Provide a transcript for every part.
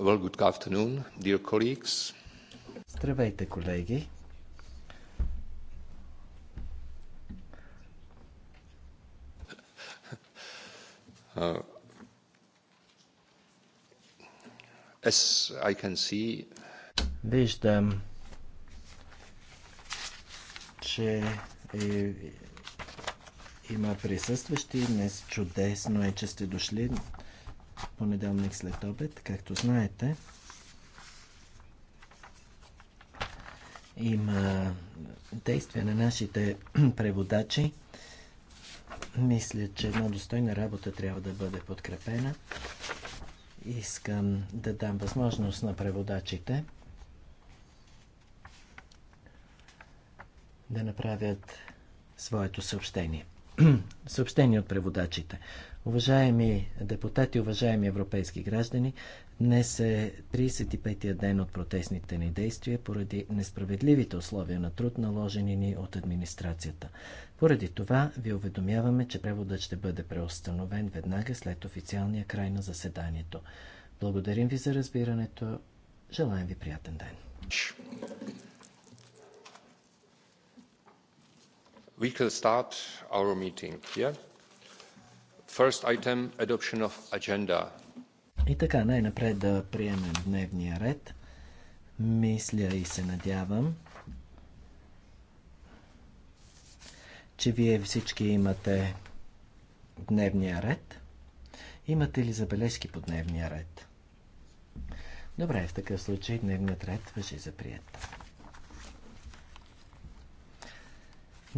Well, good afternoon, dear colleagues. Здравейте, колеги. Uh, as I can see... Виждам, че е, има присъстващи. Днес чудесно е, че сте дошли понеделник след обед, както знаете. Има действия на нашите преводачи. Мисля, че една достойна работа трябва да бъде подкрепена. Искам да дам възможност на преводачите да направят своето съобщение. Съобщение от преводачите. Уважаеми депутати, уважаеми европейски граждани, днес е 35-я ден от протестните ни действия поради несправедливите условия на труд, наложени ни от администрацията. Поради това ви уведомяваме, че преводът ще бъде преустановен веднага след официалния край на заседанието. Благодарим ви за разбирането. Желаем ви приятен ден. We can start our meeting here. First item, adoption of agenda. И така, най-напред да приемем дневния ред. Мисля и се надявам, че вие всички имате дневния ред. Имате ли забележки по дневния ред? Добре, в такъв случай дневният ред въжи за приятел.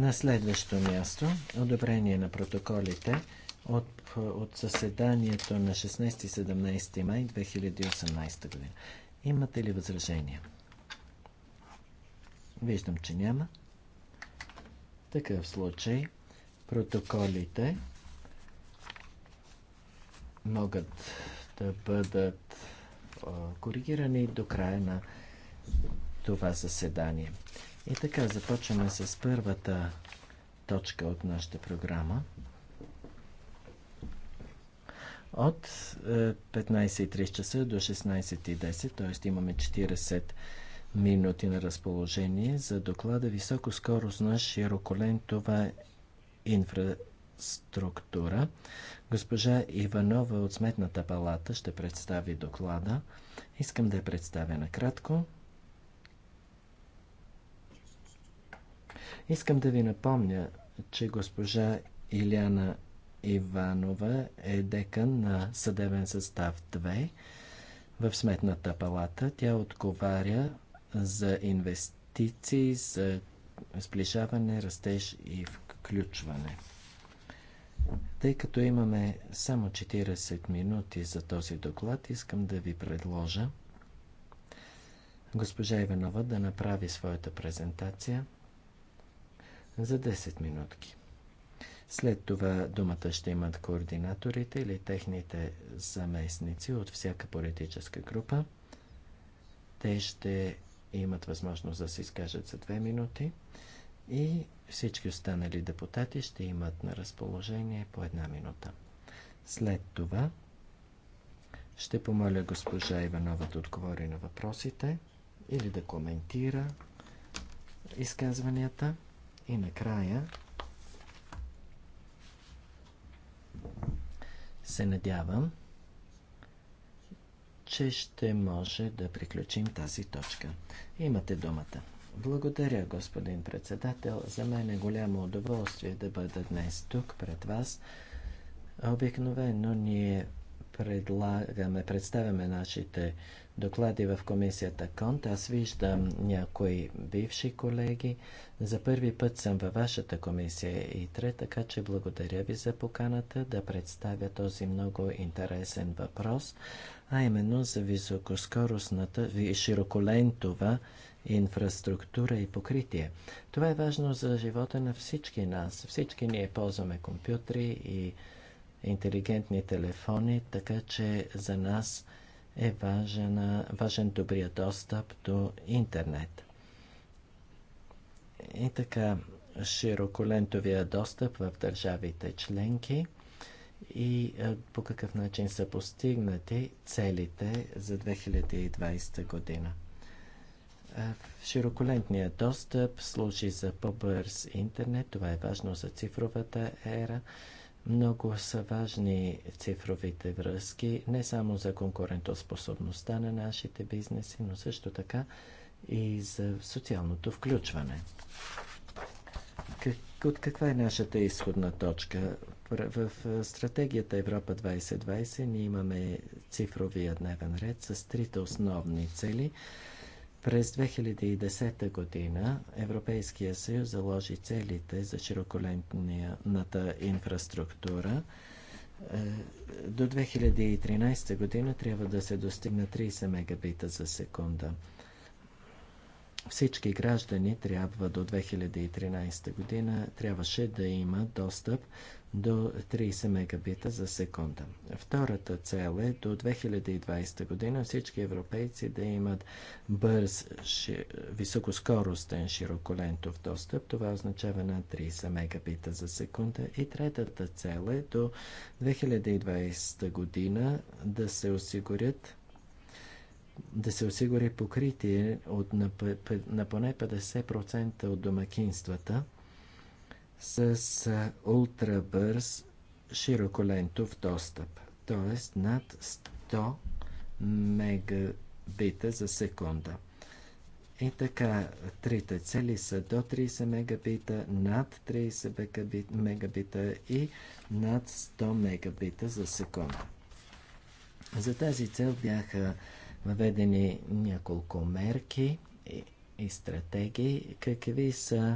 На следващо място, одобрение на протоколите от, от съседанието на 16-17 май 2018 година. Имате ли възражения? Виждам, че няма. В такъв случай протоколите могат да бъдат коригирани до края на това заседание. И така, започваме с първата точка от нашата програма. От 15.30 е, часа до 16.10, т.е. имаме 40 минути на разположение за доклада високоскоростна широколентова инфраструктура. Госпожа Иванова от Сметната палата ще представи доклада. Искам да я представя накратко. Искам да ви напомня, че госпожа Иляна Иванова е декан на съдебен състав 2 в Сметната палата. Тя отговаря за инвестиции, за сближаване, растеж и включване. Тъй като имаме само 40 минути за този доклад, искам да ви предложа госпожа Иванова да направи своята презентация – за 10 минутки. След това думата ще имат координаторите или техните заместници от всяка политическа група. Те ще имат възможност да се изкажат за 2 минути и всички останали депутати ще имат на разположение по една минута. След това ще помоля госпожа Иванова да отговори на въпросите или да коментира изказванията. И накрая се надявам, че ще може да приключим тази точка. Имате думата. Благодаря, господин председател. За мен е голямо удоволствие да бъда днес тук пред вас. Обикновено ние предлагаме, представяме нашите доклади в комисията Конт. Аз виждам някои бивши колеги. За първи път съм във вашата комисия ИТРЕ, така че благодаря ви за поканата да представя този много интересен въпрос, а именно за високоскоростната и широколентова инфраструктура и покритие. Това е важно за живота на всички нас. Всички ние ползваме компютри и интелигентни телефони, така че за нас – е важен, важен добрия достъп до интернет. И така, широколентовия достъп в държавите членки и по какъв начин са постигнати целите за 2020 година. Широколентният достъп служи за по-бърз интернет. Това е важно за цифровата ера. Много са важни цифровите връзки, не само за конкурентоспособността на нашите бизнеси, но също така и за социалното включване. От каква е нашата изходна точка? В стратегията Европа 2020 ние имаме цифровия дневен ред с трите основни цели – през 2010 година Европейския съюз заложи целите за широколентната инфраструктура. Е, до 2013 година трябва да се достигне 30 мегабита за секунда. Всички граждани трябва до 2013 година трябваше да имат достъп до 30 мегабита за секунда. Втората цел е до 2020 година всички европейци да имат бърз, ши, високоскоростен широколентов достъп. Това означава на 30 мегабита за секунда. И третата цел е до 2020 година да се осигурят да се осигури покритие от на, на поне 50% от домакинствата с ултрабърз широколентов достъп, т.е. над 100 мегабита за секунда. И така, трите цели са до 30 мегабита, над 30 мегабита и над 100 мегабита за секунда. За тази цел бяха въведени няколко мерки и, и стратегии. Какви са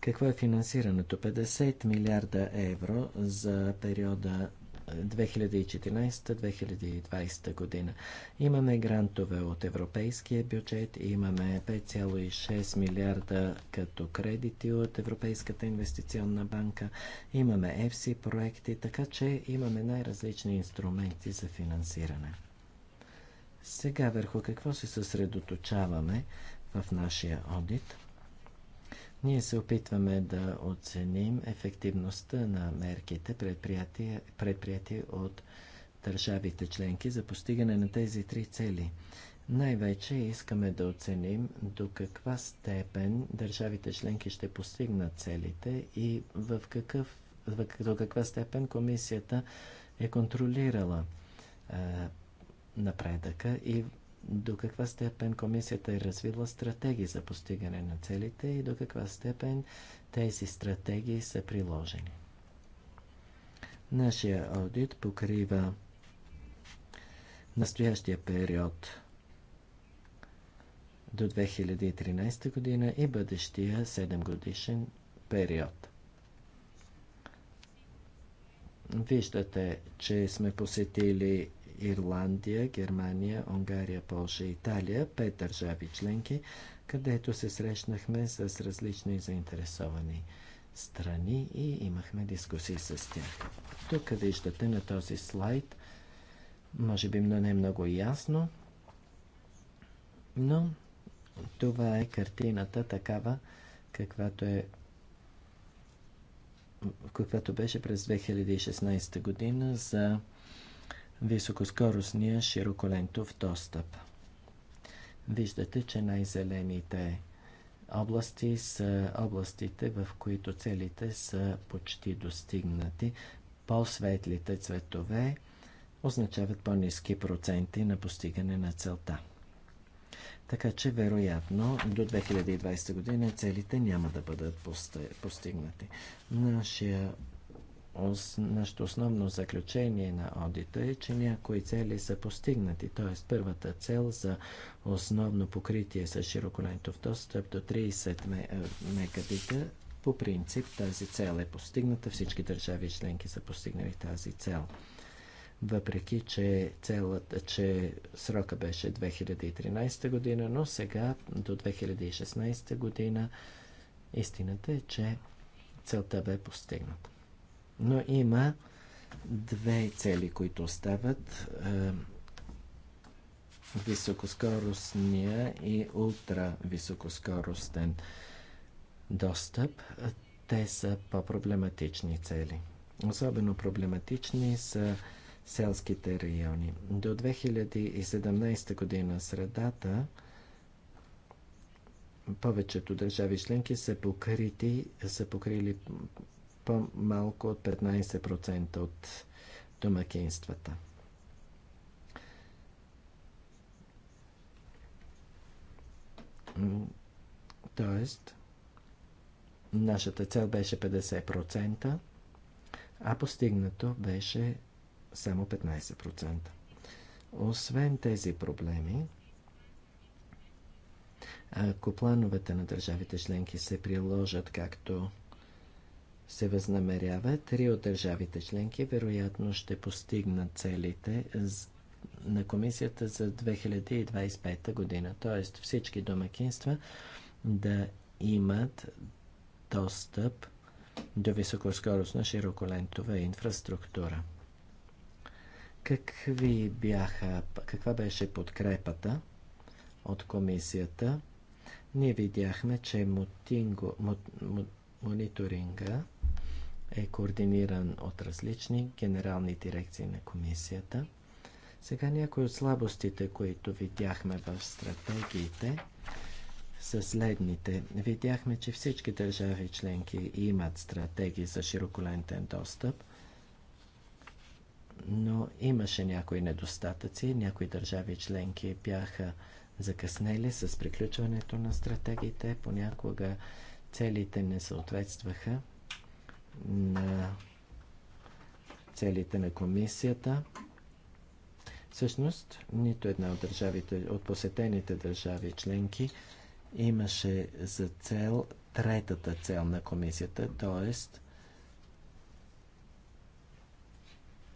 какво е финансирането? 50 милиарда евро за периода 2014-2020 е, година. Имаме грантове от европейския бюджет, имаме 5,6 милиарда като кредити от Европейската инвестиционна банка, имаме EFSI проекти, така че имаме най-различни инструменти за финансиране. Сега върху какво се съсредоточаваме в нашия одит? Ние се опитваме да оценим ефективността на мерките, предприяти от държавите членки за постигане на тези три цели. Най-вече искаме да оценим до каква степен държавите членки ще постигнат целите и в какъв, в, до каква степен комисията е контролирала е, напредъка и до каква степен комисията е развила стратегии за постигане на целите и до каква степен тези стратегии са приложени. Нашия аудит покрива настоящия период до 2013 година и бъдещия 7 годишен период. Виждате, че сме посетили Ирландия, Германия, Унгария, Полша и Италия, пет държави членки, където се срещнахме с различни заинтересовани страни и имахме дискусии с тях. Тук виждате на този слайд, може би не е много ясно, но това е картината такава, каквато е каквато беше през 2016 година за високоскоростния широколентов достъп. Виждате, че най-зелените области са областите, в които целите са почти достигнати. По-светлите цветове означават по-низки проценти на постигане на целта. Така че, вероятно, до 2020 година целите няма да бъдат постигнати. Нашия Нашето основно заключение на одита е, че някои цели са постигнати, т.е. първата цел за основно покритие с широколентов достъп до 30 е, мегабита по принцип тази цел е постигната, всички държави членки са постигнали тази цел. Въпреки, че, целът, че срока беше 2013 година, но сега до 2016 година истината е, че целта бе постигната. Но има две цели, които остават. Е, високоскоростния и ултрависокоскоростен достъп. Те са по-проблематични цели. Особено проблематични са селските райони. До 2017 година средата повечето държави членки са, покрити, са покрили по-малко от 15% от домакинствата. Тоест, нашата цел беше 50%, а постигнато беше само 15%. Освен тези проблеми, ако плановете на държавите членки се приложат както се възнамерява, три от държавите членки вероятно ще постигнат целите на комисията за 2025 година. Тоест всички домакинства да имат достъп до високоскоростна широколентова инфраструктура. Какви бяха, каква беше подкрепата от комисията? Ние видяхме, че мотинго, мот, мот, мониторинга е координиран от различни генерални дирекции на комисията. Сега някои от слабостите, които видяхме в стратегиите, са следните. Видяхме, че всички държави членки имат стратегии за широколентен достъп, но имаше някои недостатъци. Някои държави членки бяха закъснели с приключването на стратегиите. Понякога целите не съответстваха на целите на комисията. Всъщност, нито една от държавите, от посетените държави членки имаше за цел третата цел на комисията, т.е.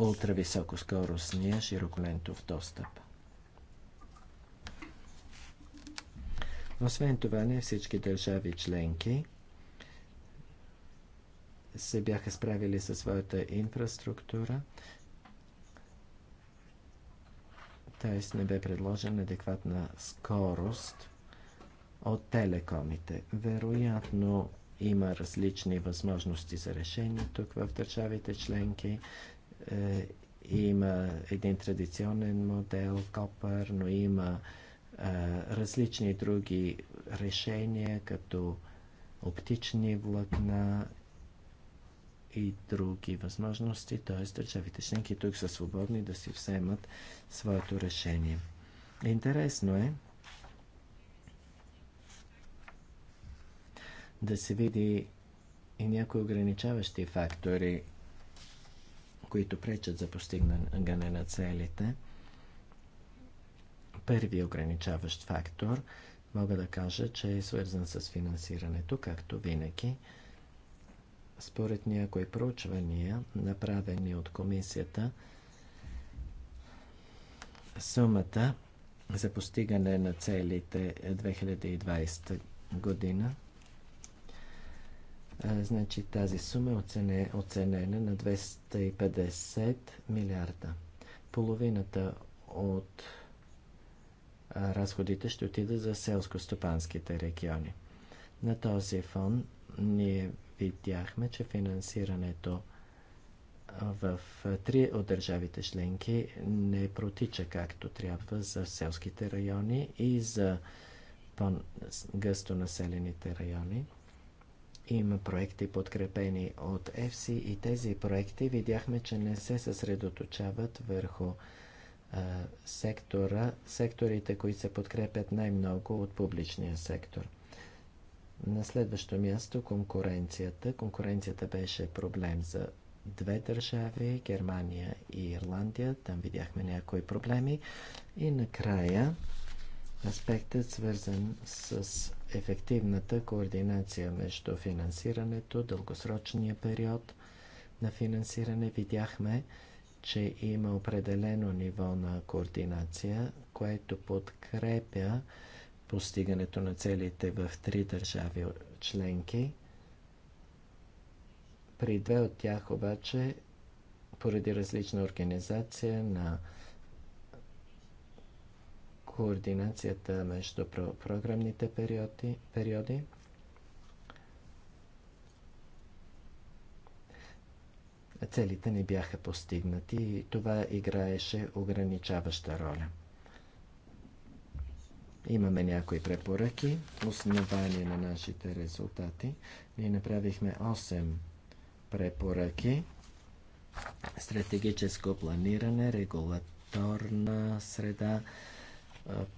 ултрависокоскоростния широколентов достъп. Освен това, не всички държави членки се бяха справили със своята инфраструктура, т.е. не бе предложена адекватна скорост от телекомите. Вероятно има различни възможности за решение тук в държавите членки. Е, има един традиционен модел, копър, но има е, различни други решения, като оптични влакна и други възможности, т.е. държавите членки тук са свободни да си вземат своето решение. Интересно е да се види и някои ограничаващи фактори, които пречат за постигане на целите. Първият ограничаващ фактор мога да кажа, че е свързан с финансирането, както винаги – според някои проучвания, направени от комисията, сумата за постигане на целите 2020 е година. Значи тази сума е оценена на 250 милиарда. Половината от разходите ще отида за селско-стопанските региони. На този фон ние видяхме, че финансирането в три от държавите членки не протича както трябва за селските райони и за по-гъсто населените райони. Има проекти подкрепени от EFSI и тези проекти видяхме, че не се съсредоточават върху а, сектора, секторите, които се подкрепят най-много от публичния сектор – на следващо място конкуренцията. Конкуренцията беше проблем за две държави Германия и Ирландия. Там видяхме някои проблеми. И накрая аспектът свързан с ефективната координация между финансирането, дългосрочния период на финансиране. Видяхме, че има определено ниво на координация, което подкрепя постигането на целите в три държави членки. При две от тях обаче, поради различна организация на координацията между програмните периоди, периоди целите не бяха постигнати и това играеше ограничаваща роля. Имаме някои препоръки, основания на нашите резултати. Ние направихме 8 препоръки. Стратегическо планиране, регулаторна среда,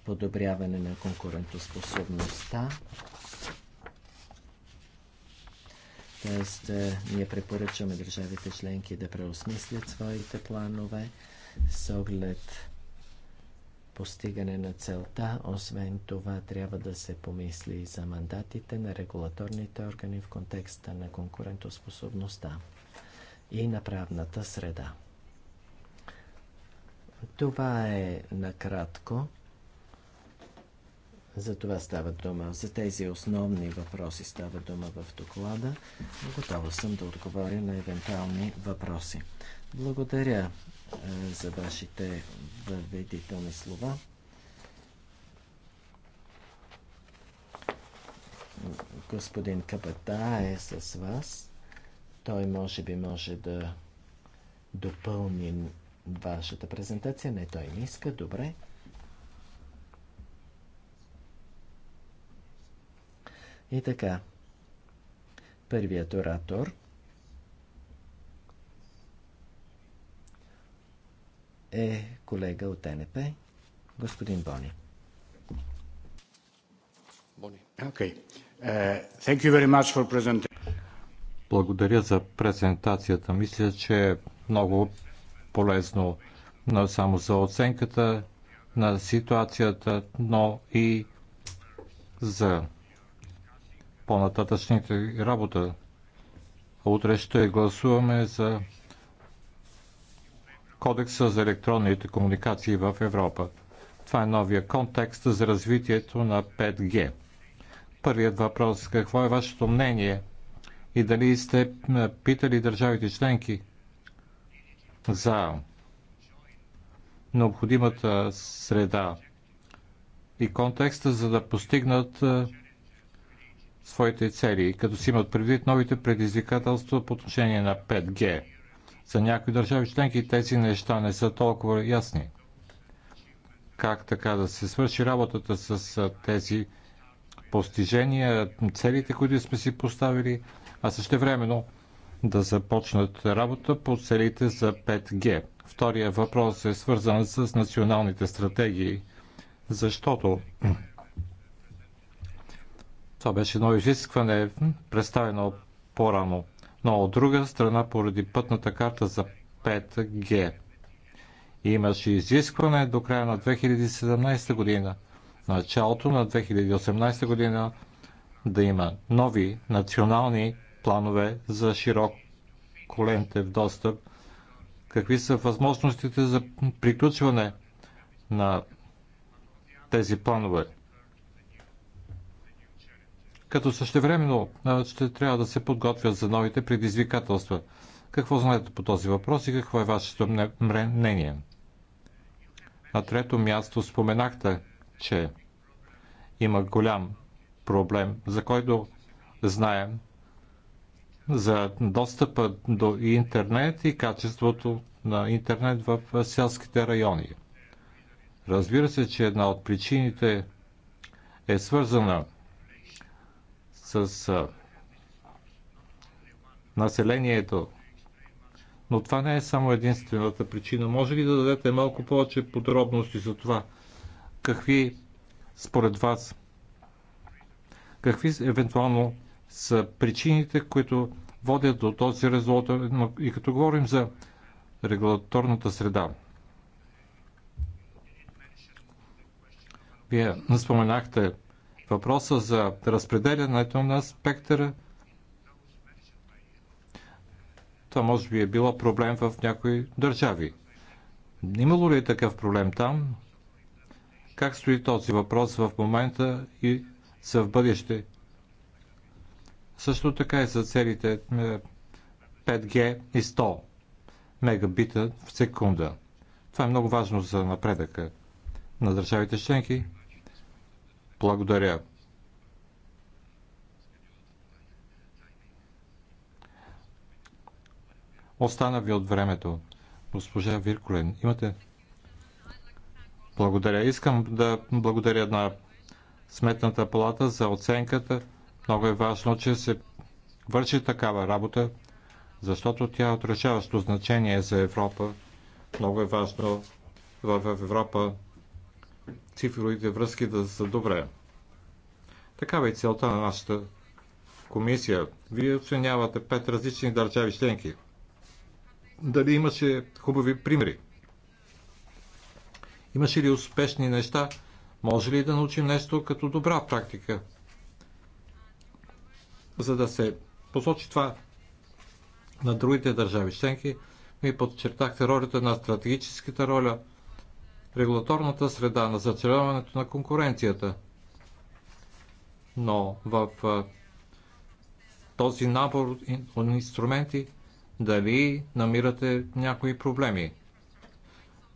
подобряване на конкурентоспособността. Тоест, ние препоръчваме държавите членки да преосмислят своите планове с оглед постигане на целта. Освен това, трябва да се помисли и за мандатите на регулаторните органи в контекста на конкурентоспособността и на правната среда. Това е накратко. За това става дума. За тези основни въпроси става дума в доклада. Готова съм да отговоря на евентуални въпроси. Благодаря е, за вашите въведителни слова. Господин Капата е с вас. Той може би може да допълни вашата презентация. Не, той не иска. Добре. И така. Първият оратор – е колега от НП, господин Бони. Okay. Uh, Благодаря за презентацията. Мисля, че е много полезно не само за оценката на ситуацията, но и за по-нататъчните работа. Утре ще гласуваме за кодекса за електронните комуникации в Европа. Това е новия контекст за развитието на 5G. Първият въпрос – какво е вашето мнение и дали сте питали държавите членки за необходимата среда и контекста, за да постигнат е, своите цели, като си имат предвид новите предизвикателства по отношение на 5G. За някои държави членки тези неща не са толкова ясни. Как така да се свърши работата с тези постижения, целите, които сме си поставили, а също времено да започнат работа по целите за 5G. Втория въпрос е свързан с националните стратегии, защото това беше едно изискване, представено по-рано но от друга страна поради пътната карта за 5G. Имаше изискване до края на 2017 година, началото на 2018 година да има нови национални планове за широк колентев достъп. Какви са възможностите за приключване на тези планове? като същевременно ще трябва да се подготвя за новите предизвикателства. Какво знаете по този въпрос и какво е вашето мнение? На трето място споменахте, че има голям проблем, за който знаем за достъпа до интернет и качеството на интернет в селските райони. Разбира се, че една от причините е свързана с населението. Но това не е само единствената причина. Може ли да дадете малко повече подробности за това? Какви според вас, какви евентуално са причините, които водят до този резултат? И като говорим за регулаторната среда, вие споменахте въпроса за разпределянето на спектъра. Това може би е било проблем в някои държави. Имало ли е такъв проблем там? Как стои този въпрос в момента и за в бъдеще? Също така и за целите 5G и 100 мегабита в секунда. Това е много важно за напредъка на държавите членки благодаря. Остана ви от времето. Госпожа Виркулен, имате... Благодаря. Искам да благодаря на Сметната палата за оценката. Много е важно, че се върши такава работа, защото тя е отрешаващо значение за Европа. Много е важно в Европа цифровите връзки да са добре. Такава е целта на нашата комисия. Вие оценявате пет различни държави членки. Дали имаше хубави примери? Имаше ли успешни неща? Може ли да научим нещо като добра практика? За да се посочи това на другите държави членки, ми подчертахте ролята на стратегическата роля – регулаторната среда, на зацеляването на конкуренцията. Но в този набор от инструменти дали намирате някои проблеми?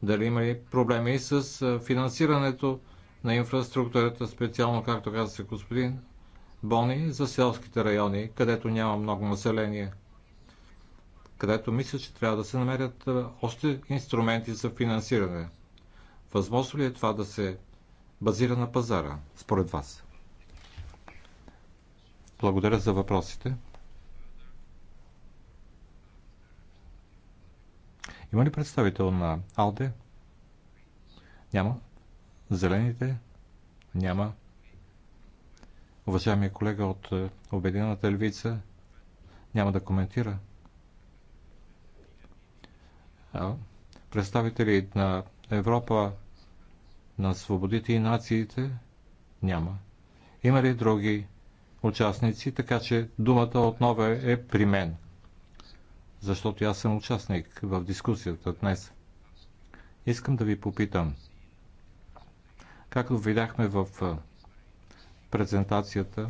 Дали има и проблеми с финансирането на инфраструктурата, специално, както каза господин Бони, за селските райони, където няма много население? където мисля, че трябва да се намерят още инструменти за финансиране. Възможно ли е това да се базира на пазара, според вас? Благодаря за въпросите. Има ли представител на АЛДЕ? Няма. Зелените? Няма. Уважаемия колега от е, Обединената львица няма да коментира. Представители на Европа на свободите и нациите? Няма. Има ли други участници, така че думата отново е при мен, защото аз съм участник в дискусията днес. Искам да ви попитам, както видяхме в презентацията,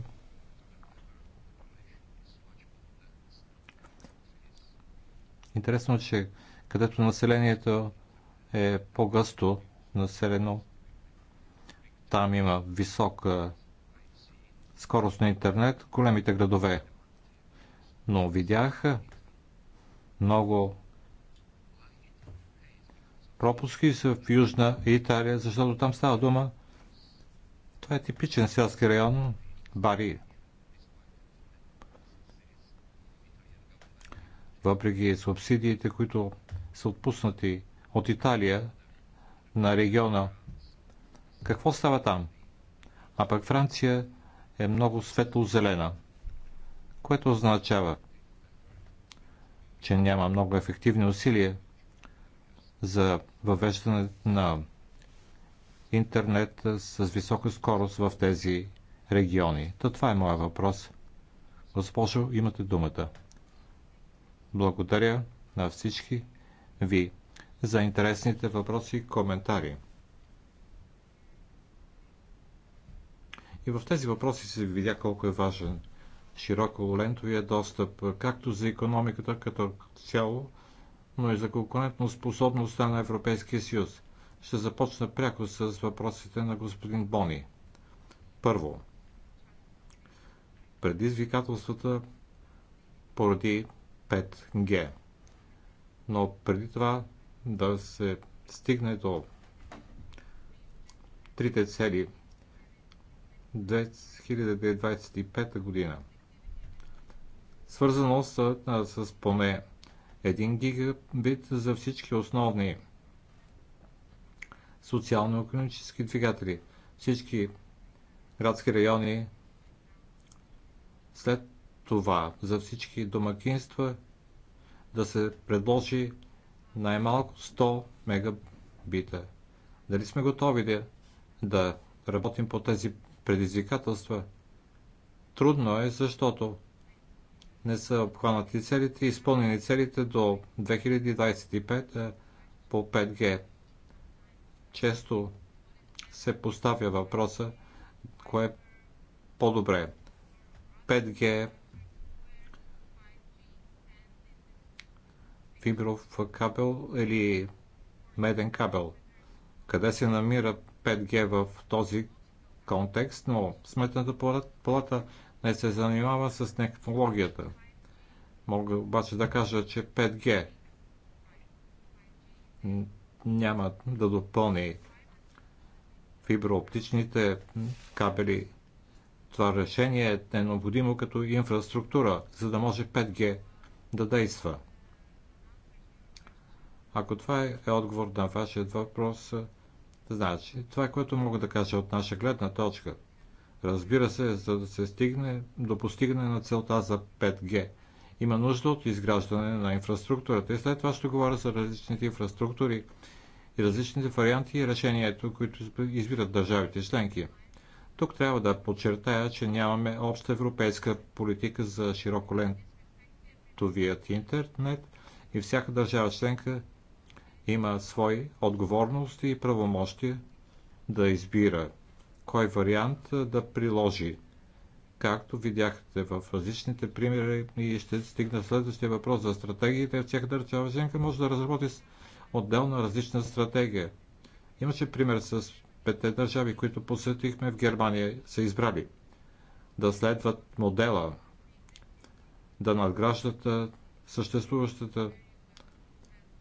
интересно, е, че където населението е по-гъсто населено, там има висок скорост на интернет големите градове. Но видях много пропуски са в Южна Италия, защото там става дума. Това е типичен селски район Бари. Въпреки субсидиите, които са отпуснати от Италия на региона, какво става там? А пък Франция е много светло-зелена, което означава, че няма много ефективни усилия за въвеждане на интернет с висока скорост в тези региони. То това е моя въпрос. Госпожо, имате думата. Благодаря на всички ви за интересните въпроси и коментари. И в тези въпроси се видя колко е важен широко лентовия е достъп, както за економиката като цяло, но и за конкурентно способността на Европейския съюз. Ще започна пряко с въпросите на господин Бони. Първо, предизвикателствата поради 5G. Но преди това да се стигне до трите цели 2025 година. Свързано с, с поне 1 гигабит за всички основни социално-економически двигатели, всички градски райони, след това за всички домакинства да се предложи най-малко 100 мегабита. Дали сме готови да, да работим по тези предизвикателства. Трудно е, защото не са обхванати целите, изпълнени целите до 2025 е, по 5G. Често се поставя въпроса, кое е по-добре. 5G, фибров кабел или меден кабел. Къде се намира 5G в този контекст, но сметната палата не се занимава с технологията. Мога обаче да кажа, че 5G няма да допълни фиброоптичните кабели. Това решение е необходимо като инфраструктура, за да може 5G да действа. Ако това е отговор на вашия въпрос, Значи, това, е което мога да кажа от наша гледна точка, разбира се, за да се стигне до постигане на целта за 5G, има нужда от изграждане на инфраструктурата. И след това ще говоря за различните инфраструктури и различните варианти и решението, които избират държавите членки. Тук трябва да подчертая, че нямаме обща европейска политика за широколентовият интернет и всяка държава членка има свои отговорности и правомощия да избира кой вариант да приложи. Както видяхте в различните примери и ще стигна следващия въпрос за стратегиите, всяка държава женка може да разработи отделна различна стратегия. Имаше пример с петте държави, които посетихме в Германия, са избрали да следват модела, да надграждат съществуващата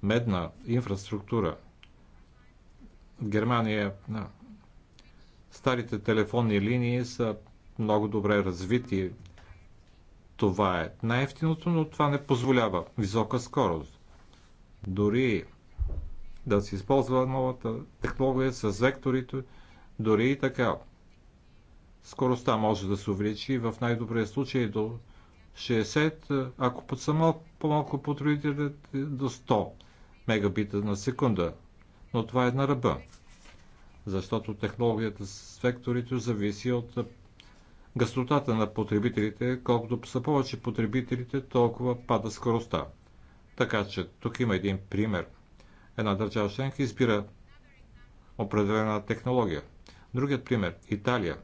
медна инфраструктура. Германия, да. старите телефонни линии са много добре развити. Това е най-ефтиното, но това не позволява висока скорост. Дори да се използва новата технология с векторите, дори и така. Скоростта може да се увеличи в най-добрия случай до 60, ако под са малко, по-малко потребителите до 100 мегабита на секунда. Но това е на ръба, защото технологията с векторите зависи от гъстотата на потребителите. Колкото са повече потребителите, толкова пада скоростта. Така че тук има един пример. Една държава членка избира определена технология. Другият пример – Италия.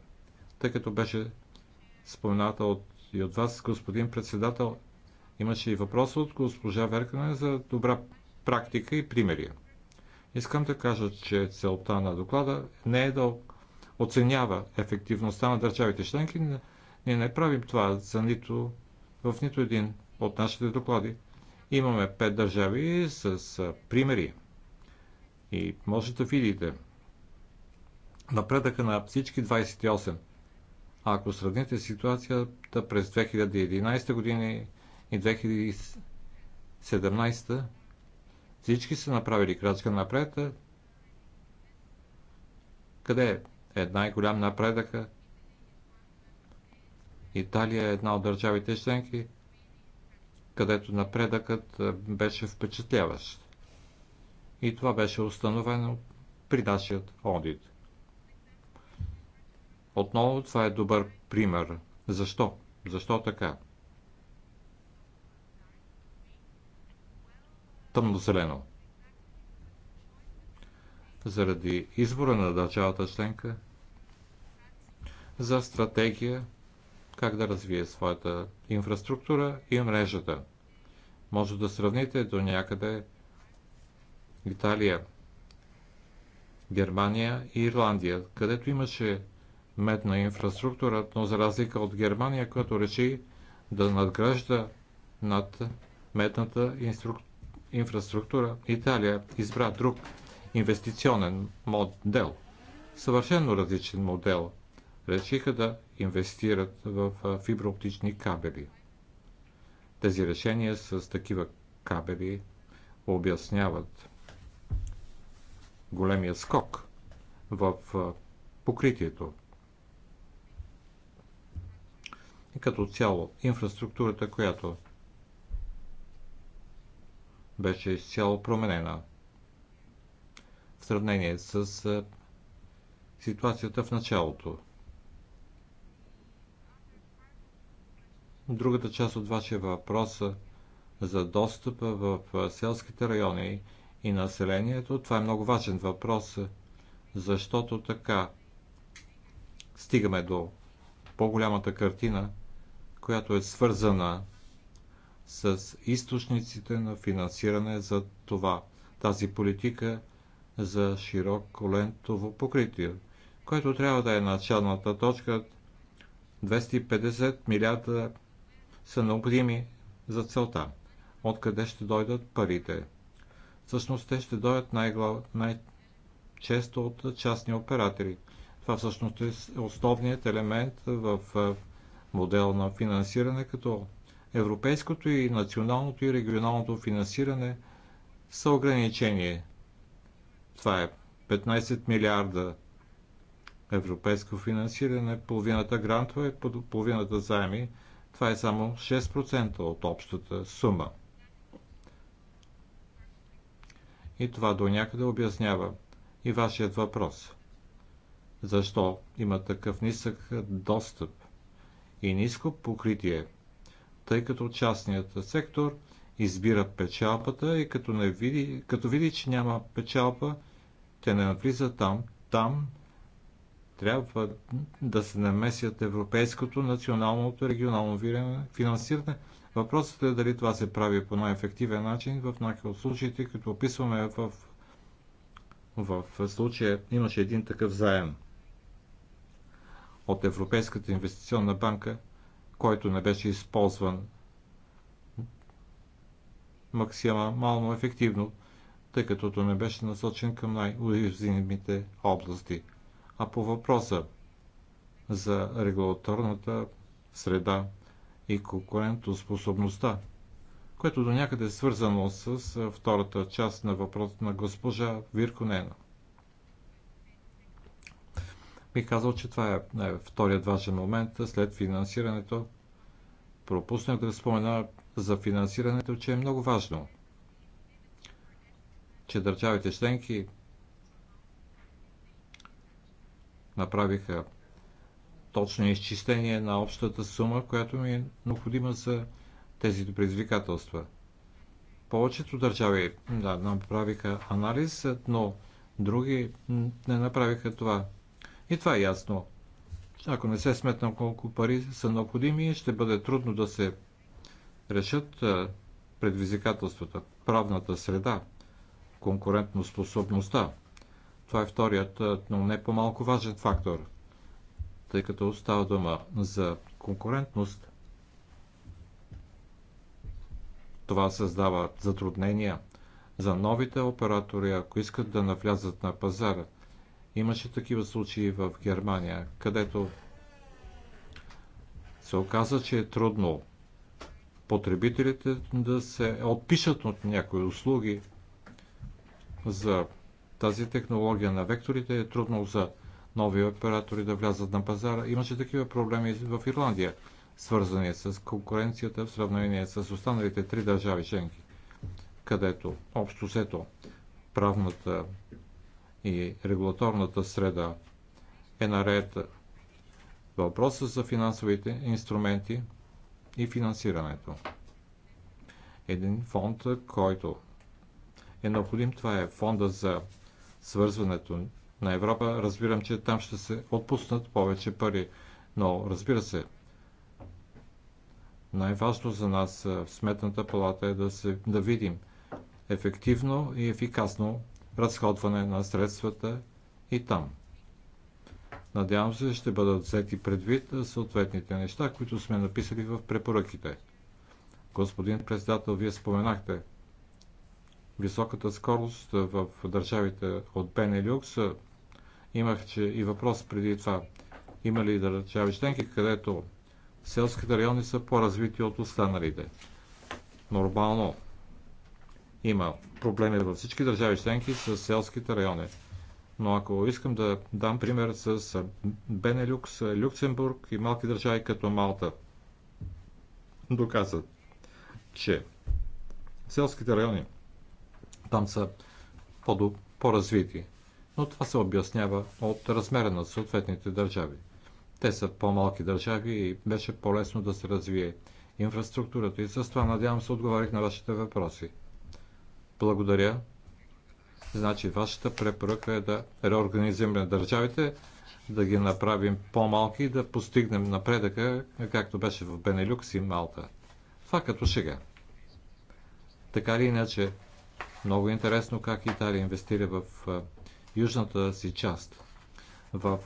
Тъй като беше спомената от, и от вас, господин председател, имаше и въпрос от госпожа Веркане за добра практика и примери. Искам да кажа, че целта на доклада не е да оценява ефективността на държавите членки. Ние не правим това за нито, в нито един от нашите доклади. Имаме пет държави с примери. И може да видите напредъка на всички 28. А ако сравните ситуацията през 2011 година и 2017, всички са направили крачка напред. Къде е най-голям напредъка? Италия е една от държавите членки, където напредъкът беше впечатляващ. И това беше установено при нашият одит. Отново това е добър пример. Защо? Защо така? тъмнозелено. Заради избора на държавата членка за стратегия как да развие своята инфраструктура и мрежата. Може да сравните до някъде Италия, Германия и Ирландия, където имаше медна инфраструктура, но за разлика от Германия, която реши да надгражда над медната инструктура инфраструктура, Италия избра друг инвестиционен модел, Съвършено различен модел. Решиха да инвестират в фиброоптични кабели. Тези решения с такива кабели обясняват големия скок в покритието. И като цяло инфраструктурата, която беше изцяло променена в сравнение с ситуацията в началото. Другата част от вашия въпрос за достъп в селските райони и населението, това е много важен въпрос, защото така стигаме до по-голямата картина, която е свързана с източниците на финансиране за това, тази политика за широко лентово покритие, което трябва да е началната точка. 250 милиарда са необходими за целта. Откъде ще дойдат парите? Всъщност те ще дойдат най-често най, от частни оператори. Това всъщност е основният елемент в модел на финансиране като Европейското и националното и регионалното финансиране са ограничение. Това е 15 милиарда европейско финансиране, половината грантове, половината заеми. Това е само 6% от общата сума. И това до някъде обяснява и вашият въпрос. Защо има такъв нисък достъп и ниско покритие тъй като частният сектор избира печалбата и като, не види, като види, че няма печалба, те не навлиза там. Там трябва да се намесят европейското, националното, регионално финансиране. Въпросът е дали това се прави по най-ефективен начин в някои от случаите, като описваме в, в случая имаше един такъв заем от Европейската инвестиционна банка – който не беше използван максимално ефективно, тъй като не беше насочен към най-уязвимите области. А по въпроса за регулаторната среда и конкурентоспособността, което до някъде е свързано с втората част на въпроса на госпожа Вирконена. Бих казал, че това е, е вторият важен момент след финансирането. Пропуснах да спомена за финансирането, че е много важно, че държавите членки направиха точно изчисление на общата сума, която ми е необходима за тези предизвикателства. Повечето държави да, направиха анализ, но други не направиха това. И това е ясно. Ако не се сметна колко пари са необходими, ще бъде трудно да се решат предвизикателствата, правната среда, конкурентно способността. Това е вторият, но не по-малко важен фактор, тъй като става дума за конкурентност. Това създава затруднения за новите оператори, ако искат да навлязат на пазара – Имаше такива случаи в Германия, където се оказа, че е трудно потребителите да се отпишат от някои услуги. За тази технология на векторите е трудно за нови оператори да влязат на пазара. Имаше такива проблеми в Ирландия, свързани с конкуренцията в сравнение с останалите три държави членки, където общо сето правната и регулаторната среда е наред въпроса за финансовите инструменти и финансирането. Един фонд, който е необходим, това е фонда за свързването на Европа. Разбирам, че там ще се отпуснат повече пари, но разбира се, най-важно за нас в Сметната палата е да, се, да видим ефективно и ефикасно разходване на средствата и там. Надявам се, ще бъдат взети предвид съответните неща, които сме написали в препоръките. Господин председател, вие споменахте високата скорост в държавите от Бенелюкс. Имах, че и въпрос преди това. Има ли държави членки, където селските райони са по-развити от останалите? Нормално има проблеми във всички държави членки с селските райони. Но ако искам да дам пример с Бенелюкс, Люксембург и малки държави като Малта, доказват, че селските райони там са по-развити. Но това се обяснява от размера на съответните държави. Те са по-малки държави и беше по-лесно да се развие инфраструктурата. И с това, надявам се, отговарих на вашите въпроси. Благодаря. Значи, вашата препоръка е да реорганизираме държавите, да ги направим по-малки и да постигнем напредъка, както беше в Бенелюкс и Малта. Това като шега. Така ли иначе, много интересно как Италия инвестира в южната си част, в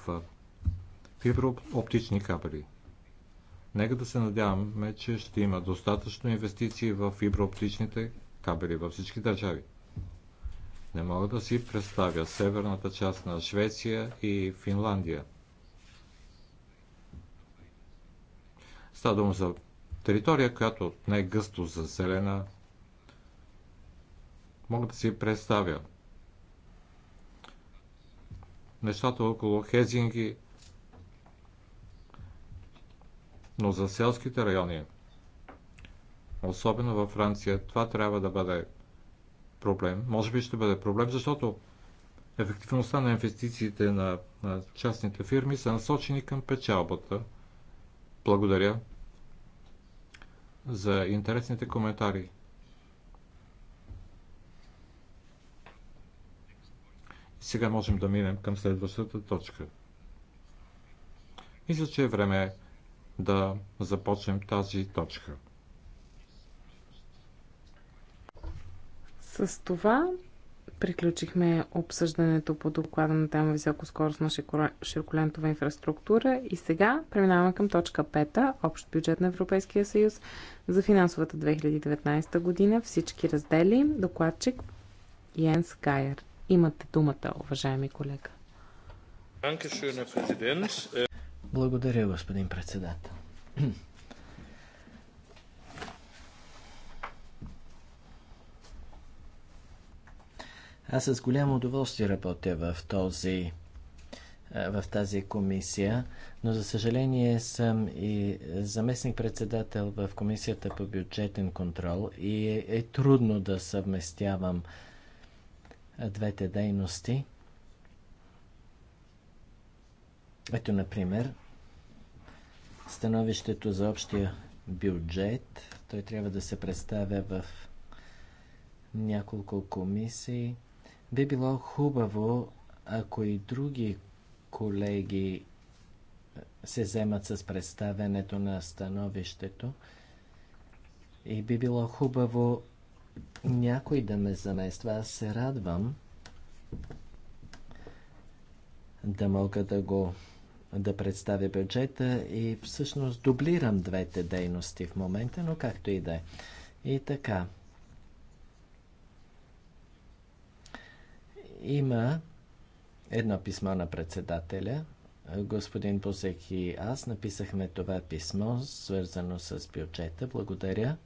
фиброоптични кабели. Нека да се надяваме, че ще има достатъчно инвестиции в фиброоптичните кабели във всички държави. Не мога да си представя северната част на Швеция и Финландия. Става дума за територия, която не е гъсто заселена. Мога да си представя нещата около Хезинги, но за селските райони – особено във Франция. Това трябва да бъде проблем. Може би ще бъде проблем, защото ефективността на инвестициите на, на частните фирми са насочени към печалбата. Благодаря за интересните коментари. Сега можем да минем към следващата точка. Мисля, че е време да започнем тази точка. С това приключихме обсъждането по доклада на тема високоскоростна широколентова инфраструктура и сега преминаваме към точка 5, общ бюджет на Европейския съюз за финансовата 2019 година, всички раздели, докладчик Йенс Кайер. Имате думата, уважаеми колега. Благодаря, господин председател. Аз с голямо удоволствие работя в, този, е, в тази комисия, но за съжаление съм и заместник-председател в комисията по бюджетен контрол и е, е трудно да съвместявам е, двете дейности. Ето, например, становището за общия бюджет. Той трябва да се представя в няколко комисии. Би било хубаво, ако и други колеги се вземат с представянето на становището и би било хубаво някой да ме замества. Аз се радвам да мога да го да представя бюджета и всъщност дублирам двете дейности в момента, но както и да е. И така, Има едно писмо на председателя. Господин Бозек и аз написахме това писмо, свързано с бюджета. Благодаря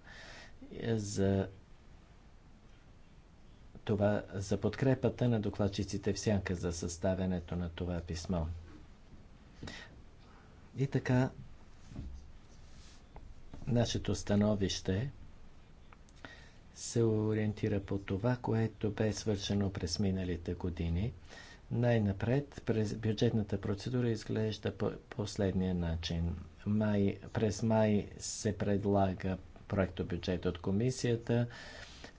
за това, за подкрепата на докладчиците в сянка за съставянето на това писмо. И така, нашето становище се ориентира по това, което бе свършено през миналите години. Най-напред, през бюджетната процедура изглежда по последния начин. Май, през май се предлага проектобюджет от комисията.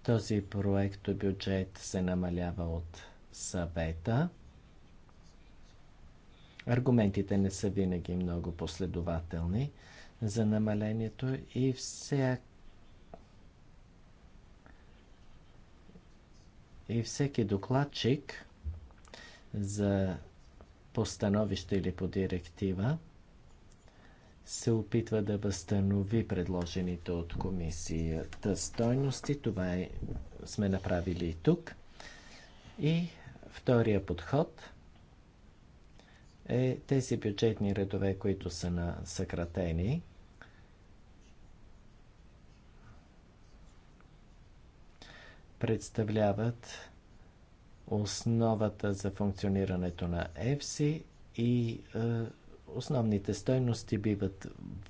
Този проектобюджет се намалява от съвета. Аргументите не са винаги много последователни за намалението и всяк и всеки докладчик за постановище или по директива се опитва да възстанови предложените от комисията стойности. Това е, сме направили и тук. И втория подход е тези бюджетни редове, които са на съкратени, представляват основата за функционирането на ЕФСИ и е, основните стойности биват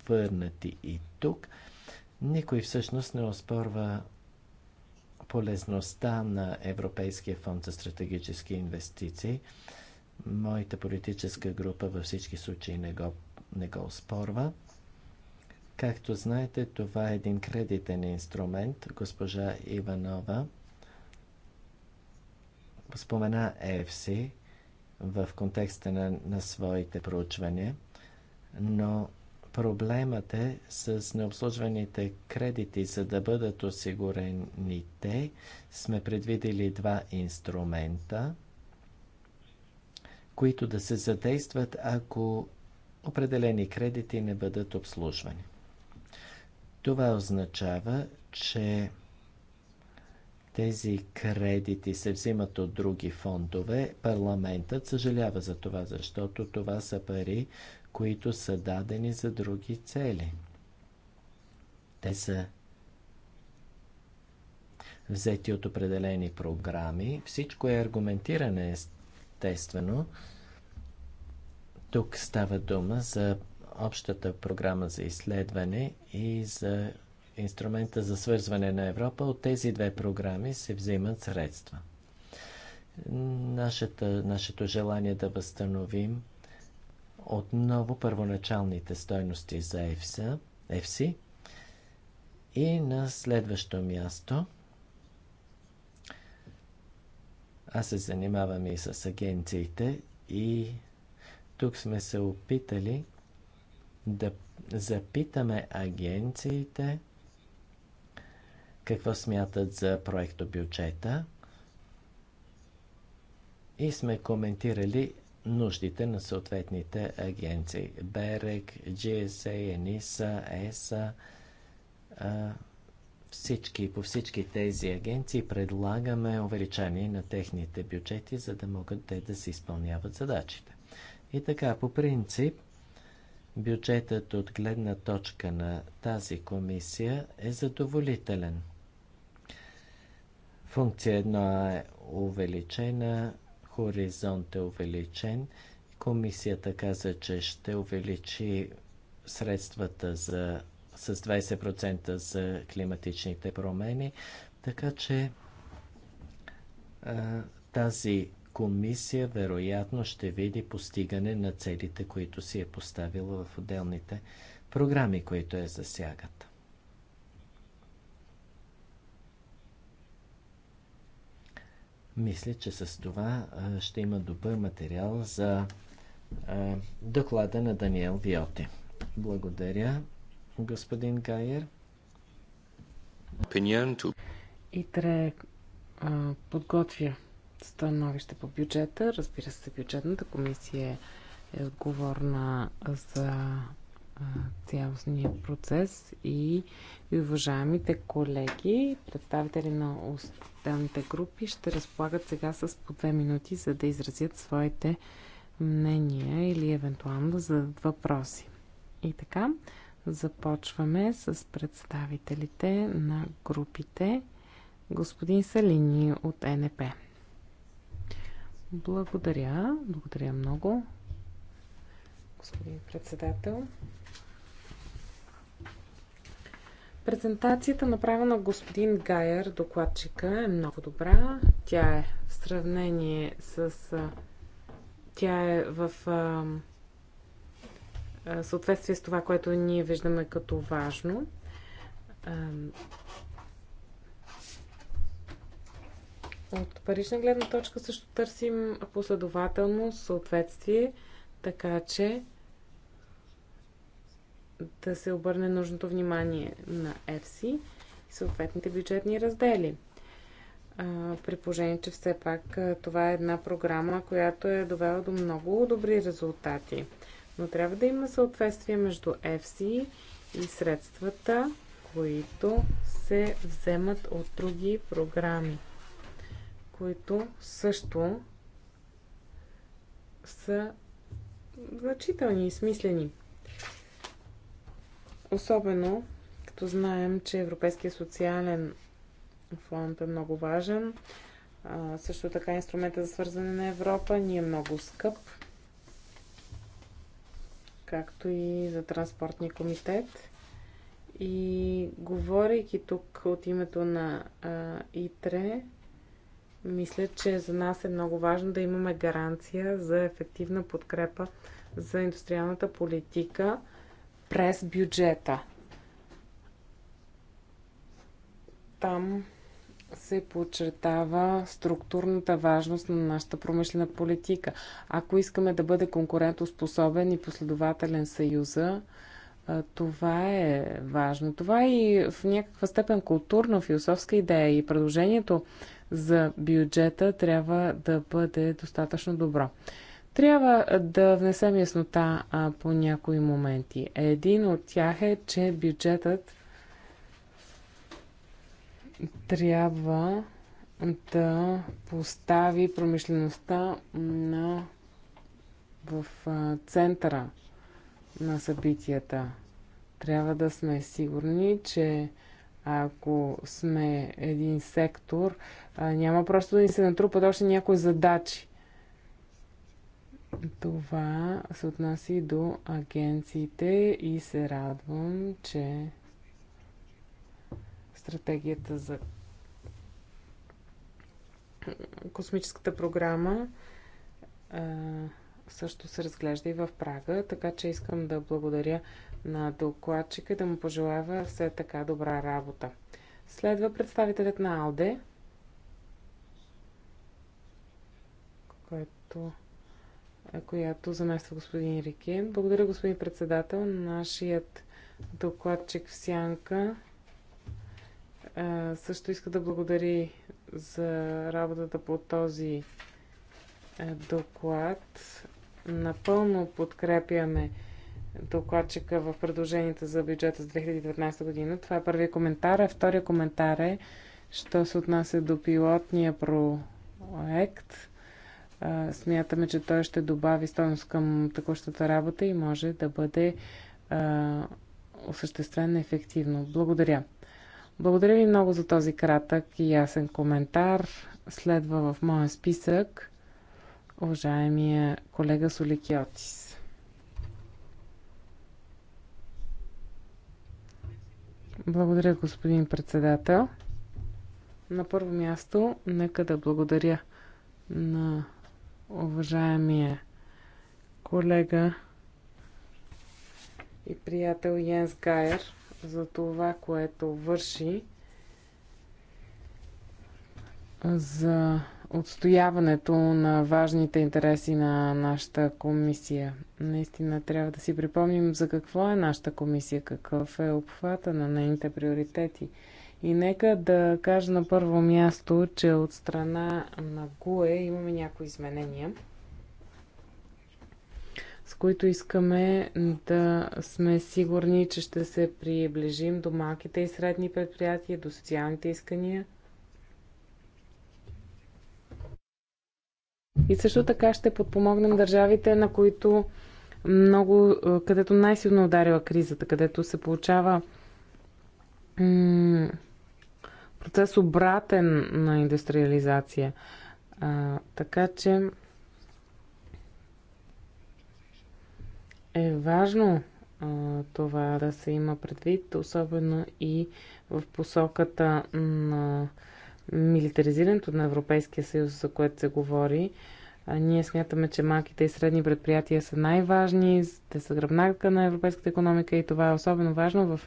върнати и тук. Никой всъщност не оспорва полезността на Европейския фонд за стратегически инвестиции. Моята политическа група във всички случаи не го, не го оспорва. Както знаете, това е един кредитен инструмент. Госпожа Иванова спомена ЕФСИ в контекста на, на своите проучвания, но проблемът е с необслужваните кредити. За да бъдат осигурени те, сме предвидели два инструмента, които да се задействат, ако определени кредити не бъдат обслужвани. Това означава, че тези кредити се взимат от други фондове, парламентът съжалява за това, защото това са пари, които са дадени за други цели. Те са взети от определени програми. Всичко е аргументиране, естествено. Тук става дума за общата програма за изследване и за инструмента за свързване на Европа, от тези две програми се взимат средства. Нашата, нашето желание да възстановим отново първоначалните стойности за EFSA, и на следващо място аз се занимавам и с агенциите и тук сме се опитали да запитаме агенциите какво смятат за проекто бюджета и сме коментирали нуждите на съответните агенции. БЕРЕК, GSA, ЕНИСА, ЕСА, всички, по всички тези агенции предлагаме увеличение на техните бюджети, за да могат те да се изпълняват задачите. И така, по принцип, бюджетът от гледна точка на тази комисия е задоволителен – Функция 1 е увеличена, хоризонт е увеличен. Комисията каза, че ще увеличи средствата за, с 20% за климатичните промени, така че тази комисия вероятно ще види постигане на целите, които си е поставила в отделните програми, които я засягат. Мисля, че с това ще има добър материал за доклада на Даниел Виоти. Благодаря, господин Гайер. ИТРЕ подготвя становище по бюджета. Разбира се, бюджетната комисия е отговорна за цялостния процес и уважаемите колеги, представители на останалите групи ще разполагат сега с по две минути, за да изразят своите мнения или евентуално да зададат въпроси. И така, започваме с представителите на групите. Господин Салини от НП. Благодаря, благодаря много господин председател. Презентацията, направена от господин Гайер, докладчика, е много добра. Тя е в сравнение с. Тя е в съответствие с това, което ние виждаме като важно. от парична гледна точка също търсим последователност, съответствие, така че да се обърне нужното внимание на FC и съответните бюджетни раздели. При положение, че все пак това е една програма, която е довела до много добри резултати. Но трябва да има съответствие между FC и средствата, които се вземат от други програми, които също са значителни и смислени. Особено като знаем, че Европейския социален фонд е много важен. А, също така инструмента за свързване на Европа ни е много скъп, както и за транспортния комитет. И говорейки тук от името на а, ИТРЕ, мисля, че за нас е много важно да имаме гаранция за ефективна подкрепа за индустриалната политика през бюджета. Там се подчертава структурната важност на нашата промишлена политика. Ако искаме да бъде конкурентоспособен и последователен съюза, това е важно. Това е и в някаква степен културно философска идея и предложението за бюджета трябва да бъде достатъчно добро. Трябва да внесем яснота а, по някои моменти. Един от тях е, че бюджетът трябва да постави промишлеността на, в а, центъра на събитията. Трябва да сме сигурни, че ако сме един сектор, а, няма просто да ни се натрупат още някои задачи това се отнася и до агенциите и се радвам, че стратегията за космическата програма също се разглежда и в Прага, така че искам да благодаря на докладчика и да му пожелава все така добра работа. Следва представителят на АЛДЕ, който която замества господин Рике. Благодаря, господин председател. Нашият докладчик в Сянка също иска да благодари за работата по този доклад. Напълно подкрепяме докладчика в предложенията за бюджета за 2019 година. Това е първият коментар. А втория коментар е, що се отнася до пилотния проект – смятаме, че той ще добави стойност към текущата работа и може да бъде а, осъществен ефективно. Благодаря. Благодаря ви много за този кратък и ясен коментар. Следва в моя списък уважаемия колега Соликиотис. Благодаря, господин председател. На първо място, нека да благодаря на уважаемия колега и приятел Йенс Гайер за това, което върши за отстояването на важните интереси на нашата комисия. Наистина трябва да си припомним за какво е нашата комисия, какъв е обхвата на нейните приоритети – и нека да кажа на първо място, че от страна на ГУЕ имаме някои изменения, с които искаме да сме сигурни, че ще се приближим до малките и средни предприятия, до социалните искания. И също така ще подпомогнем държавите, на които много, където най-силно е ударила кризата, където се получава процес обратен на индустриализация. А, така че е важно а, това да се има предвид, особено и в посоката на милитаризирането на Европейския съюз, за което се говори. А, ние смятаме, че малките и средни предприятия са най-важни, те са гръбнака на европейската економика и това е особено важно в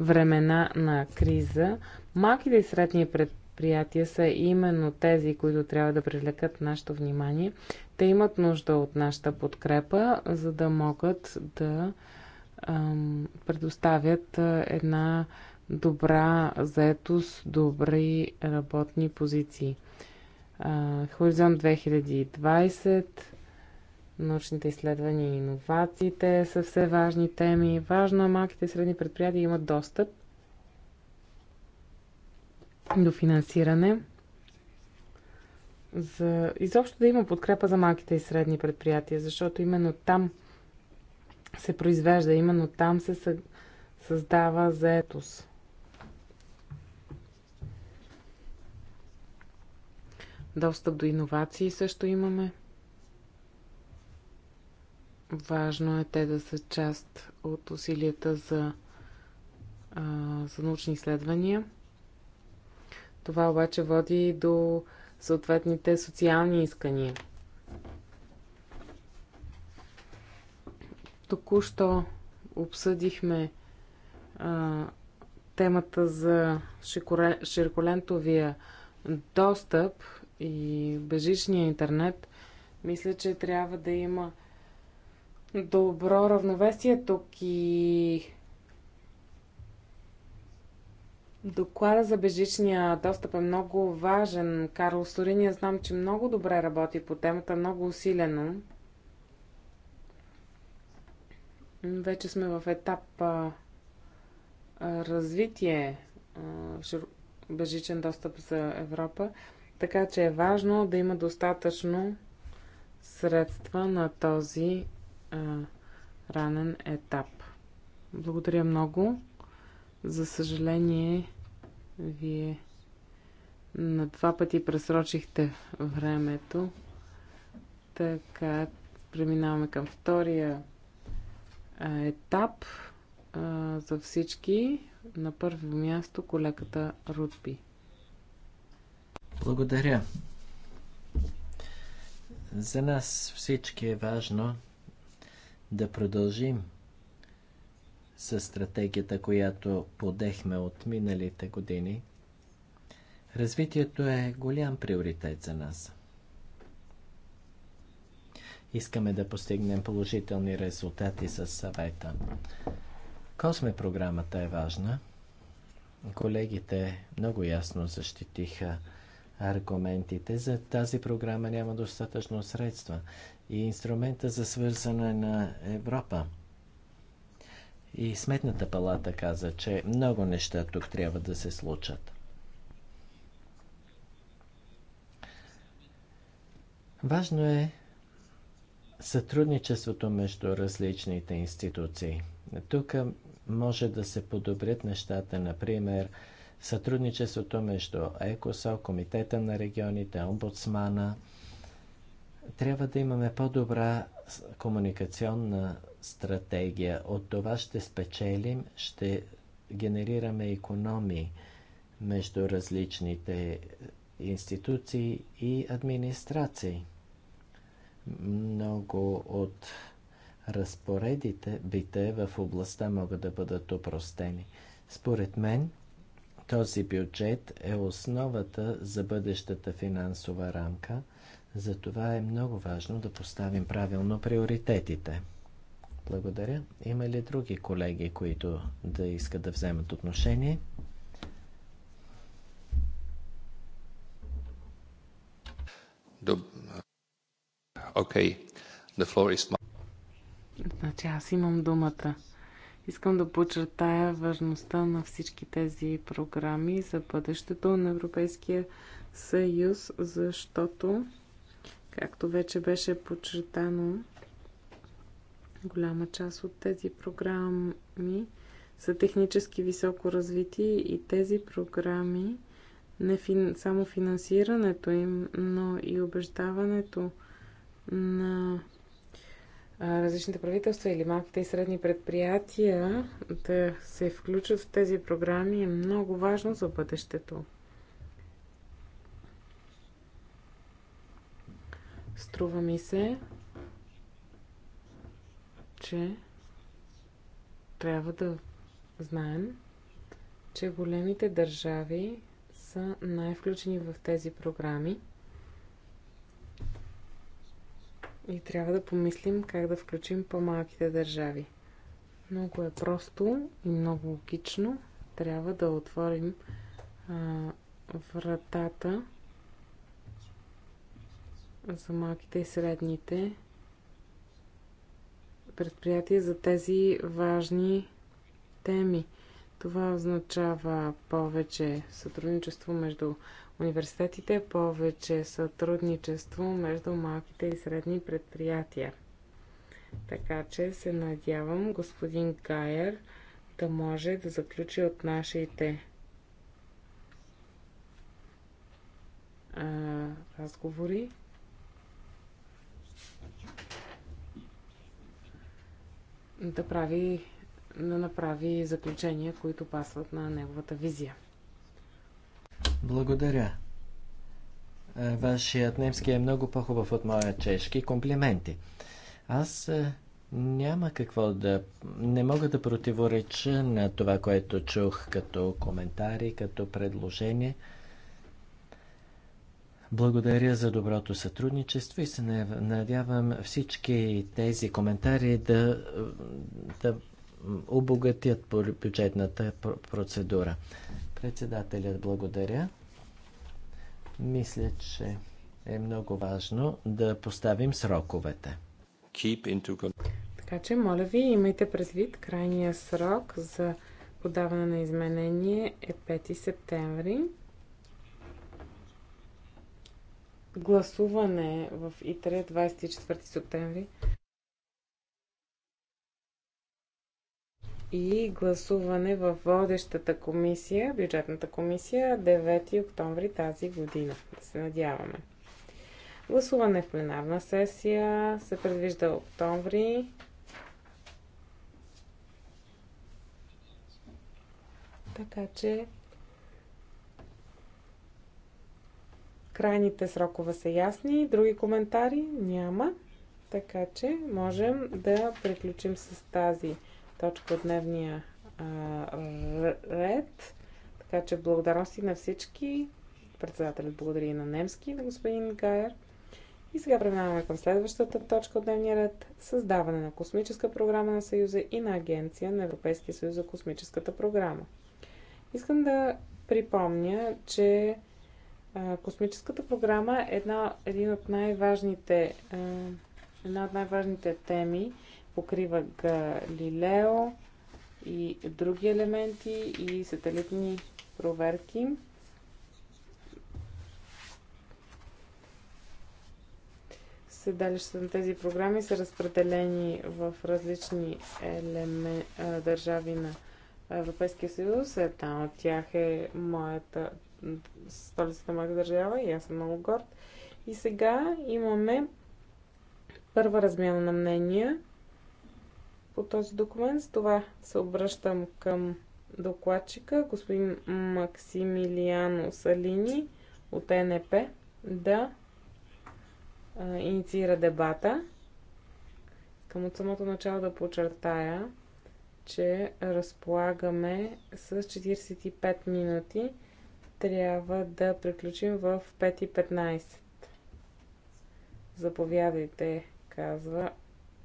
времена на криза. Малките и средни предприятия са именно тези, които трябва да привлекат нашето внимание. Те имат нужда от нашата подкрепа, за да могат да ам, предоставят една добра заетост, добри работни позиции. Хоризонт 2020, научните изследвания и иновациите са все важни теми. Важно е малките и средни предприятия имат достъп до финансиране. За... Изобщо да има подкрепа за малките и средни предприятия, защото именно там се произвежда, именно там се създава заетост. Достъп до иновации също имаме. Важно е те да са част от усилията за, а, за научни изследвания. Това обаче води до съответните социални искания. Току-що обсъдихме а, темата за широколентовия достъп и безжичния интернет, мисля, че трябва да има добро равновесие тук и Доклада за бежичния достъп е много важен. Карл Сориния знам, че много добре работи по темата, много усилено. Вече сме в етап а, развитие а, бежичен достъп за Европа. Така че е важно да има достатъчно средства на този а, ранен етап. Благодаря много. За съжаление, вие на два пъти пресрочихте времето. Така, преминаваме към втория етап а, за всички. На първо място колеката Рутби. Благодаря. За нас всички е важно да продължим с стратегията, която подехме от миналите години. Развитието е голям приоритет за нас. Искаме да постигнем положителни резултати с съвета. Косме програмата е важна. Колегите много ясно защитиха аргументите. За тази програма няма достатъчно средства и инструмента за свързане на Европа. И Сметната палата каза, че много неща тук трябва да се случат. Важно е сътрудничеството между различните институции. Тук може да се подобрят нещата, например, Сътрудничеството между ЕКОСО, Комитета на регионите, Омбудсмана. Трябва да имаме по-добра комуникационна стратегия. От това ще спечелим, ще генерираме економии между различните институции и администрации. Много от разпоредите бите в областта могат да бъдат опростени. Според мен, този бюджет е основата за бъдещата финансова рамка, затова е много важно да поставим правилно приоритетите. Благодаря. Има ли други колеги, които да искат да вземат отношение? Окей. Okay. Значи аз имам думата. Искам да подчертая важността на всички тези програми за бъдещето на Европейския съюз, защото, както вече беше подчертано, голяма част от тези програми са технически високо развити и тези програми, не фин... само финансирането им, но и убеждаването на различните правителства или малките и средни предприятия да се включат в тези програми е много важно за бъдещето. Струва ми се, че трябва да знаем, че големите държави са най-включени в тези програми – И трябва да помислим как да включим по-малките държави. Много е просто и много логично. Трябва да отворим а, вратата за малките и средните предприятия за тези важни теми. Това означава повече сътрудничество между университетите, повече сътрудничество между малките и средни предприятия. Така че се надявам господин Гайер да може да заключи от нашите а, разговори. Да прави да направи заключения, които пасват на неговата визия. Благодаря. Е, вашият немски е много по-хубав от моя чешки. Комплименти. Аз е, няма какво да... Не мога да противореча на това, което чух като коментари, като предложение. Благодаря за доброто сътрудничество и се надявам всички тези коментари да, да обогатят бюджетната процедура. Председателят благодаря. Мисля, че е много важно да поставим сроковете. Into... Така че, моля ви, имайте предвид, крайния срок за подаване на изменение е 5 септември. Гласуване в ИТРЕ 24 септември. и гласуване в водещата комисия, бюджетната комисия, 9 октомври тази година. Да се надяваме. Гласуване в пленарна сесия се предвижда октомври. Така че крайните срокове са ясни. Други коментари няма. Така че можем да приключим с тази точка от дневния а, ред. Така че благодарности на всички. Председателят благодари и на немски, на господин Гайер. И сега преминаваме към следващата точка от дневния ред – създаване на космическа програма на Съюза и на Агенция на Европейския съюз за космическата програма. Искам да припомня, че космическата програма е една, един от най-важните, една от най-важните теми покрива Галилео и други елементи и сателитни проверки. Седалищата на тези програми са разпределени в различни елемен... държави на Европейския съюз. Една от тях е моята столицата моята държава и аз съм много горд. И сега имаме първа размяна на мнения по този документ. С това се обръщам към докладчика, господин Максимилиано Салини от НП, да а, инициира дебата. Към от самото начало да подчертая, че разполагаме с 45 минути. Трябва да приключим в 5.15. Заповядайте, казва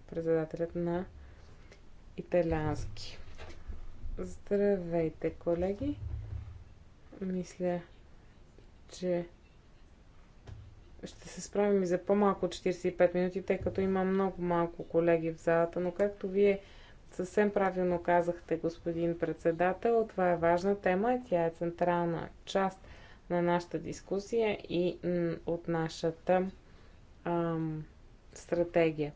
председателят на италиански. Здравейте, колеги! Мисля, че ще се справим и за по-малко от 45 минути, тъй като има много малко колеги в залата, но както вие съвсем правилно казахте, господин председател, това е важна тема, тя е централна част на нашата дискусия и от нашата ам, стратегия.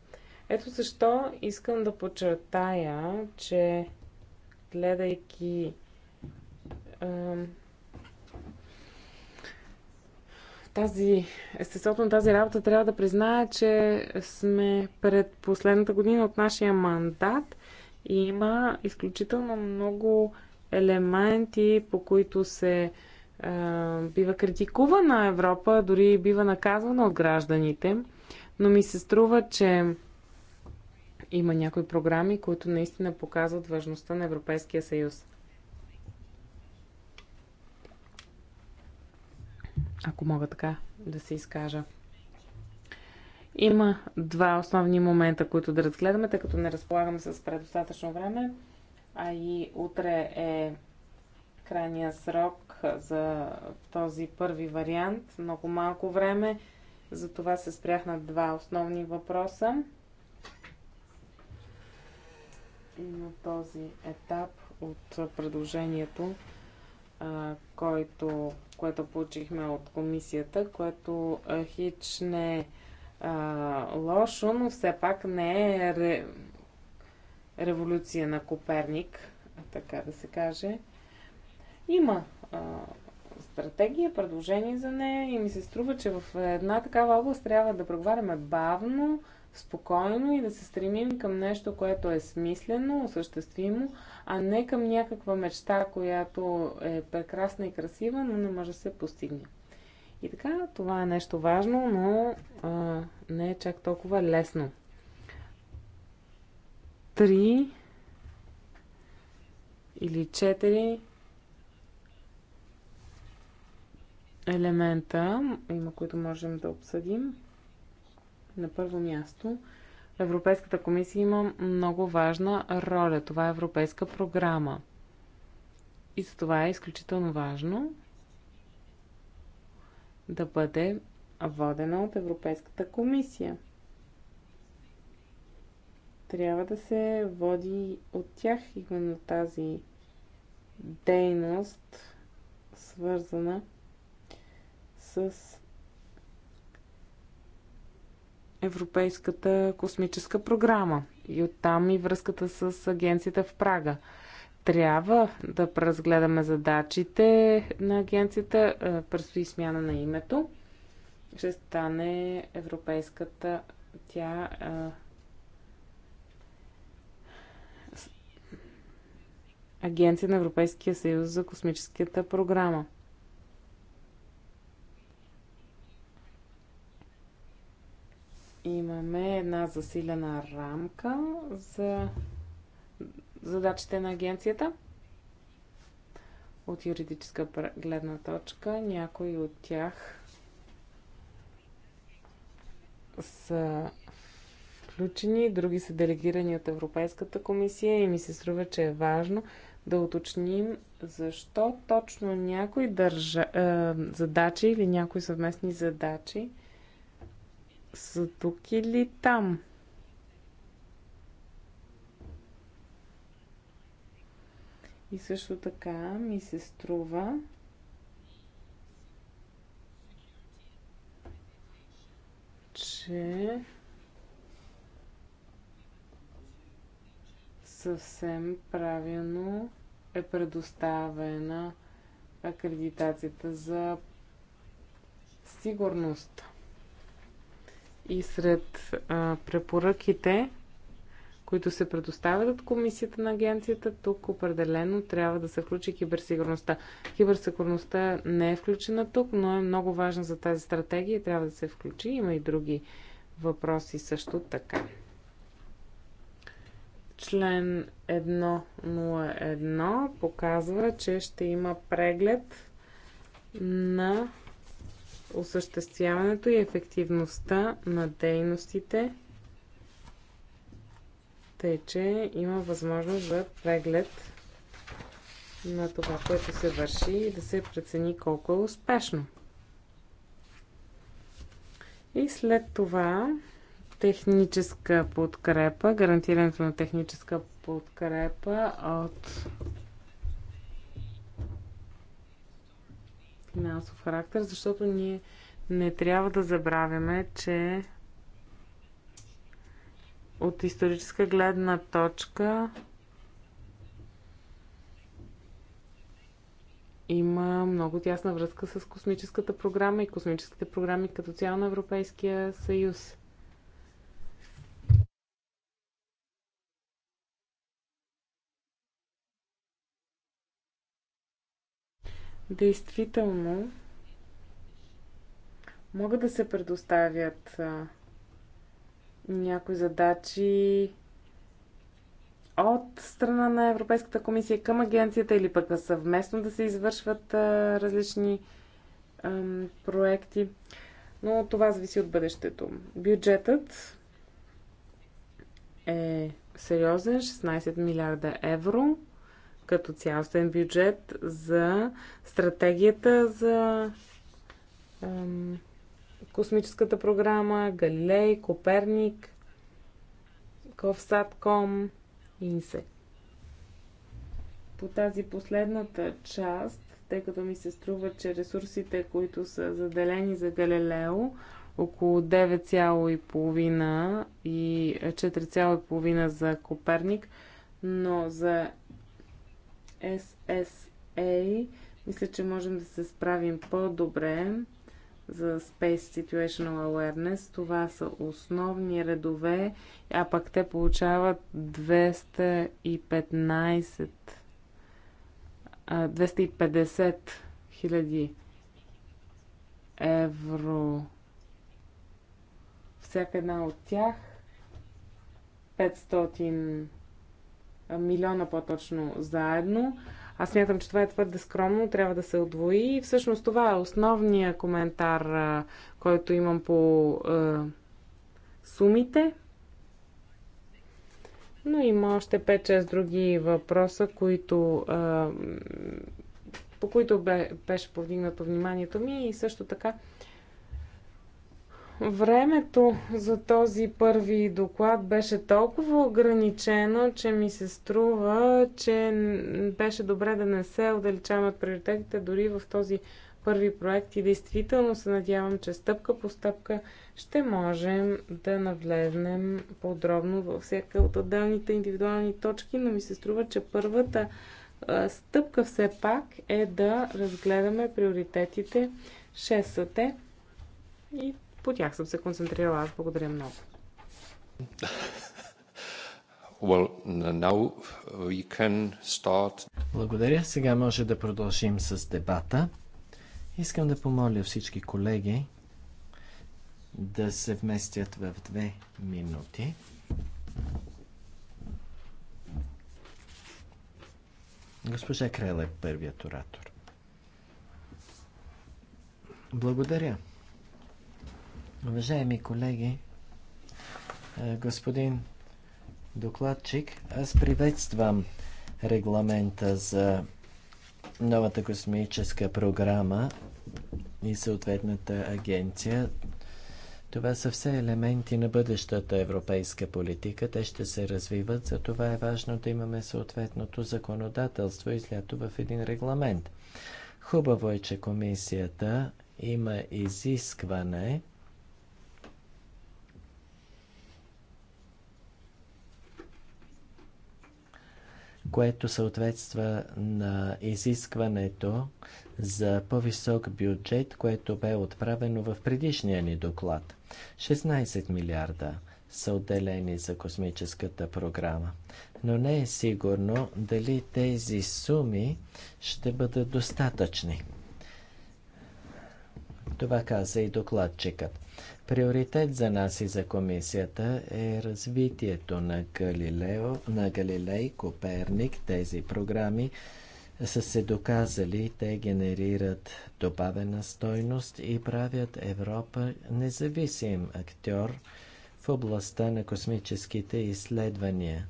Ето защо искам да подчертая, че гледайки тази, естеството на тази работа трябва да призная, че сме пред последната година от нашия мандат и има изключително много елементи, по които се е, бива критикувана Европа, дори бива наказвана от гражданите. Но ми се струва, че има някои програми, които наистина показват важността на Европейския съюз. Ако мога така да се изкажа. Има два основни момента, които да разгледаме, тъй като не разполагаме с предостатъчно време, а и утре е крайния срок за този първи вариант. Много малко време, затова се спрях на два основни въпроса. И на този етап от предложението, който, което получихме от комисията, което хич не е лошо, но все пак не е ре... революция на Коперник, така да се каже. Има а, стратегия, предложение за нея и ми се струва, че в една такава област трябва да преговаряме бавно, спокойно и да се стремим към нещо, което е смислено, осъществимо, а не към някаква мечта, която е прекрасна и красива, но не може да се постигне. И така, това е нещо важно, но а, не е чак толкова лесно. Три или четири елемента, има които можем да обсъдим. На първо място, Европейската комисия има много важна роля. Това е европейска програма. И за това е изключително важно да бъде водена от Европейската комисия. Трябва да се води от тях именно тази дейност, свързана с Европейската космическа програма и оттам и връзката с агенцията в Прага. Трябва да преразгледаме задачите на агенцията. Е, предстои смяна на името. Ще стане Европейската тя е, Агенция на Европейския съюз за космическата програма. имаме една засилена рамка за задачите на агенцията. От юридическа гледна точка някои от тях са включени, други са делегирани от Европейската комисия и ми се струва, че е важно да уточним защо точно някои държа, е, задачи или някои съвместни задачи са тук или там? И също така ми се струва, че съвсем правилно е предоставена акредитацията за сигурност. И сред а, препоръките, които се предоставят от комисията на агенцията, тук определено трябва да се включи киберсигурността. Киберсигурността не е включена тук, но е много важна за тази стратегия и трябва да се включи. Има и други въпроси също така. Член 101 показва, че ще има преглед на осъществяването и ефективността на дейностите, тъй че има възможност за преглед на това, което се върши и да се прецени колко е успешно. И след това техническа подкрепа, гарантирането на техническа подкрепа от финансов характер, защото ние не трябва да забравяме, че от историческа гледна точка има много тясна връзка с космическата програма и космическите програми като цяло на Европейския съюз. Действително, могат да се предоставят а, някои задачи от страна на Европейската комисия към агенцията или пък съвместно да се извършват а, различни а, проекти. Но това зависи от бъдещето. Бюджетът е сериозен 16 милиарда евро като цялостен бюджет за стратегията за ем, космическата програма, Галилей, Коперник, Ковсатком и ИНСЕК. По тази последната част, тъй като ми се струва, че ресурсите, които са заделени за Галилео, около 9,5 и 4,5 за Коперник, но за SSA, мисля, че можем да се справим по-добре за Space Situational Awareness. Това са основни редове, а пък те получават 215 250 хиляди евро. Всяка една от тях 500 милиона по-точно заедно. Аз смятам, че това е твърде скромно, трябва да се отвои. И всъщност това е основният коментар, който имам по е, сумите. Но има още 5-6 други въпроса, които, е, по които бе, беше повдигнато вниманието ми и също така Времето за този първи доклад беше толкова ограничено, че ми се струва, че беше добре да не се отдалечаваме от приоритетите дори в този първи проект и действително се надявам, че стъпка по стъпка ще можем да навлезнем подробно във всяка от отделните индивидуални точки, но ми се струва, че първата стъпка все пак е да разгледаме приоритетите 6 те и по тях съм се концентрирала. Аз благодаря много. Well, now we can start. Благодаря. Сега може да продължим с дебата. Искам да помоля всички колеги да се вместят в две минути. Госпожа Крайла е първият оратор. Благодаря. Уважаеми колеги, е, господин докладчик, аз приветствам регламента за новата космическа програма и съответната агенция. Това са все елементи на бъдещата европейска политика. Те ще се развиват, за това е важно да имаме съответното законодателство и след това в един регламент. Хубаво е, че комисията има изискване което съответства на изискването за по-висок бюджет, което бе отправено в предишния ни доклад. 16 милиарда са отделени за космическата програма, но не е сигурно дали тези суми ще бъдат достатъчни. Това каза и докладчикът. Приоритет за нас и за комисията е развитието на, Галилео, на Галилей, Коперник. Тези програми са се доказали, те генерират добавена стойност и правят Европа независим актьор в областта на космическите изследвания.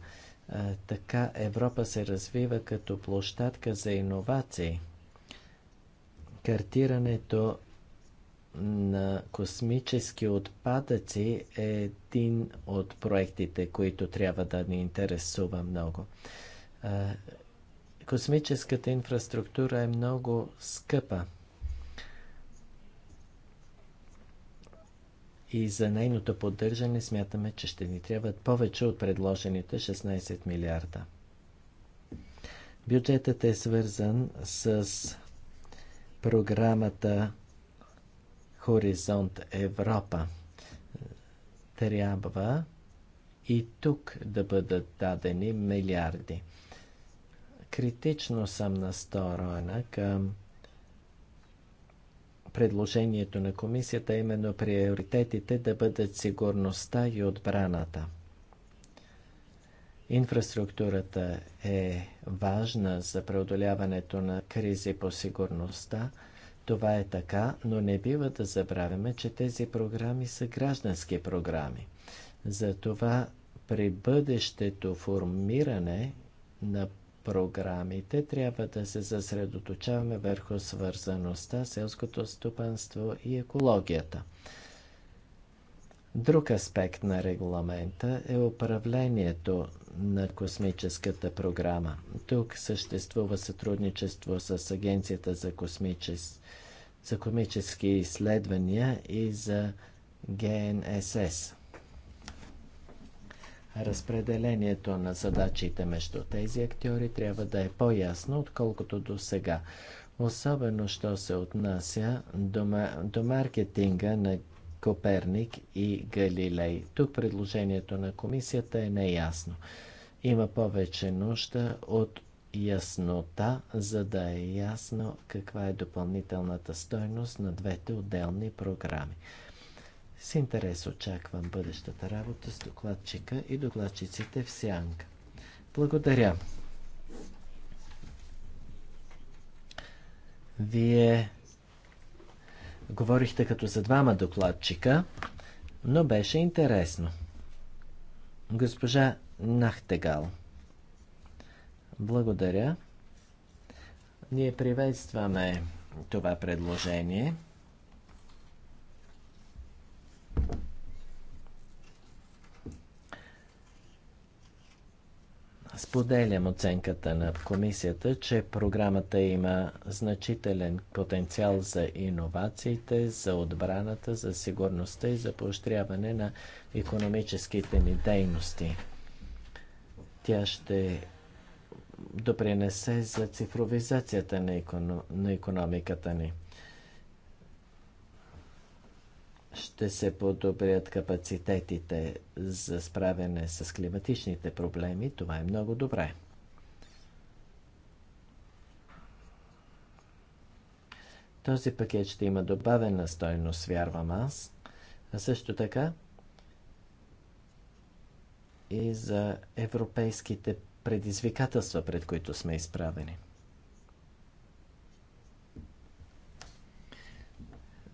така Европа се развива като площадка за иновации. Картирането на космически отпадъци е един от проектите, които трябва да ни интересува много. Космическата инфраструктура е много скъпа. И за нейното поддържане смятаме, че ще ни трябват повече от предложените 16 милиарда. Бюджетът е свързан с програмата Хоризонт Европа. Трябва и тук да бъдат дадени милиарди. Критично съм сторона към предложението на комисията, именно приоритетите да бъдат сигурността и отбраната. Инфраструктурата е важна за преодоляването на кризи по сигурността – това е така, но не бива да забравяме, че тези програми са граждански програми. Затова при бъдещето формиране на програмите трябва да се съсредоточаваме върху свързаността, селското стопанство и екологията. Друг аспект на регламента е управлението на космическата програма. Тук съществува сътрудничество с Агенцията за космическа за комически изследвания и за ГНСС. Разпределението на задачите между тези актьори трябва да е по-ясно, отколкото до сега. Особено, що се отнася до, до маркетинга на Коперник и Галилей. Тук предложението на комисията е неясно. Има повече нужда от яснота, за да е ясно каква е допълнителната стойност на двете отделни програми. С интерес очаквам бъдещата работа с докладчика и докладчиците в Сянка. Благодаря. Вие говорихте като за двама докладчика, но беше интересно. Госпожа Нахтегал. Благодаря. Ние приветстваме това предложение. Споделям оценката на комисията, че програмата има значителен потенциал за иновациите, за отбраната, за сигурността и за поощряване на економическите ни дейности. Тя ще допринесе за цифровизацията на, економ... на економиката ни. Ще се подобрят капацитетите за справяне с климатичните проблеми. Това е много добре. Този пакет ще има добавена стойност, вярвам аз. А също така и за европейските предизвикателства, пред които сме изправени.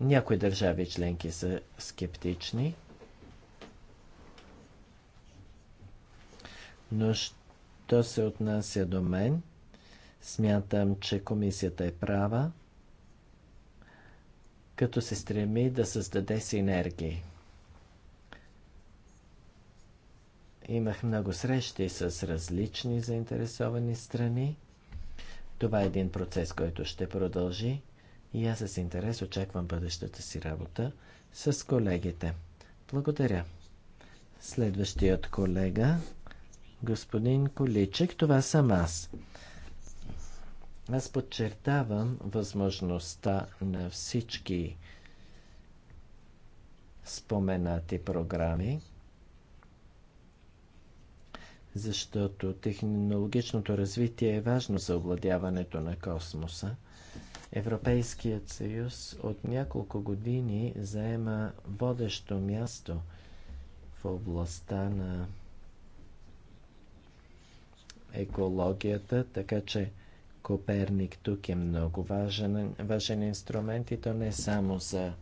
Някои държави членки са скептични, но що се отнася до мен, смятам, че комисията е права, като се стреми да създаде синергии. Имах много срещи с различни заинтересовани страни. Това е един процес, който ще продължи и аз с интерес очаквам бъдещата си работа с колегите. Благодаря. Следващият колега, господин Количек, това съм аз. Аз подчертавам възможността на всички споменати програми защото технологичното развитие е важно за овладяването на космоса. Европейският съюз от няколко години заема водещо място в областта на екологията, така че Коперник тук е много важен, важен инструмент и то не само за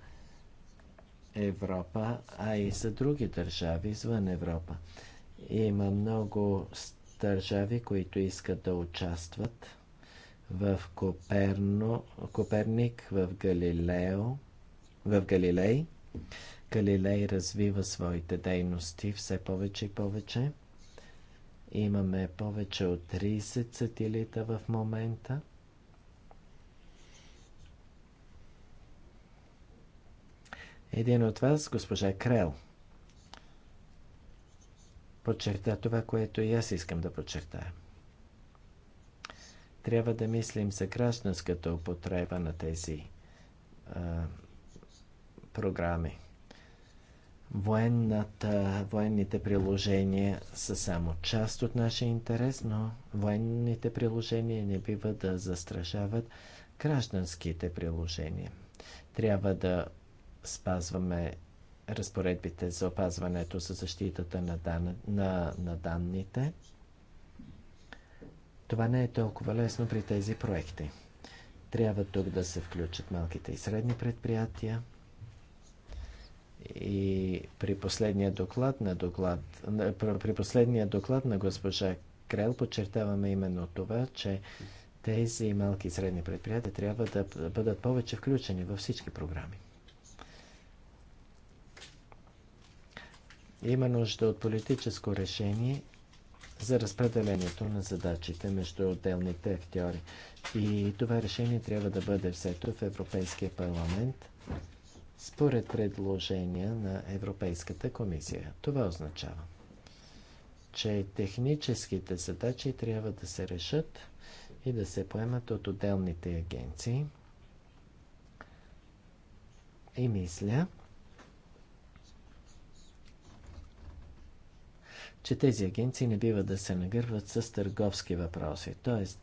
Европа, а и за други държави извън Европа. Има много държави, които искат да участват в Коперно, Коперник, в Галилео, в Галилей. Галилей развива своите дейности все повече и повече. Имаме повече от 30 сателита в момента. Един от вас, госпожа Крел подчерта това, което и аз искам да подчертая. Трябва да мислим за гражданската употреба на тези а, програми. Военната, военните приложения са само част от нашия интерес, но военните приложения не бива да застрашават гражданските приложения. Трябва да спазваме разпоредбите за опазването, за защитата на, дан... на, на данните. Това не е толкова лесно при тези проекти. Трябва тук да се включат малките и средни предприятия. И при последния доклад на, доклад, при последния доклад на госпожа Крел подчертаваме именно това, че тези малки и средни предприятия трябва да бъдат повече включени във всички програми. Има нужда от политическо решение за разпределението на задачите между отделните актьори. И това решение трябва да бъде взето в Европейския парламент според предложения на Европейската комисия. Това означава, че техническите задачи трябва да се решат и да се поемат от отделните агенции. И мисля, че тези агенции не бива да се нагърват с търговски въпроси. Тоест,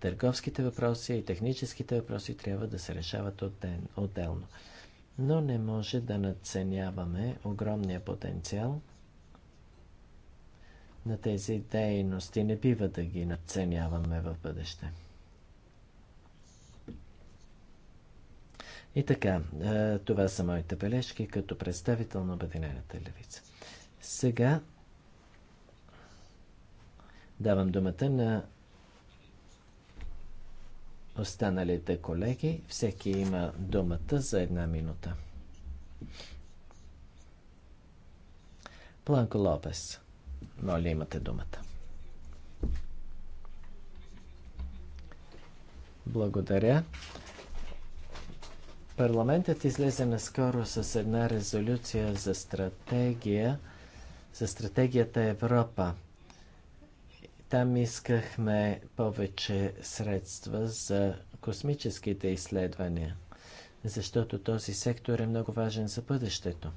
търговските въпроси и техническите въпроси трябва да се решават отделно. Но не може да надценяваме огромния потенциал на тези дейности. Не бива да ги надценяваме в бъдеще. И така, е, това са моите бележки като представител на Обединената левица. Сега Давам думата на останалите колеги. Всеки има думата за една минута. Планко Лопес, моля имате думата. Благодаря. Парламентът излезе наскоро с една резолюция за стратегия за стратегията Европа – там искахме повече средства за космическите изследвания, защото този сектор е много важен за бъдещето.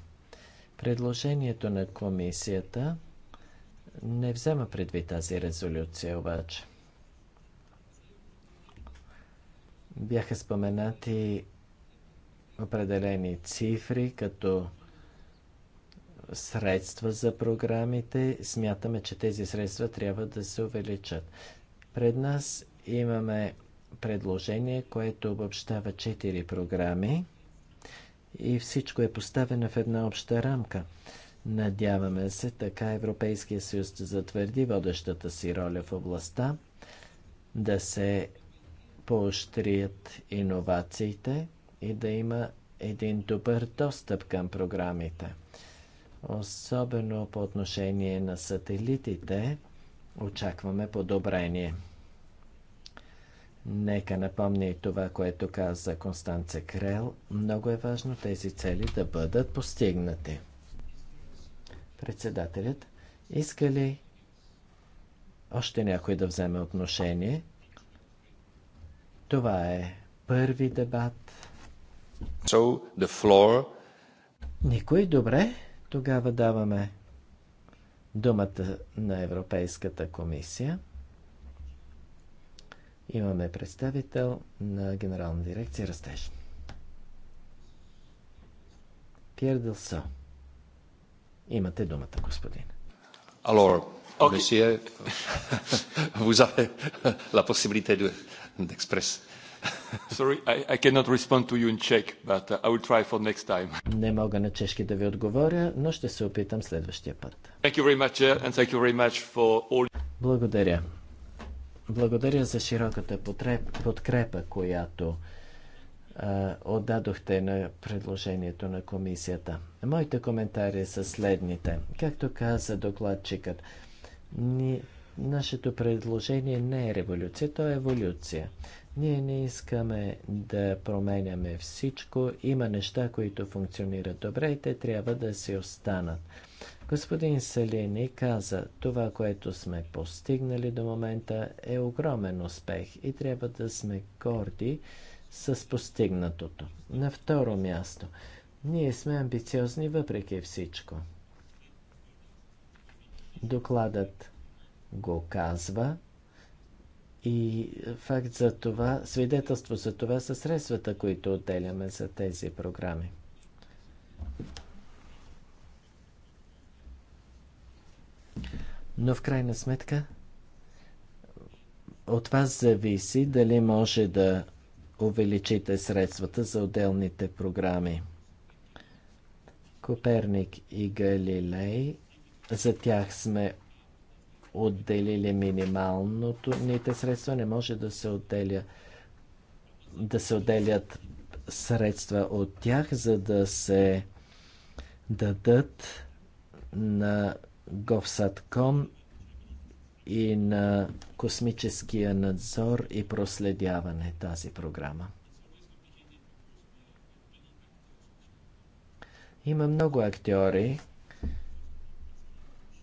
Предложението на комисията не взема предвид тази резолюция обаче. Бяха споменати определени цифри, като средства за програмите. Смятаме, че тези средства трябва да се увеличат. Пред нас имаме предложение, което обобщава 4 програми и всичко е поставено в една обща рамка. Надяваме се, така Европейския съюз да затвърди водещата си роля в областта, да се поощрият иновациите и да има един добър достъп към програмите. Особено по отношение на сателитите очакваме подобрение. Нека напомня и това, което каза Констанце Крел. Много е важно тези цели да бъдат постигнати. Председателят, иска ли още някой да вземе отношение? Това е първи дебат. So the floor... Никой, добре. Тогава даваме думата на Европейската комисия. Имаме представител на Генерална дирекция Растеж. Пьер Делсо. Имате думата, господин. Alors, okay. monsieur, vous avez la possibilité Sorry, I, I cannot respond to you in Czech, but uh, I will try for next time. Не мога на чешки да ви отговоря, но ще се опитам следващия път. Thank you very much, uh, and thank you very much for all... Благодаря. Благодаря за широката потреб, подкрепа, която отдадохте на предложението на комисията. Моите коментари са следните. Както каза докладчикът, ни, нашето предложение не е революция, то е еволюция. Ние не искаме да променяме всичко. Има неща, които функционират добре и те трябва да си останат. Господин Салини каза, това, което сме постигнали до момента е огромен успех и трябва да сме горди с постигнатото. На второ място, ние сме амбициозни въпреки всичко. Докладът го казва, и факт за това, свидетелство за това са средствата, които отделяме за тези програми. Но в крайна сметка, от вас зависи дали може да увеличите средствата за отделните програми. Коперник и Галилей, за тях сме отделили минималното ните средства, не може да се отделя да се отделят средства от тях, за да се дадат на GovSatcom и на космическия надзор и проследяване тази програма. Има много актьори,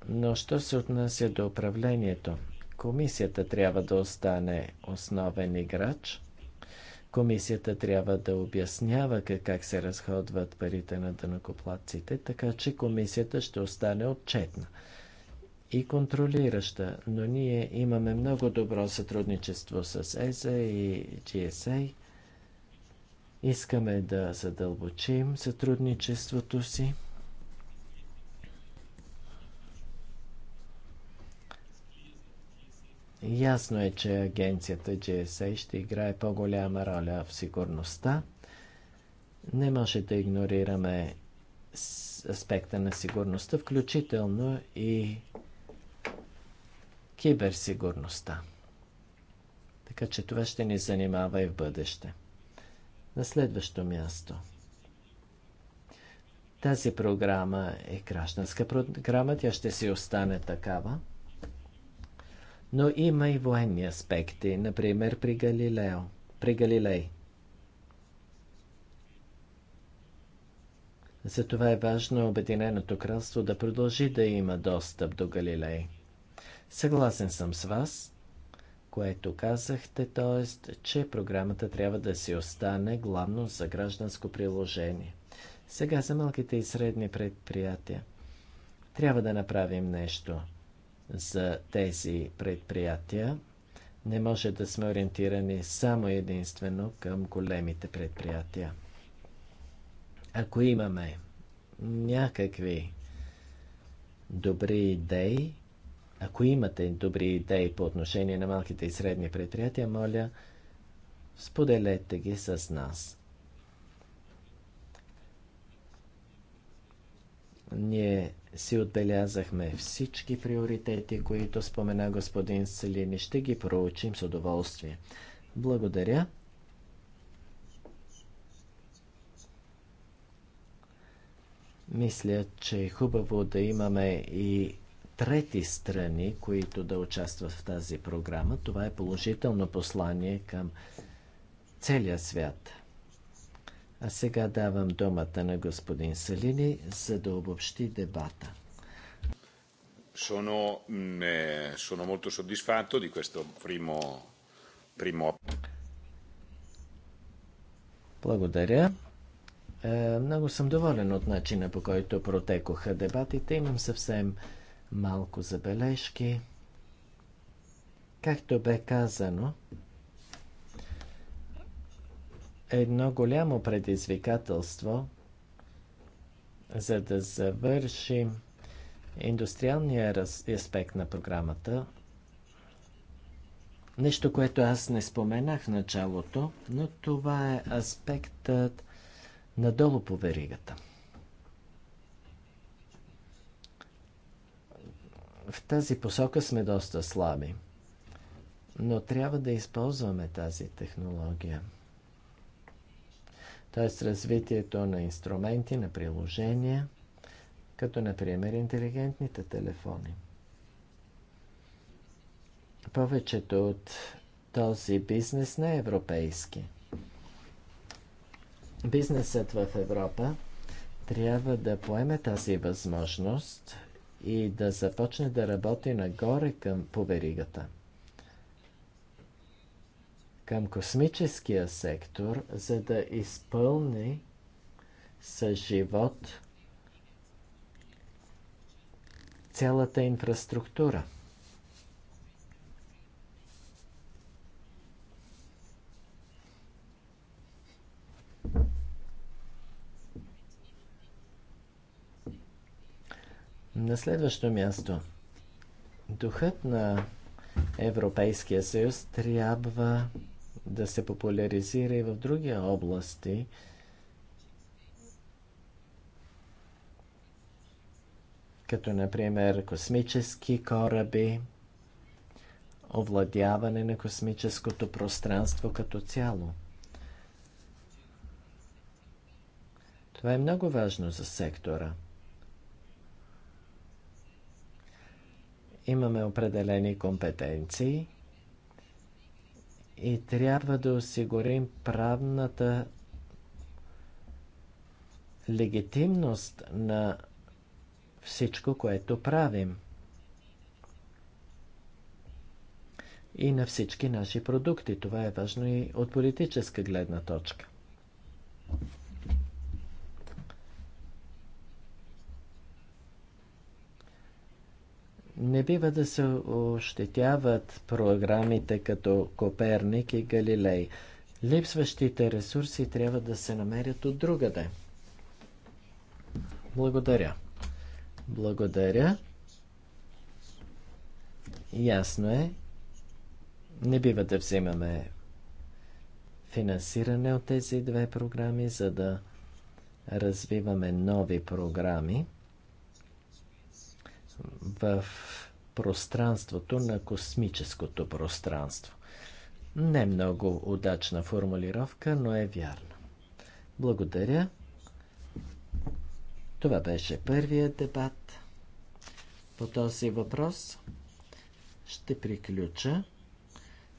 но що се отнася до управлението? Комисията трябва да остане основен играч. Комисията трябва да обяснява как се разходват парите на дънакоплаците, така че комисията ще остане отчетна и контролираща. Но ние имаме много добро сътрудничество с ЕСА и GSA. Искаме да задълбочим сътрудничеството си. Ясно е, че агенцията GSA ще играе по-голяма роля в сигурността. Не може да игнорираме аспекта на сигурността, включително и киберсигурността. Така че това ще ни занимава и в бъдеще. На следващо място. Тази програма е гражданска програма, тя ще си остане такава. Но има и военни аспекти, например при Галилео, при Галилей. Затова е важно Обединеното кралство да продължи да има достъп до Галилей. Съгласен съм с вас, което казахте, т.е. че програмата трябва да си остане главно за гражданско приложение. Сега за малките и средни предприятия. Трябва да направим нещо – за тези предприятия. Не може да сме ориентирани само единствено към големите предприятия. Ако имаме някакви добри идеи, ако имате добри идеи по отношение на малките и средни предприятия, моля, споделете ги с нас. Ние си отбелязахме всички приоритети, които спомена господин и Ще ги проучим с удоволствие. Благодаря. Мисля, че е хубаво да имаме и трети страни, които да участват в тази програма. Това е положително послание към целия свят. А сега давам думата на господин Салини, за да обобщи дебата. Sono, е, sono Благодаря. Е, много съм доволен от начина по който протекоха дебатите. Имам съвсем малко забележки. Както бе казано, едно голямо предизвикателство, за да завършим индустриалния аспект на програмата. Нещо, което аз не споменах в началото, но това е аспектът надолу по веригата. В тази посока сме доста слаби, но трябва да използваме тази технология – т.е. развитието на инструменти, на приложения, като например интелигентните телефони. Повечето от този бизнес не е европейски. Бизнесът в Европа трябва да поеме тази възможност и да започне да работи нагоре към поверигата към космическия сектор, за да изпълни с живот цялата инфраструктура. На следващо място. Духът на Европейския съюз трябва да се популяризира и в други области. като например космически кораби, овладяване на космическото пространство като цяло. Това е много важно за сектора. Имаме определени компетенции – и трябва да осигурим правната легитимност на всичко, което правим и на всички наши продукти. Това е важно и от политическа гледна точка. Не бива да се ощетяват програмите като Коперник и Галилей. Липсващите ресурси трябва да се намерят от другаде. Благодаря. Благодаря. Ясно е. Не бива да взимаме финансиране от тези две програми, за да развиваме нови програми в пространството на космическото пространство. Не много удачна формулировка, но е вярна. Благодаря. Това беше първият дебат по този въпрос. Ще приключа,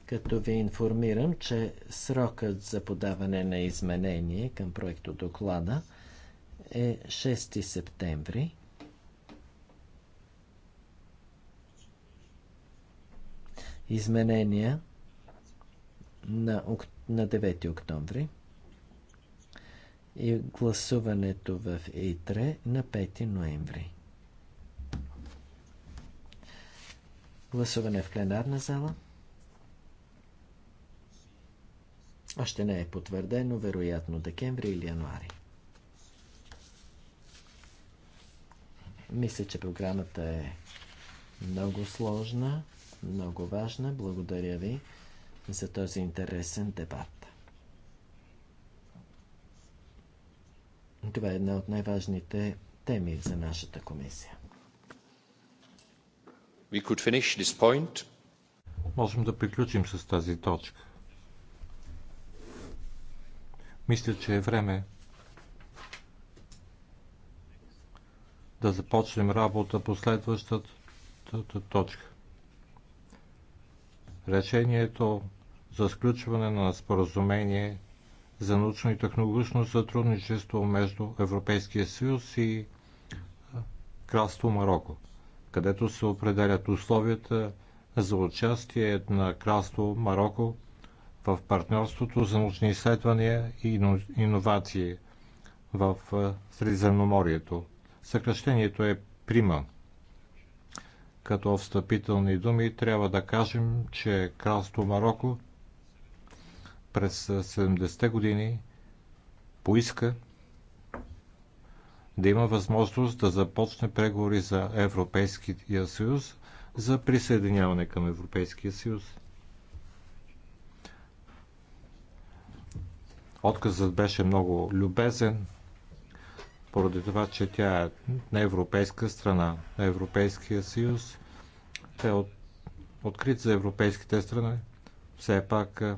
като ви информирам, че срокът за подаване на изменение към проекто доклада е 6 септември изменения на, на 9 октомври и гласуването в ИТРЕ на 5 ноември. Гласуване в пленарна зала. Още не е потвърдено, вероятно декември или януари. Мисля, че програмата е много сложна много важна. Благодаря ви за този интересен дебат. Това е една от най-важните теми за нашата комисия. We could finish this point. Можем да приключим с тази точка. Мисля, че е време да започнем работа по следващата точка решението за сключване на споразумение за научно и технологично сътрудничество между Европейския съюз и Кралство Марокко, където се определят условията за участие на Кралство Марокко в партньорството за научни изследвания и иновации в Средиземноморието. Съкръщението е прима. Като встъпителни думи трябва да кажем, че Кралство Марокко през 70-те години поиска да има възможност да започне преговори за Европейския съюз, за присъединяване към Европейския съюз. Отказът беше много любезен, поради това, че тя е на европейска страна, на Европейския съюз. Тя е от, открит за европейските страни. Все пак е,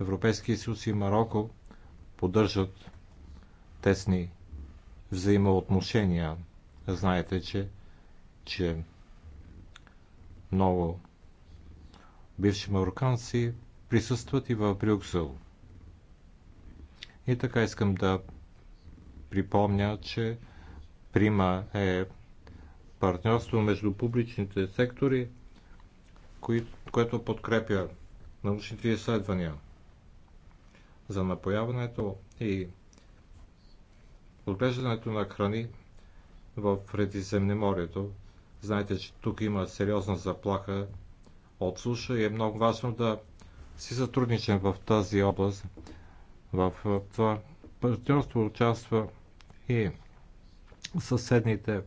Европейския съюз и Марокко поддържат тесни взаимоотношения. Знаете, че, че много бивши мароканци присъстват и в Брюксел. И така искам да припомня, че прима е партньорство между публичните сектори, което подкрепя научните изследвания за напояването и отглеждането на храни в Средиземноморието. Знаете, че тук има сериозна заплаха от суша и е много важно да си сътрудничам в тази област. В това партньорство участва и съседните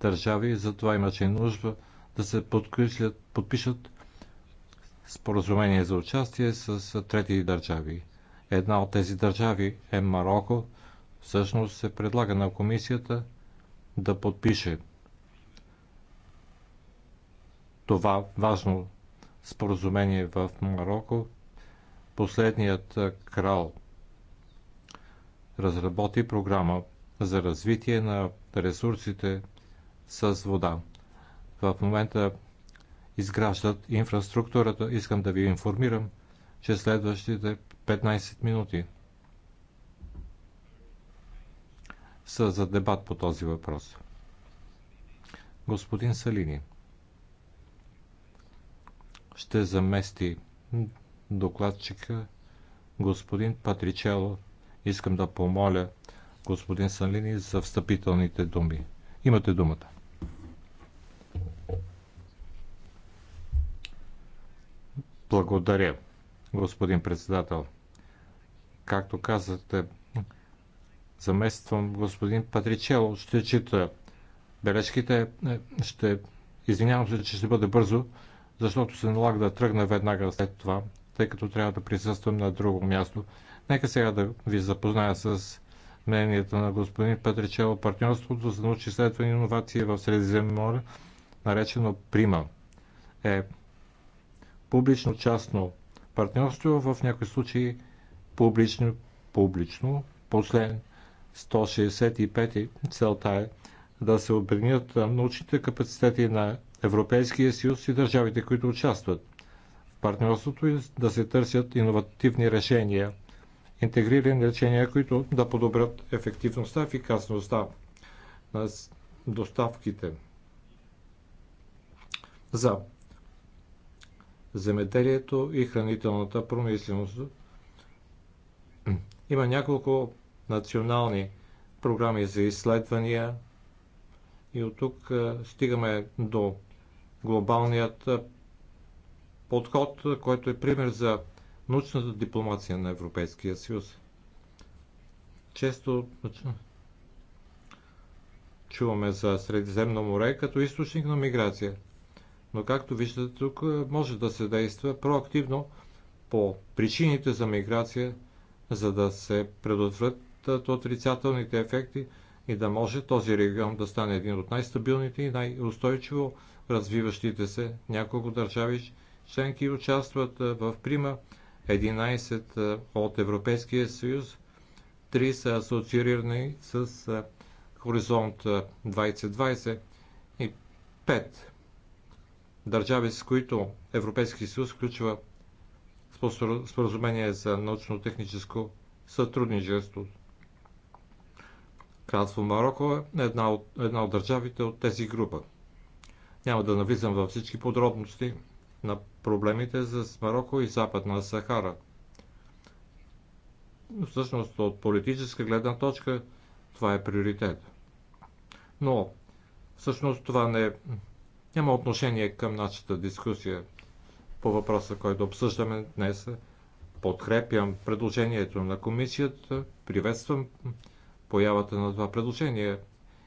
държави. Затова имаше нужда да се подпишат споразумение за участие с трети държави. Една от тези държави е Марокко. Всъщност се предлага на комисията да подпише това важно споразумение в Марокко. Последният крал разработи програма за развитие на ресурсите с вода. В момента изграждат инфраструктурата. Искам да ви информирам, че следващите 15 минути са за дебат по този въпрос. Господин Салини ще замести докладчика господин Патричело Искам да помоля господин Салини за встъпителните думи. Имате думата. Благодаря, господин председател. Както казахте, замествам господин Патричело. Ще чета бележките. Ще... Извинявам се, че ще бъде бързо, защото се налага да тръгна веднага след това, тъй като трябва да присъствам на друго място. Нека сега да ви запозная с мнението на господин Петричево партньорството за научни изследвания и иновации в море, наречено Прима, е публично-частно партньорство, в някои случаи публично, публично по 165 целта е да се обединят научните капацитети на Европейския съюз и държавите, които участват в партньорството и да се търсят иновативни решения – интегрирани решения, които да подобрят ефективността, и ефикасността на доставките за земеделието и хранителната промишленост. Има няколко национални програми за изследвания и от тук стигаме до глобалният подход, който е пример за научната дипломация на Европейския съюз. Често чуваме за Средиземно море като източник на миграция. Но както виждате тук, може да се действа проактивно по причините за миграция, за да се предотвратят отрицателните ефекти и да може този регион да стане един от най-стабилните и най-устойчиво развиващите се няколко държави членки участват в прима 11 от Европейския съюз, 3 са асоциирани с Хоризонт 2020 и 5 държави, с които Европейски съюз включва споразумение за научно-техническо сътрудничество. Кралство Марокко е една от, една от държавите от тези група. Няма да навлизам във всички подробности, на проблемите с Марокко и Западна Сахара. Но всъщност от политическа гледна точка това е приоритет. Но всъщност това не, няма отношение към нашата дискусия по въпроса, който обсъждаме днес. Подкрепям предложението на комисията, приветствам появата на това предложение.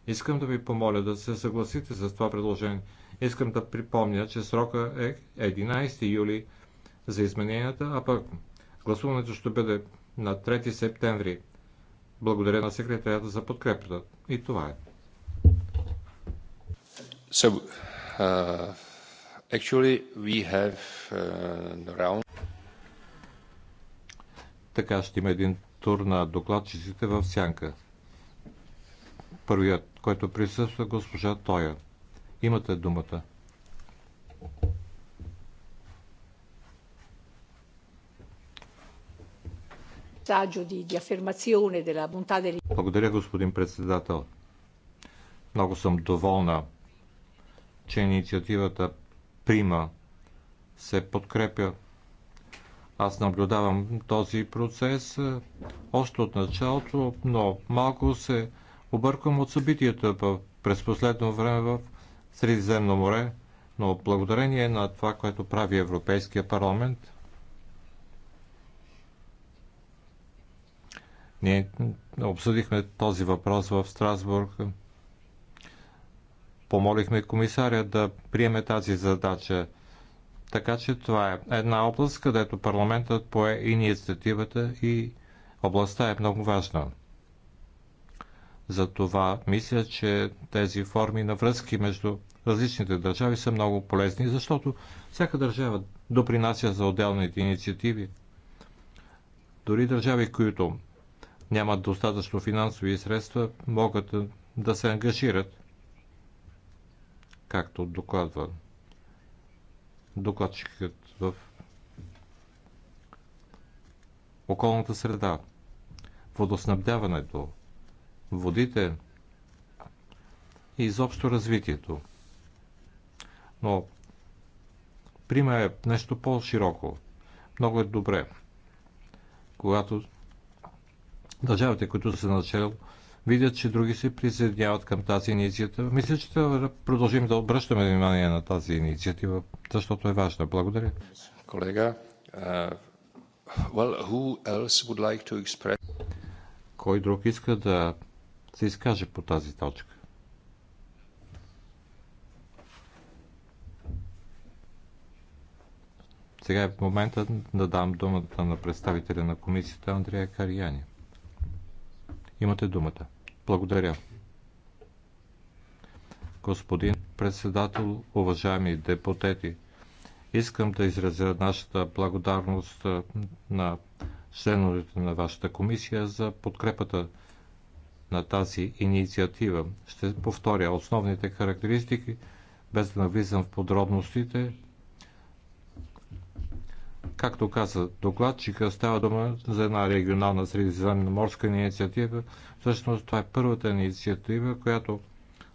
Искам да ви помоля да се съгласите с това предложение – Искам да припомня, че срока е 11 юли за измененията, а пък гласуването ще бъде на 3 септември. Благодаря на секретарята за подкрепата. И това е. So, uh, actually we have uh, round... Така ще има един тур на докладчиците в сянка. Първият, който присъства, госпожа Тоя. Имате думата. Благодаря, господин председател. Много съм доволна, че инициативата Прима се подкрепя. Аз наблюдавам този процес е, още от началото, но малко се обърквам от събитията през последно време в Средиземно море, но благодарение на това, което прави Европейския парламент, ние обсъдихме този въпрос в Страсбург. Помолихме комисаря да приеме тази задача. Така че това е една област, където парламентът пое инициативата и областта е много важна. Затова мисля, че тези форми на връзки между различните държави са много полезни, защото всяка държава допринася за отделните инициативи. Дори държави, които нямат достатъчно финансови средства, могат да се ангажират, както докладва докладчикът в околната среда, водоснабдяването, водите и изобщо развитието. Но прима е нещо по-широко. Много е добре, когато държавите, които са начали, видят, че други се присъединяват към тази инициатива. Мисля, че трябва да продължим да обръщаме внимание на тази инициатива, защото е важна. Благодаря. Колега, uh, well, who else would like to express... кой друг иска да се изкаже по тази точка. Сега е момента да дам думата на представителя на комисията Андрея Карияни. Имате думата. Благодаря. Господин председател, уважаеми депутати, искам да изразя нашата благодарност на членовете на вашата комисия за подкрепата на тази инициатива. Ще повторя основните характеристики, без да навлизам в подробностите. Както каза докладчика, става дума за една регионална средиземноморска инициатива. Всъщност това е първата инициатива, която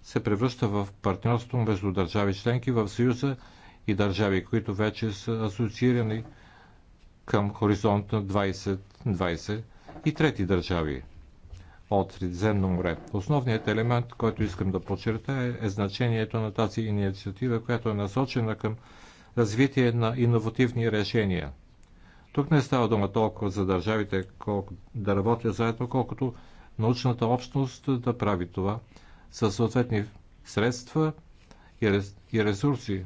се превръща в партньорство между държави членки в Съюза и държави, които вече са асоциирани към хоризонт на 2020 и трети държави от Средиземно море. Основният елемент, който искам да подчертая, е значението на тази инициатива, която е насочена към развитие на иновативни решения. Тук не става дума толкова за държавите колко, да работят заедно, колкото научната общност да прави това със съответни средства и ресурси.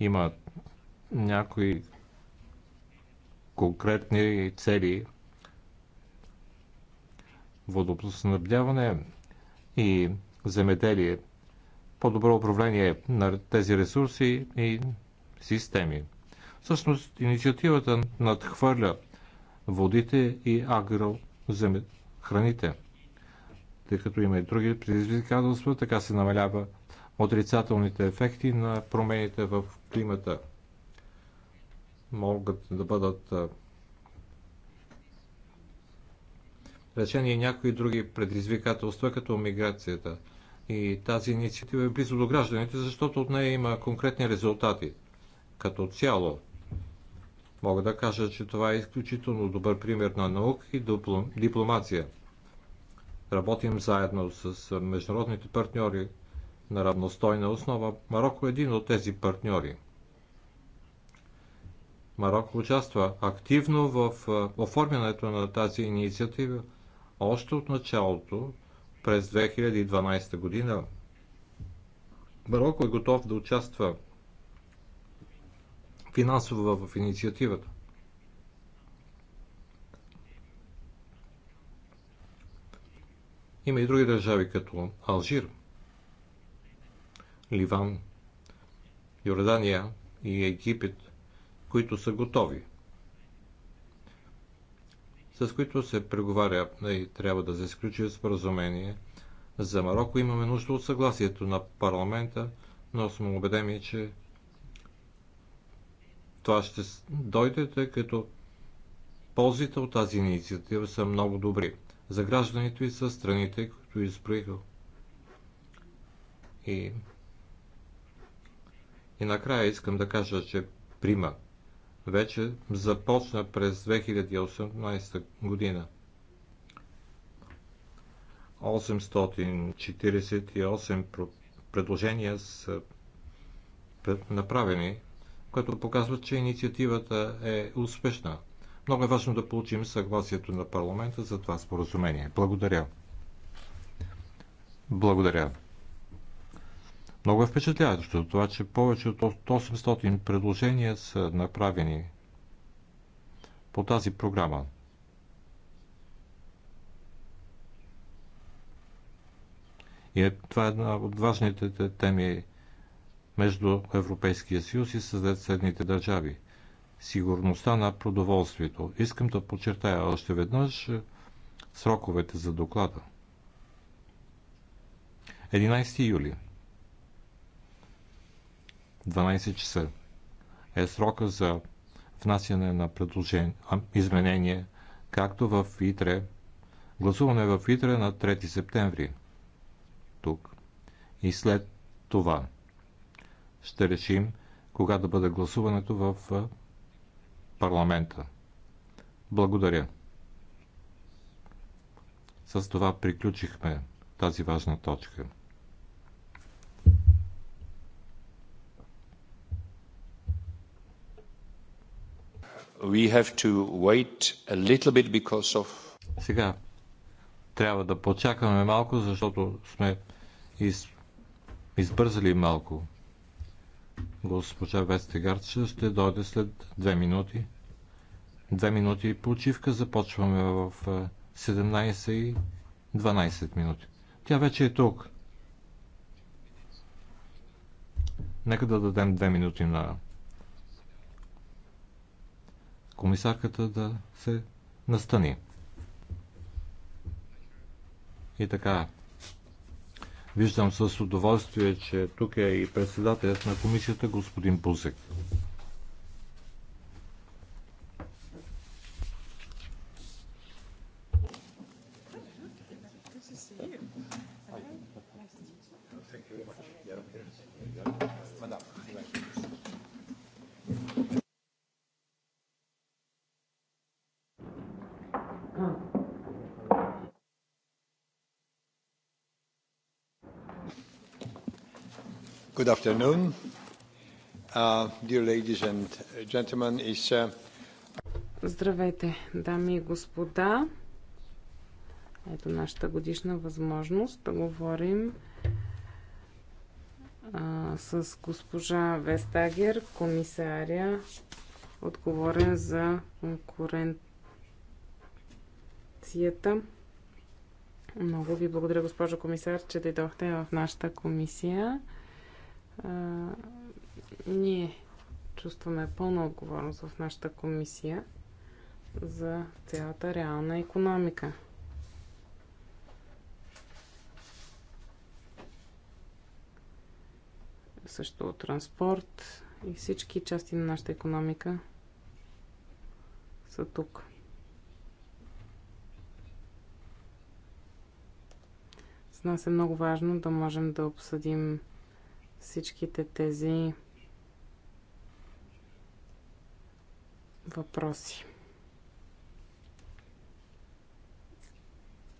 Има някои конкретни цели, водоснабдяване и земеделие, по-добро управление на тези ресурси и системи. Всъщност инициативата надхвърля водите и агрохраните. Тъй като има и други предизвикателства, така се намалява отрицателните ефекти на промените в климата. Могат да бъдат решение някои други предизвикателства, като миграцията. И тази инициатива е близо до гражданите, защото от нея има конкретни резултати. Като цяло, мога да кажа, че това е изключително добър пример на наука и дипломация. Работим заедно с международните партньори на равностойна основа. Марокко е един от тези партньори. Марокко участва активно в оформянето на тази инициатива още от началото, през 2012 година, Марокко е готов да участва финансово в инициативата. Има и други държави, като Алжир, Ливан, Йордания и Египет, които са готови с които се преговаря и трябва да се изключи споразумение. За Марокко имаме нужда от съгласието на парламента, но сме убедени, че това ще дойде, тъй като ползите от тази инициатива са много добри за гражданите и за страните, които изброиха. И, и накрая искам да кажа, че примат вече започна през 2018 година. 848 предложения са направени, което показва, че инициативата е успешна. Много е важно да получим съгласието на парламента за това споразумение. Благодаря. Благодаря. Много е впечатляващо това, че повече от 800 предложения са направени по тази програма. И е, това е една от важните теми между Европейския съюз и съседните държави. Сигурността на продоволствието. Искам да подчертая още веднъж е, сроковете за доклада. 11 юли 12 часа е срока за внасяне на предложение, изменение, както в ИТРЕ. Гласуване в ИТРЕ на 3 септември. Тук. И след това ще решим кога да бъде гласуването в парламента. Благодаря. С това приключихме тази важна точка. We have to wait a little bit because of... Сега трябва да почакаме малко, защото сме из... избързали малко. Госпожа Вестегард ще дойде след две минути. Две минути почивка започваме в 17 е, и 12 минути. Тя вече е тук. Нека да дадем две минути на комисарката да се настани. И така, виждам с удоволствие, че тук е и председателят на комисията, господин Бузек. Good afternoon, uh, dear ladies and gentlemen. It's... Uh, Здравейте, дами и господа. Ето нашата годишна възможност да говорим с госпожа Вестагер, комисаря, отговорен за конкуренцията. Много ви благодаря, госпожо комисар, че дойдохте в нашата комисия а, ние чувстваме пълна отговорност в нашата комисия за цялата реална економика. Също транспорт и всички части на нашата економика са тук. За нас е много важно да можем да обсъдим всичките тези въпроси.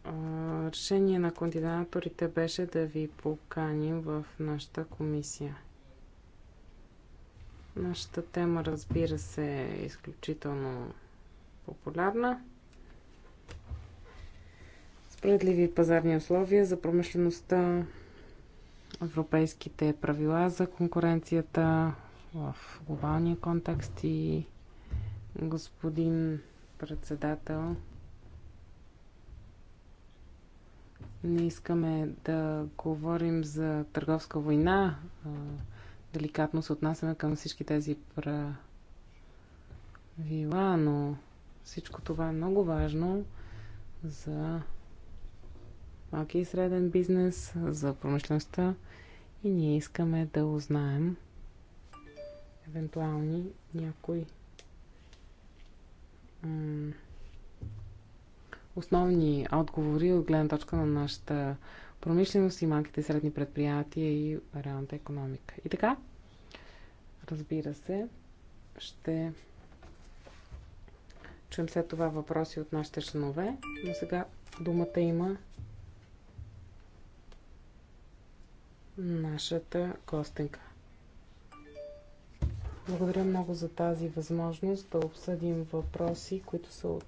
Решение на кандидаторите беше да ви поканим в нашата комисия. Нашата тема, разбира се, е изключително популярна. Справедливи пазарни условия за промишлеността, европейските правила за конкуренцията в глобалния контекст и господин председател. Не искаме да говорим за търговска война. Деликатно се отнасяме към всички тези правила, но всичко това е много важно за малки и среден бизнес, за промишлеността и ние искаме да узнаем евентуални някои основни отговори от гледна точка на нашата промишленост и малките и средни предприятия и реалната економика. И така, разбира се, ще чуем след това въпроси от нашите членове, но сега думата има нашата гостенка. Благодаря много за тази възможност да обсъдим въпроси, които са от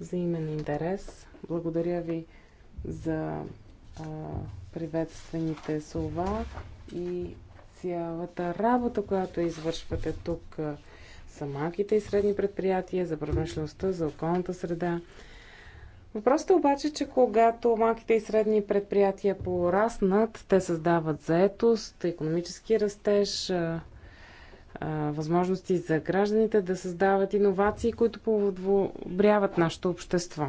взаимен интерес. Благодаря ви за а, приветствените слова и цялата работа, която извършвате тук са малките и средни предприятия, за промишлеността, за околната среда. Въпросът е обаче, че когато малките и средни предприятия пораснат, те създават заетост, економически растеж, възможности за гражданите да създават иновации, които подобряват нашето общество.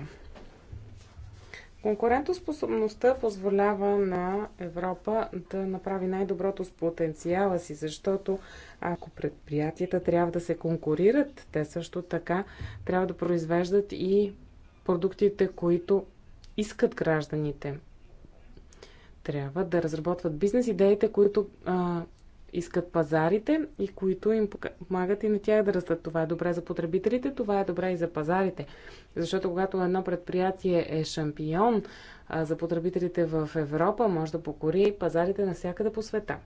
Конкурентоспособността позволява на Европа да направи най-доброто с потенциала си, защото ако предприятията трябва да се конкурират, те също така трябва да произвеждат и продуктите, които искат гражданите. Трябва да разработват бизнес идеите, които а, искат пазарите и които им помагат и на тях да растат. Това е добре за потребителите, това е добре и за пазарите. Защото когато едно предприятие е шампион а, за потребителите в Европа, може да покори пазарите навсякъде по света.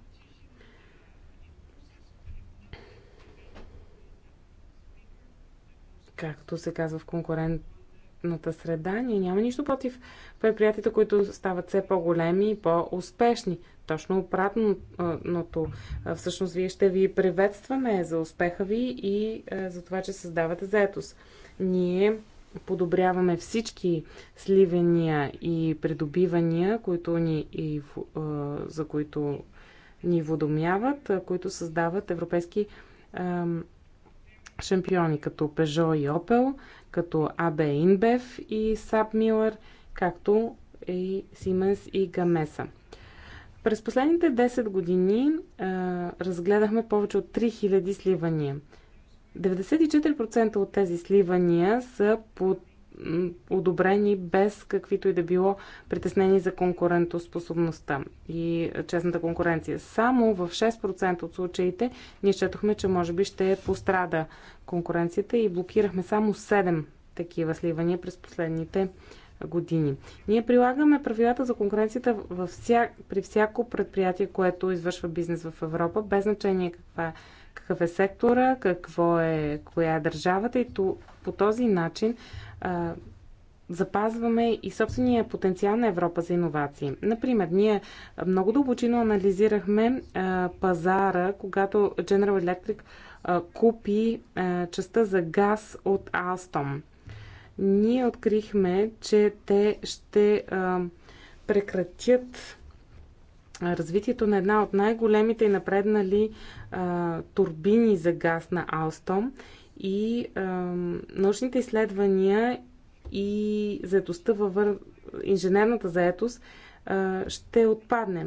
Както се казва в конкурент работната среда, ние няма нищо против предприятията, които стават все по-големи и по-успешни. Точно обратното. Всъщност, вие ще ви приветстваме за успеха ви и за това, че създавате заетост. Ние подобряваме всички сливения и придобивания, които ни, и, за които ни водомяват, които създават европейски шампиони като Peugeot и Opel, като AB InBev и Saab Miller, както и Siemens и Gamesa. През последните 10 години а, разгледахме повече от 3000 сливания. 94% от тези сливания са под одобрени без каквито и да било притеснени за конкурентоспособността и честната конкуренция. Само в 6% от случаите ние четохме, че може би ще пострада конкуренцията и блокирахме само 7 такива сливания през последните години. Ние прилагаме правилата за конкуренцията във вся, при всяко предприятие, което извършва бизнес в Европа, без значение каква е какъв е сектора, какво е, коя е държавата и то, по този начин а, запазваме и собствения потенциал на Европа за иновации. Например, ние много дълбочино анализирахме а, пазара, когато General Electric а, купи а, частта за газ от Alstom. Ние открихме, че те ще а, прекратят развитието на една от най-големите и напреднали а, турбини за газ на Алстом и а, научните изследвания и заетостта във вър... инженерната заетост а, ще отпадне.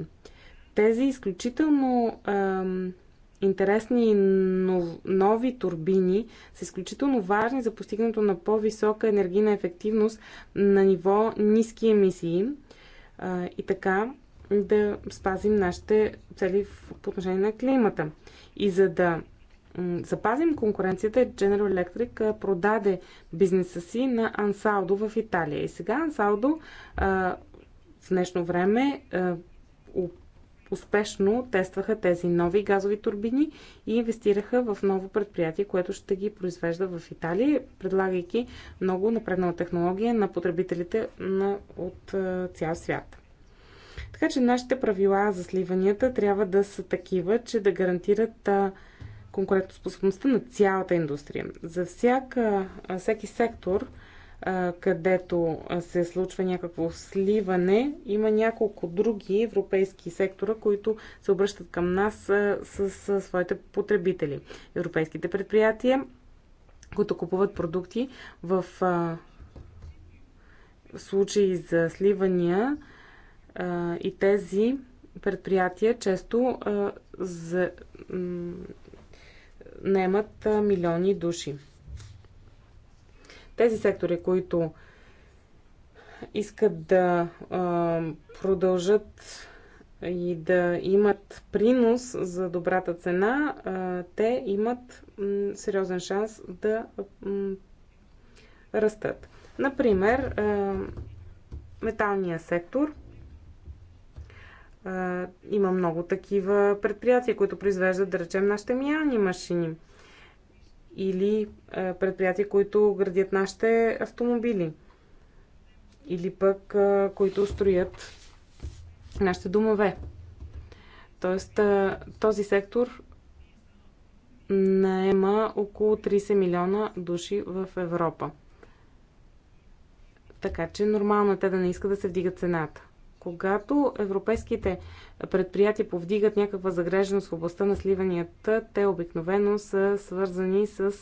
Тези изключително а, интересни нов, нови турбини са изключително важни за постигането на по-висока енергийна ефективност на ниво ниски емисии. А, и така, да спазим нашите цели в отношение на климата. И за да запазим конкуренцията, General Electric продаде бизнеса си на Ансалдо в Италия. И сега Ансалдо в днешно време успешно тестваха тези нови газови турбини и инвестираха в ново предприятие, което ще ги произвежда в Италия, предлагайки много напреднала технология на потребителите на, от цял свят. Така че нашите правила за сливанията трябва да са такива, че да гарантират конкурентоспособността на цялата индустрия. За всяка, всеки сектор, където се случва някакво сливане, има няколко други европейски сектора, които се обръщат към нас с, с своите потребители. Европейските предприятия, които купуват продукти в случаи за сливания, и тези предприятия често а, за, м- наемат а, милиони души. Тези сектори, които искат да а, продължат и да имат принос за добрата цена, а, те имат м- сериозен шанс да м- растат. Например, а, металния сектор – има много такива предприятия, които произвеждат, да речем, нашите миялни машини или а, предприятия, които градят нашите автомобили или пък а, които строят нашите домове. Тоест, а, този сектор наема около 30 милиона души в Европа. Така че нормално е те да не искат да се вдига цената. Когато европейските предприятия повдигат някаква загреженост в областта на сливанията, те обикновено са свързани с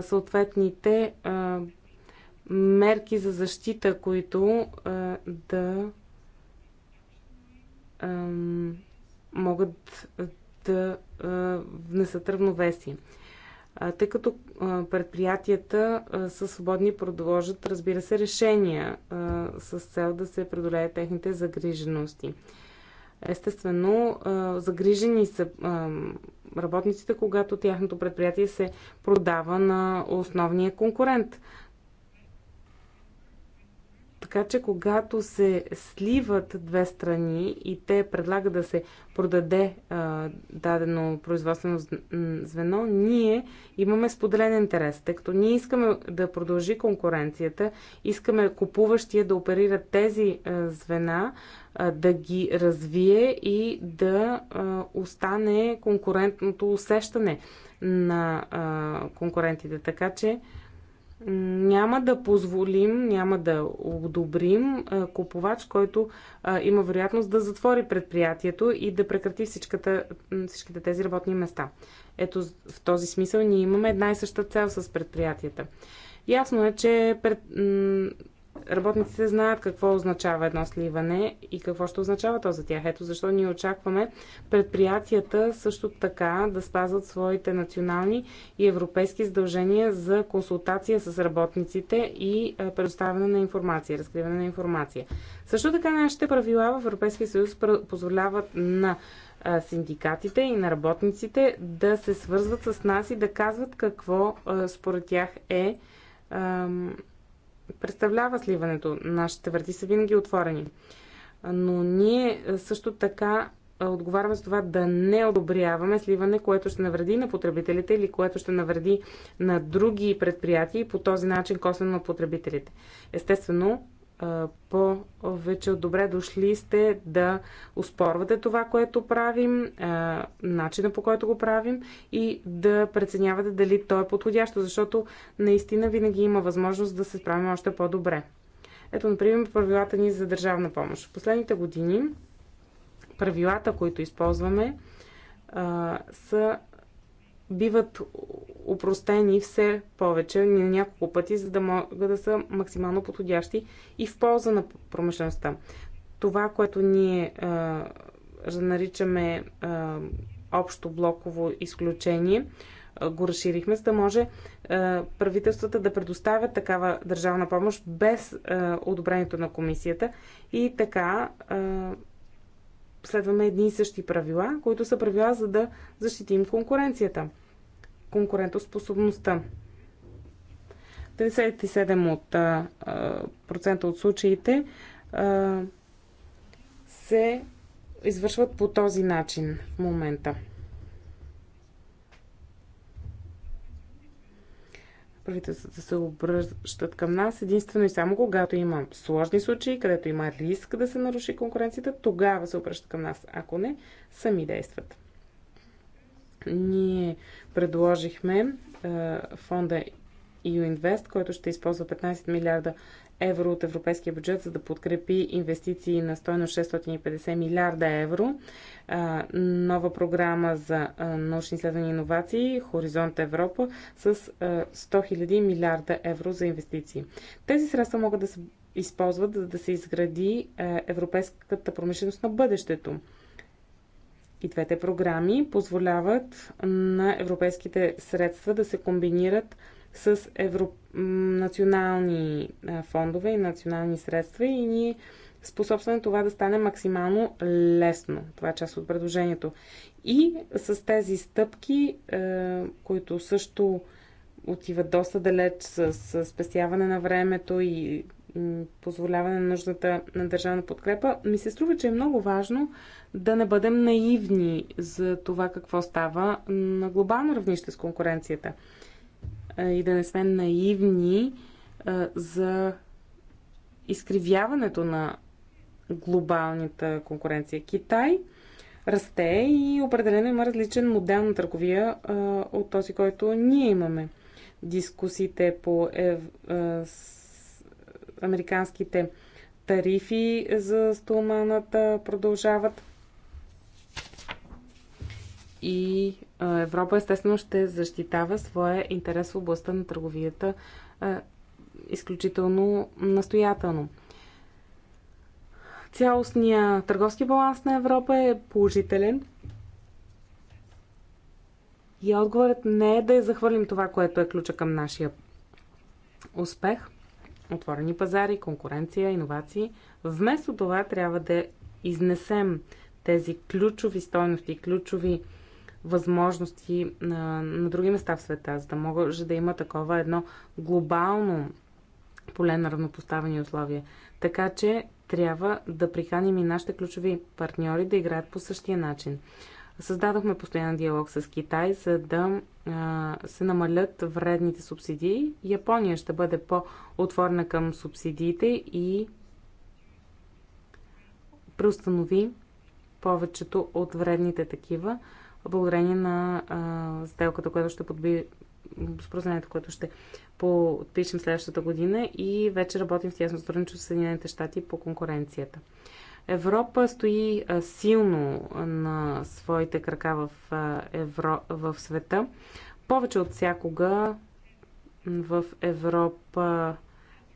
съответните мерки за защита, които да могат да внесат равновесие тъй като предприятията са свободни продължат, разбира се, решения с цел да се преодолеят техните загрижености. Естествено, загрижени са работниците, когато тяхното предприятие се продава на основния конкурент. Така че когато се сливат две страни и те предлагат да се продаде а, дадено производствено звено, ние имаме споделен интерес, тъй като ние искаме да продължи конкуренцията, искаме купуващия да оперира тези а, звена, а, да ги развие и да а, остане конкурентното усещане на а, конкурентите. Така че няма да позволим, няма да одобрим купувач, който има вероятност да затвори предприятието и да прекрати всичката, всичките тези работни места. Ето в този смисъл ние имаме една и съща цел с предприятията. Ясно е, че пред, Работниците знаят какво означава едно сливане и какво ще означава то за тях. Ето защо ние очакваме предприятията също така да спазват своите национални и европейски задължения за консултация с работниците и предоставяне на информация, разкриване на информация. Също така нашите правила в Европейския съюз позволяват на синдикатите и на работниците да се свързват с нас и да казват какво според тях е представлява сливането. Нашите врати са винаги отворени. Но ние също така отговаряме за това да не одобряваме сливане, което ще навреди на потребителите или което ще навреди на други предприятия и по този начин косвено на потребителите. Естествено, по от добре дошли сте да успорвате това, което правим, начина по който го правим и да преценявате дали то е подходящо, защото наистина винаги има възможност да се справим още по-добре. Ето, например, правилата ни за държавна помощ. В последните години правилата, които използваме, са биват упростени все повече на няколко пъти, за да могат да са максимално подходящи и в полза на промишлеността. Това, което ние а, наричаме а, общо блоково изключение, а, го разширихме, за да може а, правителствата да предоставят такава държавна помощ без а, одобрението на комисията и така. А, следваме едни и същи правила, които са правила за да защитим конкуренцията, конкурентоспособността. 97% от, а, процента от случаите а, се извършват по този начин в момента. правителствата се обръщат към нас единствено и само когато има сложни случаи, където има риск да се наруши конкуренцията, тогава се обръщат към нас. Ако не, сами действат. Ние предложихме е, фонда EU Invest, който ще използва 15 милиарда евро от европейския бюджет, за да подкрепи инвестиции на стойност 650 милиарда евро. Нова програма за научни изследвания и иновации Хоризонт Европа с 100 000 милиарда евро за инвестиции. Тези средства могат да се използват, за да се изгради европейската промишленост на бъдещето. И двете програми позволяват на европейските средства да се комбинират с евро... национални фондове и национални средства и ние способстваме това да стане максимално лесно. Това е част от предложението. И с тези стъпки, които също отиват доста далеч с спестяване на времето и позволяване на нуждата на държавна подкрепа, ми се струва, че е много важно да не бъдем наивни за това какво става на глобално равнище с конкуренцията. Е, и да не сме наивни е, за изкривяването на глобалната конкуренция. Китай расте и определено има различен модел на търговия е, от този, който ние имаме. Дискусиите по ев... американските тарифи за стоманата продължават. И Европа естествено ще защитава своя интерес в областта на търговията изключително настоятелно. Цялостният търговски баланс на Европа е положителен. И отговорът не е да захвърлим това, което е ключа към нашия успех. Отворени пазари, конкуренция, иновации. Вместо това трябва да изнесем тези ключови стойности, ключови възможности на, на други места в света, за да може да има такова едно глобално поле на равнопоставени условия. Така че трябва да приканим и нашите ключови партньори да играят по същия начин. Създадохме постоянен диалог с Китай, за да а, се намалят вредните субсидии. Япония ще бъде по-отворена към субсидиите и преустанови повечето от вредните такива, благодарение на а, сделката, която ще подби споразумението, което ще подпишем следващата година и вече работим в тясно сътрудничество с Съединените щати по конкуренцията. Европа стои а, силно на своите крака в, а, Евро... в света. Повече от всякога в Европа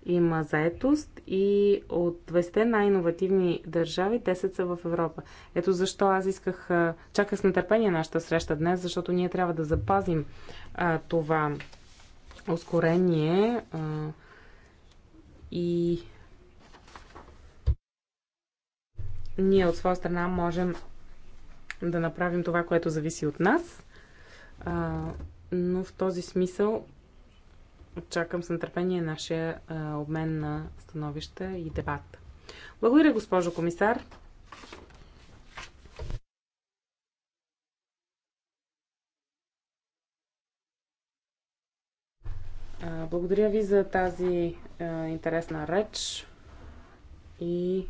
има заетост и от 20 най-инновативни държави 10 са в Европа. Ето защо аз исках, чаках с нетърпение нашата среща днес, защото ние трябва да запазим а, това ускорение а, и ние от своя страна можем да направим това, което зависи от нас. А, но в този смисъл Очаквам с нетърпение нашия а, обмен на становища и дебат. Благодаря, госпожо комисар. А, благодаря ви за тази а, интересна реч и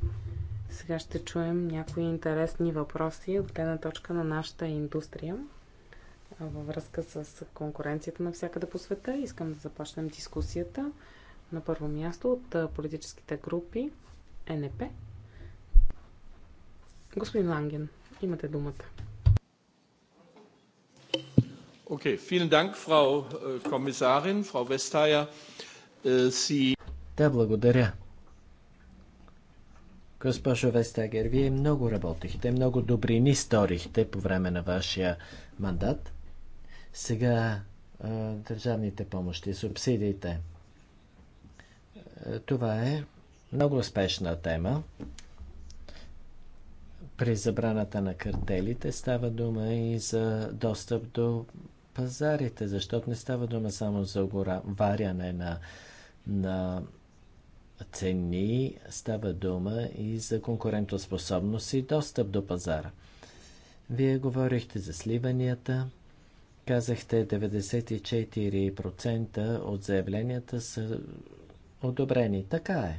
сега ще чуем някои интересни въпроси от гледна точка на нашата индустрия във връзка с конкуренцията навсякъде по света. Искам да започнем дискусията на първо място от политическите групи НП. Господин Ланген, имате думата. Okay, vielen Dank, фрау комисарин, фрау Вестая. Е, да, благодаря. Госпожо Вестагер, вие много работихте, много добрини сторихте по време на вашия мандат – сега държавните помощи, субсидиите. Това е много успешна тема. При забраната на картелите става дума и за достъп до пазарите, защото не става дума само за варяне на, на цени, става дума и за конкурентоспособност и достъп до пазара. Вие говорихте за сливанията. Казахте 94% от заявленията са одобрени. Така е.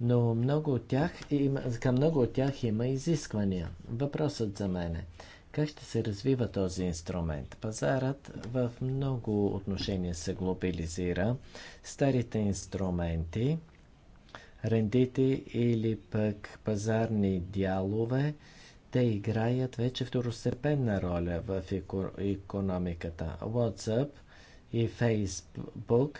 Но много от тях има, към много от тях има изисквания. Въпросът за мен е как ще се развива този инструмент. Пазарът в много отношения се глобализира. Старите инструменти, рендити или пък пазарни дялове, те играят вече второстепенна роля в економиката. WhatsApp и Facebook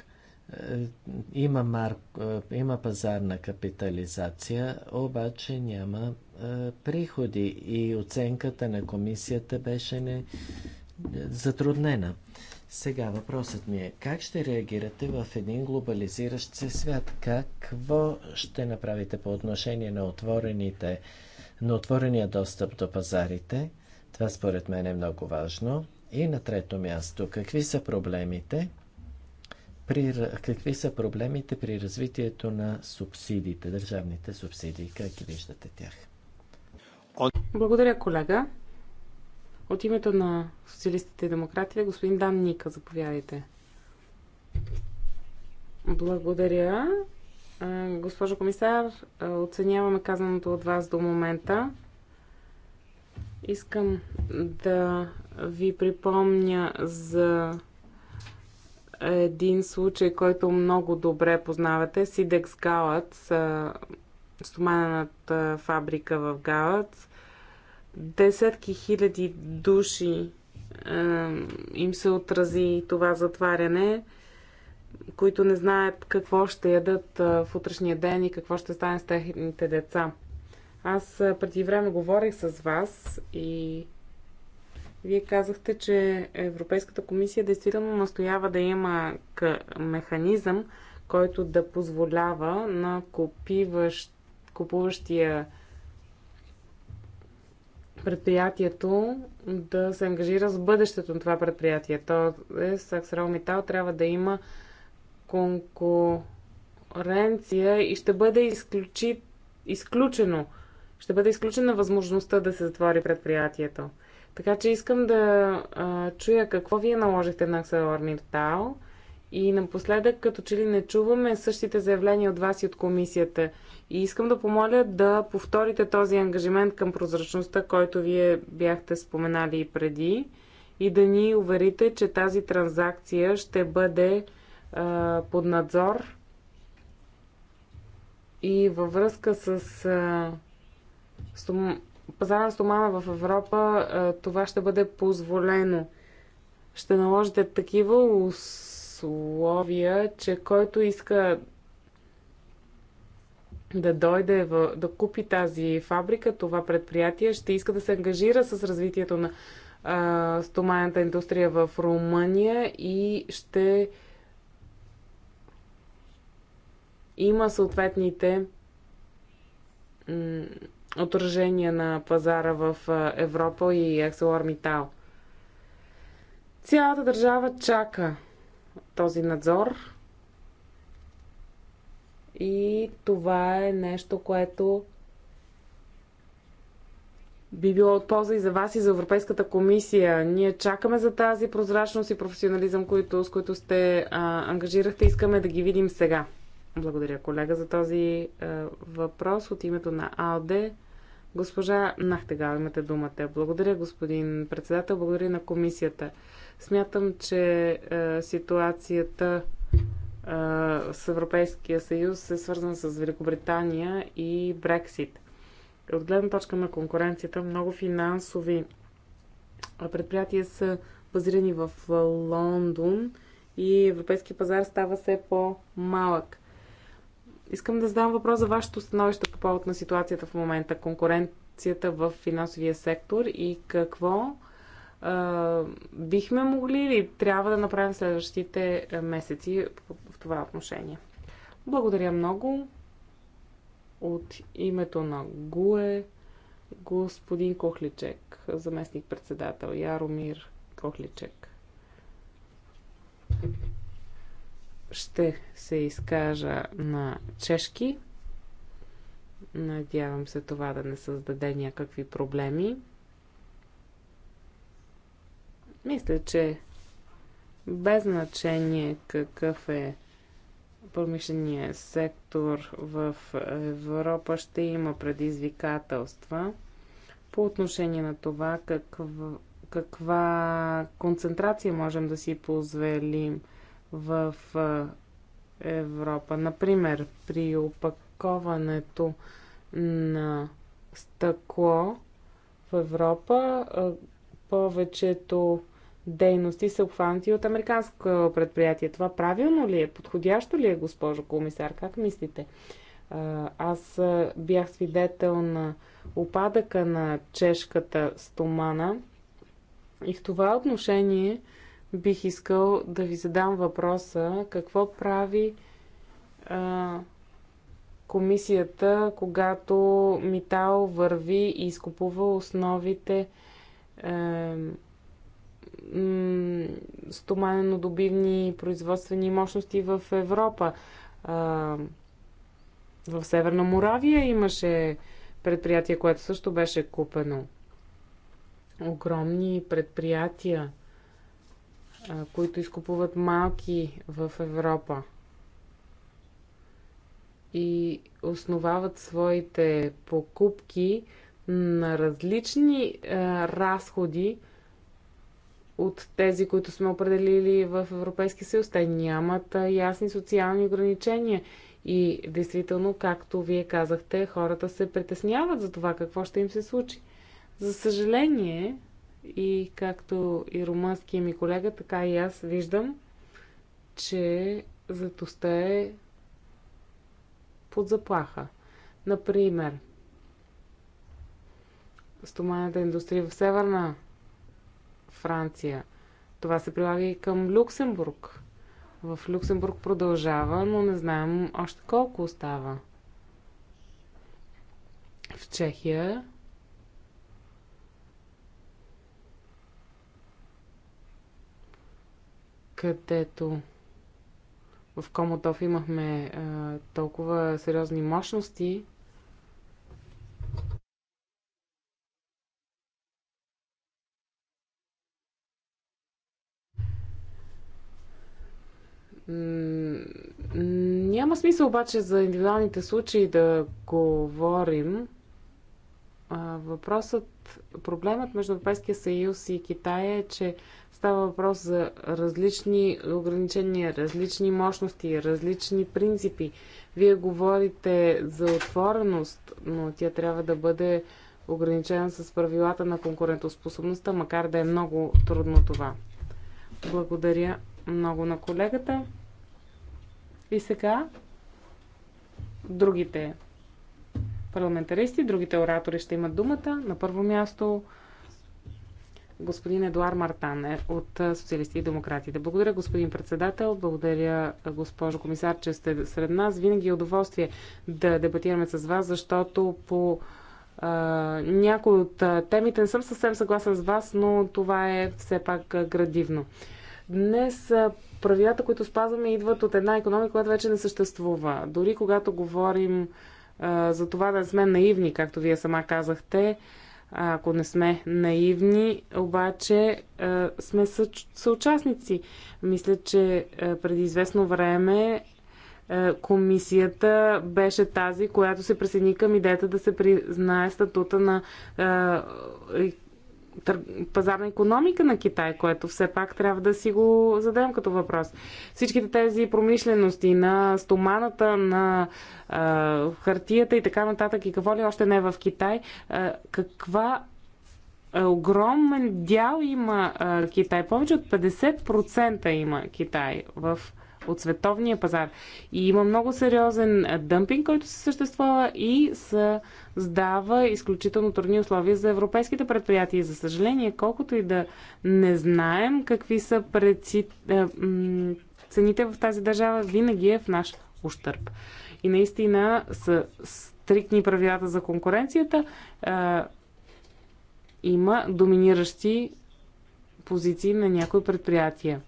е, има, мар... Е, има пазарна капитализация, обаче няма а, е, приходи и оценката на комисията беше не... затруднена. Сега въпросът ми е как ще реагирате в един глобализиращ се свят? Какво ще направите по отношение на отворените на отворения достъп до пазарите. Това според мен е много важно. И на трето място, какви са проблемите? При, какви са проблемите при развитието на субсидиите, държавните субсидии? Как ги виждате тях? Благодаря, колега. От името на социалистите и демократите, господин Дан Ника, заповядайте. Благодаря. Госпожо комисар, оценяваме казаното от вас до момента. Искам да ви припомня за един случай, който много добре познавате. Сидекс Галът, стоманената фабрика в Галац. Десетки хиляди души им се отрази това затваряне които не знаят какво ще ядат в утрешния ден и какво ще стане с техните деца. Аз преди време говорих с вас и вие казахте, че Европейската комисия действително настоява да има механизъм, който да позволява на купиващ, купуващия предприятието да се ангажира с бъдещето на това предприятие. Тоест, Аксарел Митал трябва да има конкуренция и ще бъде изключи, изключено. Ще бъде изключена възможността да се затвори предприятието. Така че искам да а, чуя какво вие наложихте на ArcelorMittal и напоследък като че ли не чуваме същите заявления от вас и от комисията. И искам да помоля да повторите този ангажимент към прозрачността, който вие бяхте споменали и преди и да ни уверите, че тази транзакция ще бъде под надзор и във връзка с а, стом... пазара на стомана в Европа а, това ще бъде позволено. Ще наложите такива условия, че който иска да дойде в, да купи тази фабрика, това предприятие, ще иска да се ангажира с развитието на а, стоманната индустрия в Румъния и ще има съответните отражения на пазара в Европа и Митал. Цялата държава чака този надзор и това е нещо, което би било от полза и за вас, и за Европейската комисия. Ние чакаме за тази прозрачност и професионализъм, които, с които сте а, ангажирахте. Искаме да ги видим сега. Благодаря, колега, за този е, въпрос от името на АЛДЕ. Госпожа Нахтегал, имате думата. Благодаря, господин председател, благодаря на комисията. Смятам, че е, ситуацията е, с Европейския съюз е свързана с Великобритания и Брексит. От гледна точка на конкуренцията, много финансови е, предприятия са базирани в Лондон и европейски пазар става все по-малък. Искам да задам въпрос за вашето становище по повод на ситуацията в момента, конкуренцията в финансовия сектор и какво а, бихме могли или трябва да направим следващите месеци в това отношение. Благодаря много от името на ГУЕ господин Кохличек, заместник-председател Яромир Кохличек ще се изкажа на чешки. Надявам се това да не създаде някакви проблеми. Мисля, че без значение какъв е промишления сектор в Европа, ще има предизвикателства по отношение на това каква, каква концентрация можем да си позволим в Европа. Например, при опаковането на стъкло в Европа повечето дейности са обхванати от американско предприятие. Това правилно ли е? Подходящо ли е, госпожо комисар? Как мислите? Аз бях свидетел на опадъка на чешката стомана и в това отношение бих искал да ви задам въпроса какво прави а, комисията, когато Митал върви и изкупува основите а, е, стоманено-добивни производствени мощности в Европа. А, в Северна Моравия имаше предприятие, което също беше купено. Огромни предприятия които изкупуват малки в Европа и основават своите покупки на различни а, разходи от тези, които сме определили в Европейския съюз. Те нямат а, ясни социални ограничения. И действително, както вие казахте, хората се притесняват за това какво ще им се случи. За съжаление, и както и румънския ми колега, така и аз виждам, че затостта е под заплаха. Например, стоманата индустрия в Северна Франция. Това се прилага и към Люксембург. В Люксембург продължава, но не знаем още колко остава. В Чехия където в Комотов имахме а, толкова сериозни мощности, Няма смисъл обаче за индивидуалните случаи да говорим въпросът, проблемът между Европейския съюз и Китай е, че става въпрос за различни ограничения, различни мощности, различни принципи. Вие говорите за отвореност, но тя трябва да бъде ограничена с правилата на конкурентоспособността, макар да е много трудно това. Благодаря много на колегата. И сега другите парламентаристи. Другите оратори ще имат думата. На първо място господин Едуар Мартан е от Социалисти и Демократите. Благодаря, господин председател. Благодаря, госпожо комисар, че сте сред нас. Винаги е удоволствие да дебатираме с вас, защото по някои от темите не съм съвсем съгласен с вас, но това е все пак градивно. Днес правилата, които спазваме, идват от една економика, която вече не съществува. Дори когато говорим за това да сме наивни, както вие сама казахте. Ако не сме наивни, обаче сме съучастници. Мисля, че преди известно време комисията беше тази, която се присъедини към идеята да се признае статута на пазарна економика на Китай, което все пак трябва да си го зададем като въпрос. Всичките тези промишлености на стоманата, на а, хартията и така нататък и какво ли още не е в Китай, а, каква а, огромен дял има а, Китай. Повече от 50% има Китай в от световния пазар. И има много сериозен дъмпинг, който се съществува и създава изключително трудни условия за европейските предприятия. за съжаление, колкото и да не знаем какви са преци... Е, цените в тази държава, винаги е в наш ущърп. И наистина са стриктни правилата за конкуренцията. Е, има доминиращи позиции на някои предприятия.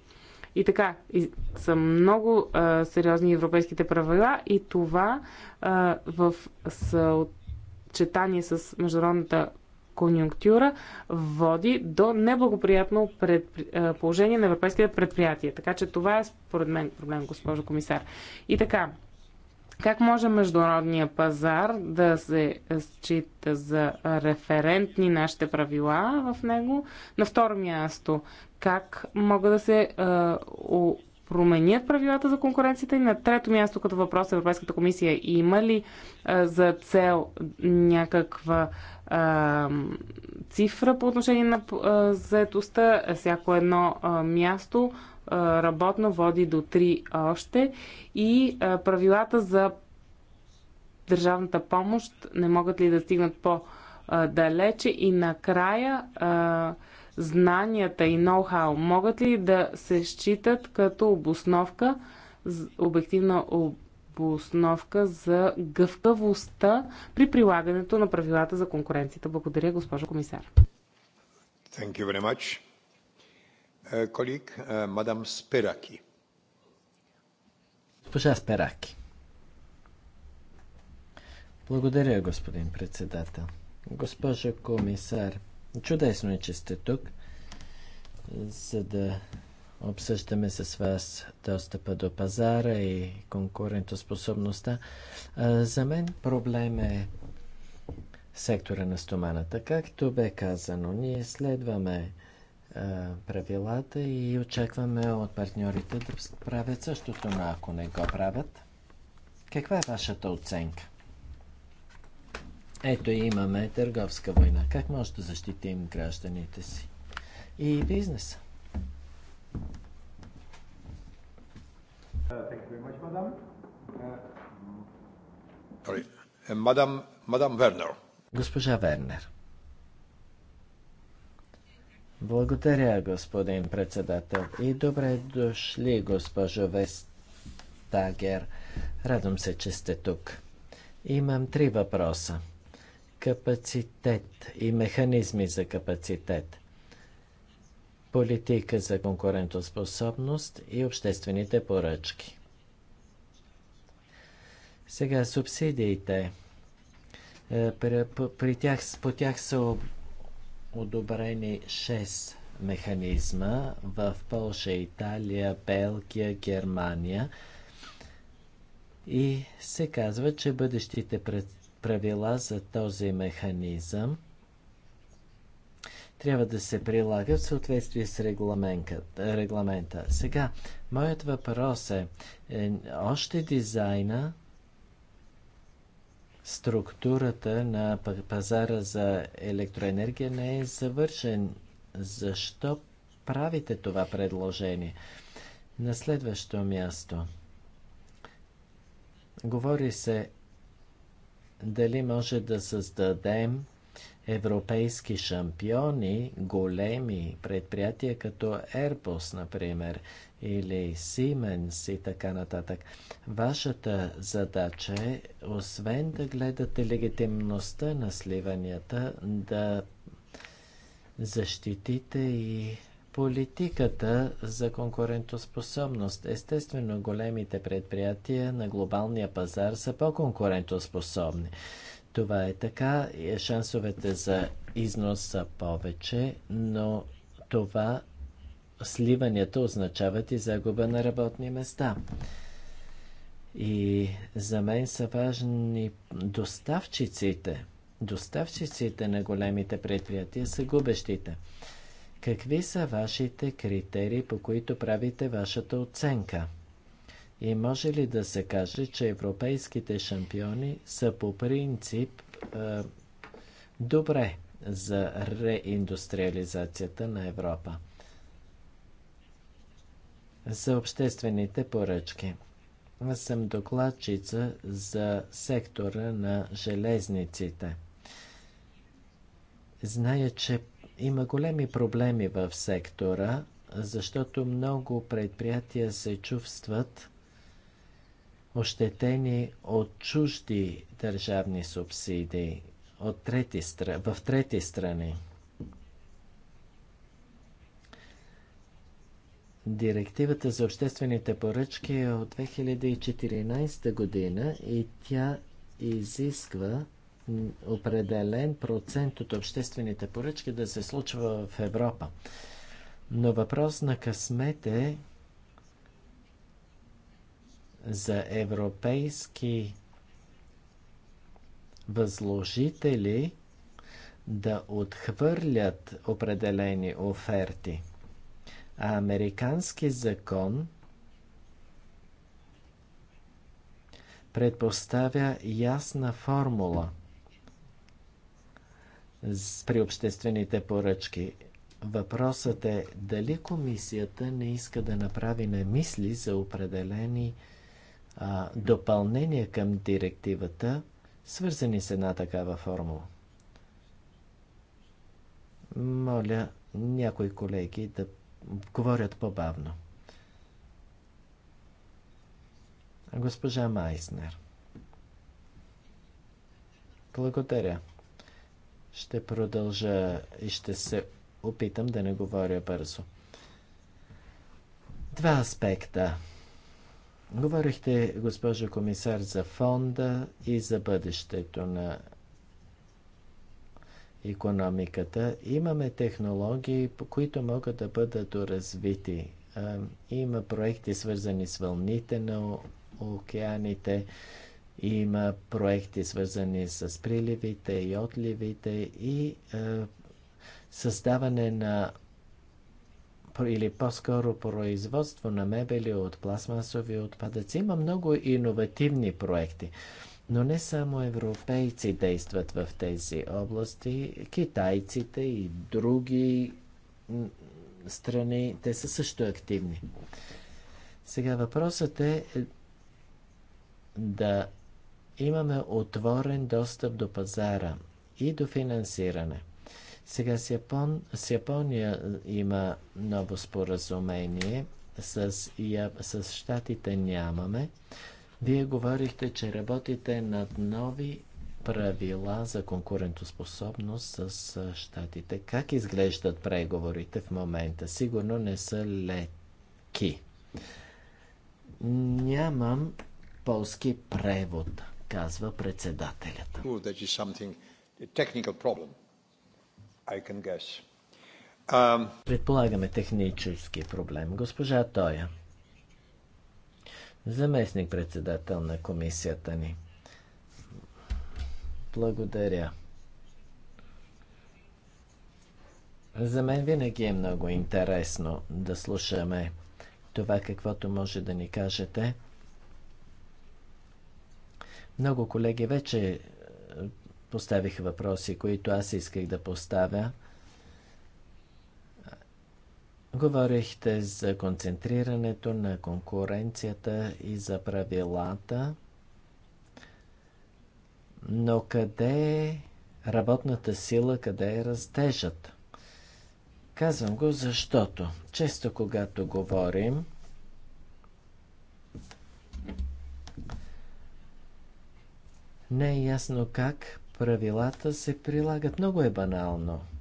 И така, и са много а, сериозни европейските правила и това а, в съчетание с международната конюнктура води до неблагоприятно пред, положение на европейските предприятия. Така че това е според мен проблем, госпожо комисар. И така, как може международния пазар да се счита за референтни нашите правила в него? На второ място, как могат да се а, променят правилата за конкуренцията? И на трето място, като въпрос, Европейската комисия има ли а, за цел някаква а, цифра по отношение на а, заетостта? Всяко едно а, място работно води до 3 още и правилата за държавната помощ не могат ли да стигнат по-далече и накрая знанията и ноу-хау могат ли да се считат като обосновка, обективна обосновка за гъвкавостта при прилагането на правилата за конкуренцията? Благодаря, госпожо комисар. Thank you very much colleague, е, е, Госпожа Спираки. Благодаря, господин председател. Госпожо комисар, чудесно е, че сте тук, за да обсъждаме с вас достъпа до пазара и конкурентоспособността. За мен проблем е сектора на стоманата. Както бе казано, ние следваме правилата и очакваме от партньорите да правят същото, но ако не го правят, каква е вашата оценка? Ето имаме търговска война. Как може да защитим гражданите си и бизнеса? Мадам Вернер. Госпожа Вернер. Благодаря, господин председател. И добре дошли, госпожо Вестагер. Радвам се, че сте тук. Имам три въпроса. Капацитет и механизми за капацитет. Политика за конкурентоспособност и обществените поръчки. Сега субсидиите. Е, при, по, при тях, по тях се одобрени 6 механизма в Польша, Италия, Белгия, Германия и се казва, че бъдещите правила за този механизъм трябва да се прилагат в съответствие с регламента. Сега, моят въпрос е, е още дизайна структурата на пазара за електроенергия не е завършен. Защо правите това предложение? На следващо място. Говори се дали може да създадем европейски шампиони, големи предприятия като Airbus, например или Siemens и така нататък. Вашата задача е, освен да гледате легитимността на сливанията, да защитите и политиката за конкурентоспособност. Естествено, големите предприятия на глобалния пазар са по-конкурентоспособни. Това е така. Шансовете за износ са повече, но това сливанията означават и загуба на работни места. И за мен са важни доставчиците. Доставчиците на големите предприятия са губещите. Какви са вашите критерии, по които правите вашата оценка? И може ли да се каже, че европейските шампиони са по принцип е, добре за реиндустриализацията на Европа? за обществените поръчки. Аз съм докладчица за сектора на железниците. Зная, че има големи проблеми в сектора, защото много предприятия се чувстват ощетени от чужди държавни субсидии от трети, в трети страни. Директивата за обществените поръчки е от 2014 година и тя изисква определен процент от обществените поръчки да се случва в Европа. Но въпрос на късмет е за европейски възложители да отхвърлят определени оферти – а американски закон предпоставя ясна формула при обществените поръчки. Въпросът е дали комисията не иска да направи намисли за определени а, допълнения към директивата, свързани с една такава формула. Моля някои колеги да говорят по-бавно. Госпожа Майснер. Благодаря. Ще продължа и ще се опитам да не говоря бързо. Два аспекта. Говорихте, госпожо комисар, за фонда и за бъдещето на економиката. Имаме технологии, които могат да бъдат доразвити. Има проекти свързани с вълните на океаните, има проекти свързани с приливите и отливите и е, създаване на или по-скоро производство на мебели от пластмасови отпадъци. Има много иновативни проекти. Но не само европейци действат в тези области, китайците и други страни, те са също активни. Сега въпросът е, е да имаме отворен достъп до пазара и до финансиране. Сега с, Япон, с Япония е, има ново споразумение, с, Я, с Штатите нямаме, вие говорихте, че работите над нови правила за конкурентоспособност с щатите. Как изглеждат преговорите в момента? Сигурно не са леки. Нямам полски превод, казва председателят. Предполагаме технически проблем. Госпожа Тоя заместник-председател на комисията ни. Благодаря. За мен винаги е много интересно да слушаме това, каквото може да ни кажете. Много колеги вече е, поставих въпроси, които аз исках да поставя. Говорихте за концентрирането на конкуренцията и за правилата, но къде е работната сила, къде е растежът? Казвам го, защото често когато говорим, не е ясно как правилата се прилагат. Много е банално –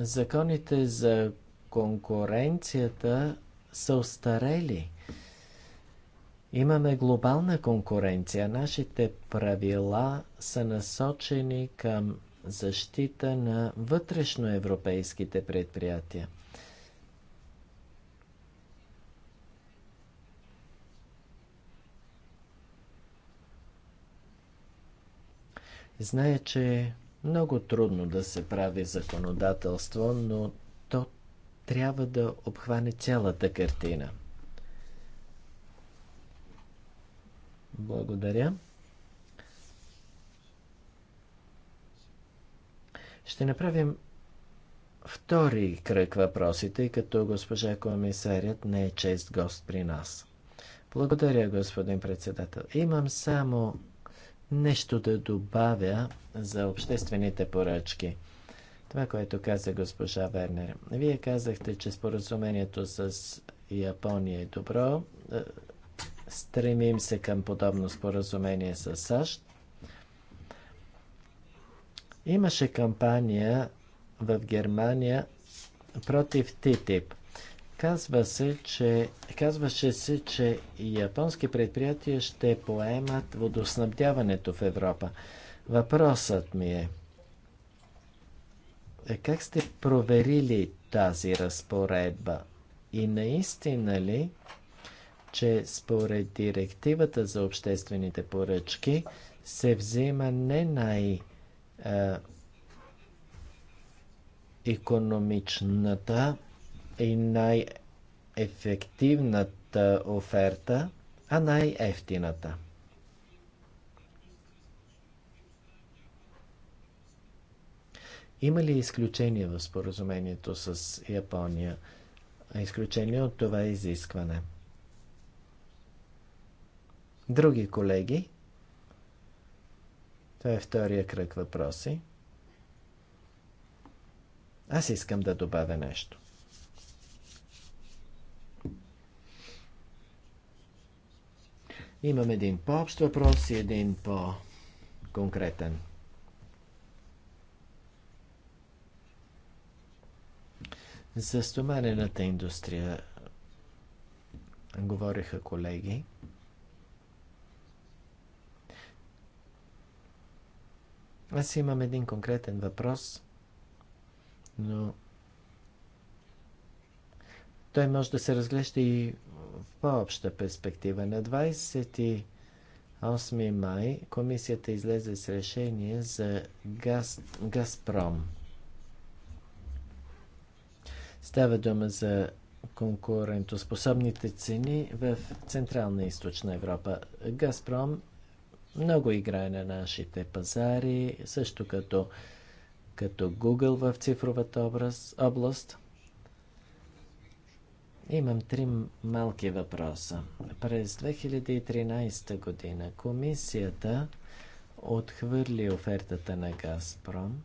Законите за конкуренцията са устарели. Имаме глобална конкуренция. Нашите правила са насочени към защита на вътрешноевропейските предприятия. Зная, че много трудно да се прави законодателство, но то трябва да обхване цялата картина. Благодаря. Ще направим втори кръг въпроси, тъй като госпожа комисарят не е чест гост при нас. Благодаря, господин председател. Имам само нещо да добавя за обществените поръчки. Това, което каза госпожа Вернер. Вие казахте, че споразумението с Япония е добро. Е, стремим се към подобно споразумение с САЩ. Имаше кампания в Германия против ТИТИП. Казва се, че, казваше се, че японски предприятия ще поемат водоснабдяването в Европа. Въпросът ми е, е, как сте проверили тази разпоредба? И наистина ли, че според директивата за обществените поръчки се взима не най- економичната и най-ефективната оферта, а най-ефтината. Има ли изключение в споразумението с Япония? Изключение от това е изискване. Други колеги? Това е втория кръг въпроси. Аз искам да добавя нещо. Имам един по-общ въпрос и един по-конкретен. За стоманената индустрия говориха колеги. Аз имам един конкретен въпрос, но той може да се разглежда и в по-обща перспектива. На 28 май комисията излезе с решение за газ, Газпром. Става дума за конкурентоспособните цени в Централна и Източна Европа. Газпром много играе на нашите пазари, също като, като Google в цифровата област – Имам три малки въпроса. През 2013 година комисията отхвърли офертата на Газпром.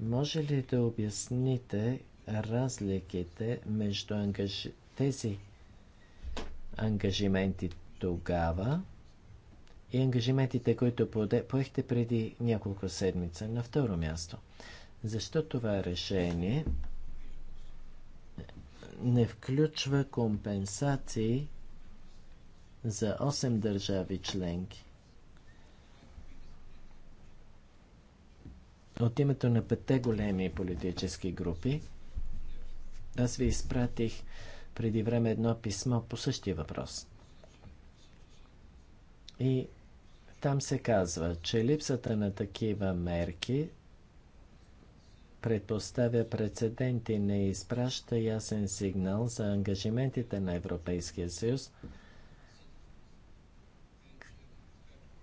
Може ли да обясните разликите между ангаж... тези ангажименти тогава и ангажиментите, които поехте преди няколко седмица на второ място? Защо това решение не включва компенсации за 8 държави членки. От името на пете големи политически групи аз ви изпратих преди време едно писмо по същия въпрос. И там се казва, че липсата на такива мерки предпоставя прецедент и не изпраща ясен сигнал за ангажиментите на Европейския съюз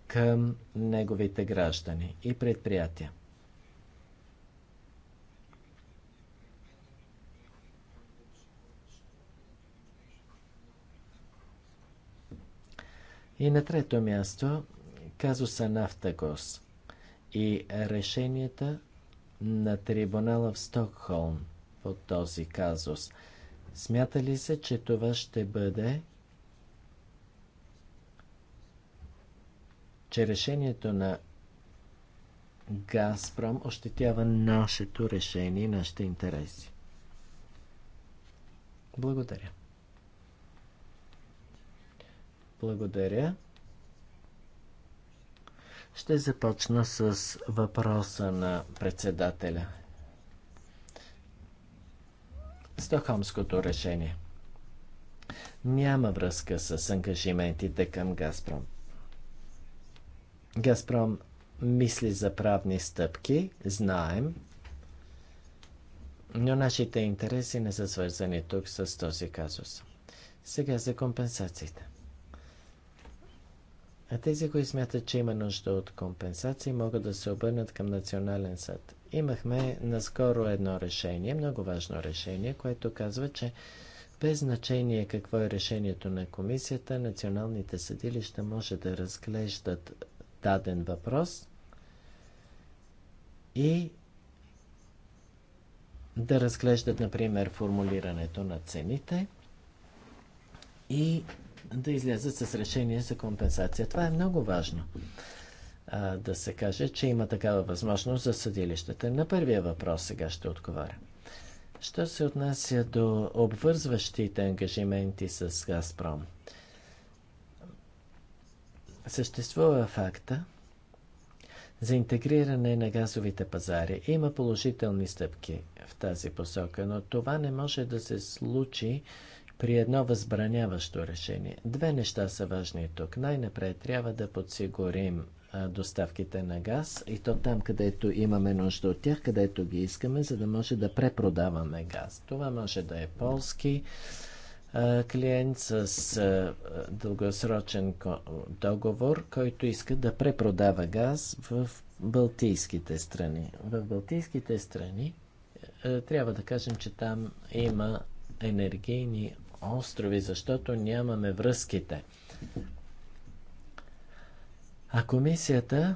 към неговите граждани и предприятия. И на трето място казуса Нафтагос и решенията на трибунала в Стокхолм по този казус. Смята ли се, че това ще бъде че решението на Газпром ощетява нашето решение, нашите интереси. Благодаря. Благодаря. Ще започна с въпроса на председателя. Стокхолмското решение няма връзка с ангажиментите към Газпром. Газпром мисли за правни стъпки, знаем, но нашите интереси не са свързани тук с този казус. Сега за компенсациите. А тези, които смятат, че има нужда от компенсации, могат да се обърнат към Национален съд. Имахме наскоро едно решение, много важно решение, което казва, че без значение какво е решението на комисията, националните съдилища може да разглеждат даден въпрос и да разглеждат, например, формулирането на цените и да излязат с решение за компенсация. Това е много важно а, да се каже, че има такава възможност за съдилищата. На първия въпрос сега ще отговоря. Що се отнася до обвързващите ангажименти с Газпром? Съществува факта за интегриране на газовите пазари. Има положителни стъпки в тази посока, но това не може да се случи при едно възбраняващо решение. Две неща са важни тук. Най-напред трябва да подсигурим доставките на газ и то там, където имаме нужда от тях, където ги искаме, за да може да препродаваме газ. Това може да е полски клиент с дългосрочен договор, който иска да препродава газ в Балтийските страни. В Балтийските страни трябва да кажем, че там има енергийни острови, защото нямаме връзките. А комисията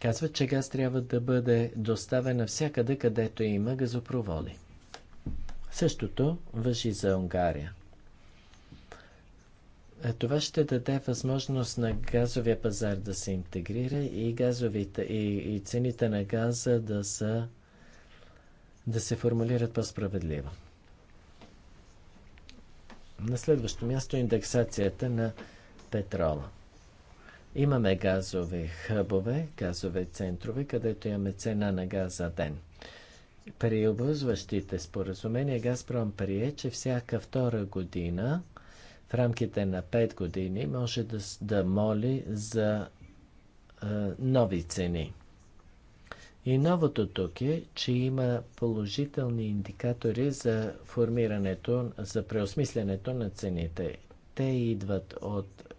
казва, че газ трябва да бъде доставен навсякъде, където има газопроводи. Същото въжи за Унгария. Е, това ще даде възможност на газовия пазар да се интегрира и, газовите, и, и цените на газа да, са, да се формулират по-справедливо. На следващо място индексацията на петрола. Имаме газови хъбове, газови центрове, където имаме цена на газ за ден. При обвързващите споразумения Газпром прие, че всяка втора година в рамките на 5 години може да, да моли за е, нови цени. И новото тук е, че има положителни индикатори за формирането, за преосмислянето на цените. Те идват от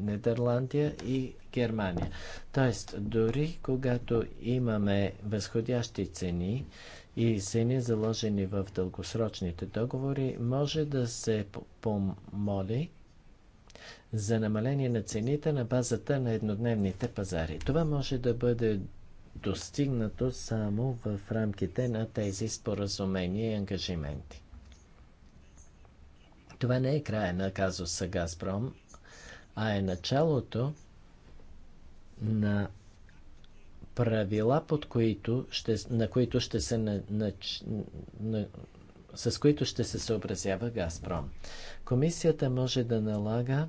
Нидерландия и Германия. Тоест, дори когато имаме възходящи цени и цени заложени в дългосрочните договори, може да се помоли за намаление на цените на базата на еднодневните пазари. Това може да бъде достигнато само в рамките на тези споразумения и ангажименти. Това не е края на казуса Газпром, а е началото на правила, под които ще, на които ще се на, на, на, с които ще се съобразява Газпром. Комисията може да налага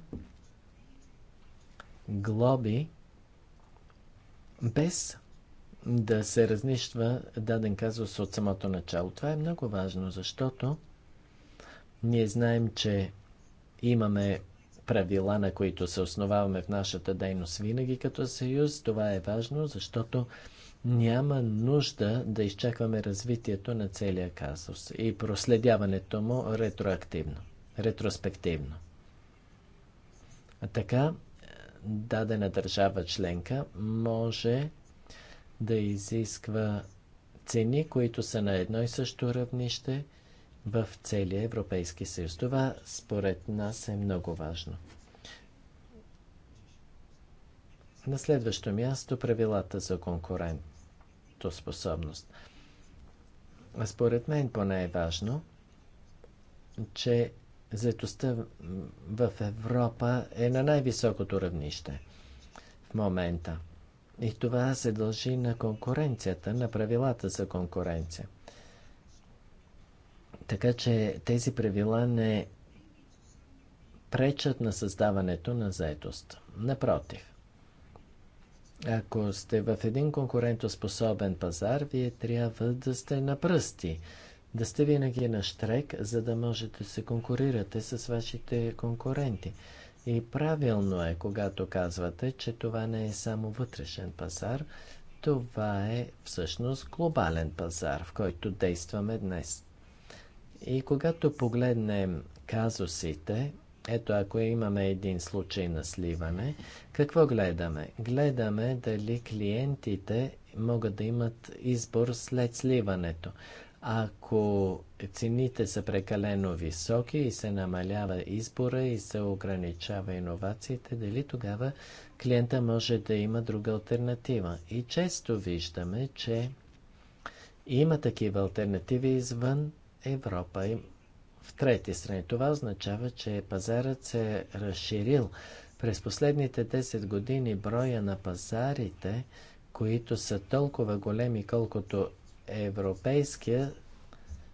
глоби без да се разнищва даден казус от самото начало. Това е много важно, защото ние знаем, че имаме правила, на които се основаваме в нашата дейност винаги като съюз. Това е важно, защото няма нужда да изчакваме развитието на целия казус и проследяването му ретроактивно, ретроспективно. А така, дадена държава членка може да изисква цени, които са на едно и също равнище в целия Европейски съюз. Това според нас е много важно. На следващо място правилата за конкурентоспособност. Според мен поне е важно, че заетостта в Европа е на най-високото равнище в момента. И това се дължи на конкуренцията, на правилата за конкуренция. Така че тези правила не пречат на създаването на заетост. Напротив, ако сте в един конкурентоспособен пазар, вие трябва да сте на пръсти, да сте винаги на штрек, за да можете да се конкурирате с вашите конкуренти. И правилно е, когато казвате, че това не е само вътрешен пазар, това е всъщност глобален пазар, в който действаме днес. И когато погледнем казусите, ето ако имаме един случай на сливане, какво гледаме? Гледаме дали клиентите могат да имат избор след сливането. Ако цените са прекалено високи и се намалява избора и се ограничава иновациите, дали тогава клиента може да има друга альтернатива? И често виждаме, че има такива альтернативи извън Европа в трети страни. Това означава, че пазарът се е разширил. През последните 10 години броя на пазарите, които са толкова големи, колкото европейския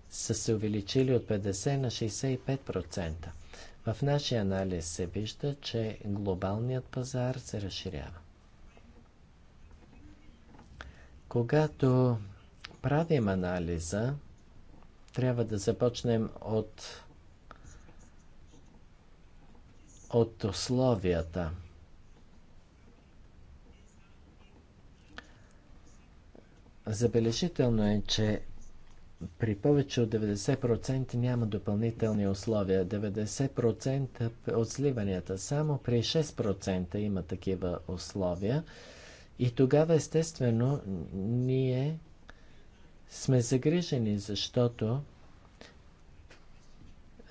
са се увеличили от 50 на 65%. В нашия анализ се вижда, че глобалният пазар се разширява. Когато правим анализа, трябва да започнем от, от условията. Забележително е, че при повече от 90% няма допълнителни условия. 90% от сливанията. Само при 6% има такива условия. И тогава, естествено, ние сме загрижени, защото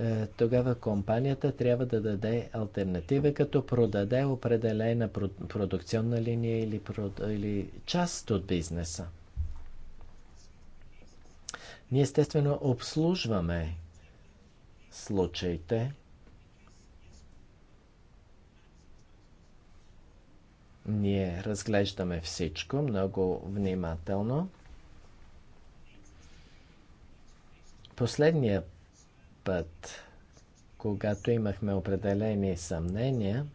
е, тогава компанията трябва да даде альтернатива, като продаде определена продукционна линия или, или част от бизнеса. Ние естествено обслужваме случаите. Ние разглеждаме всичко много внимателно. Последния път, когато имахме определени съмнения,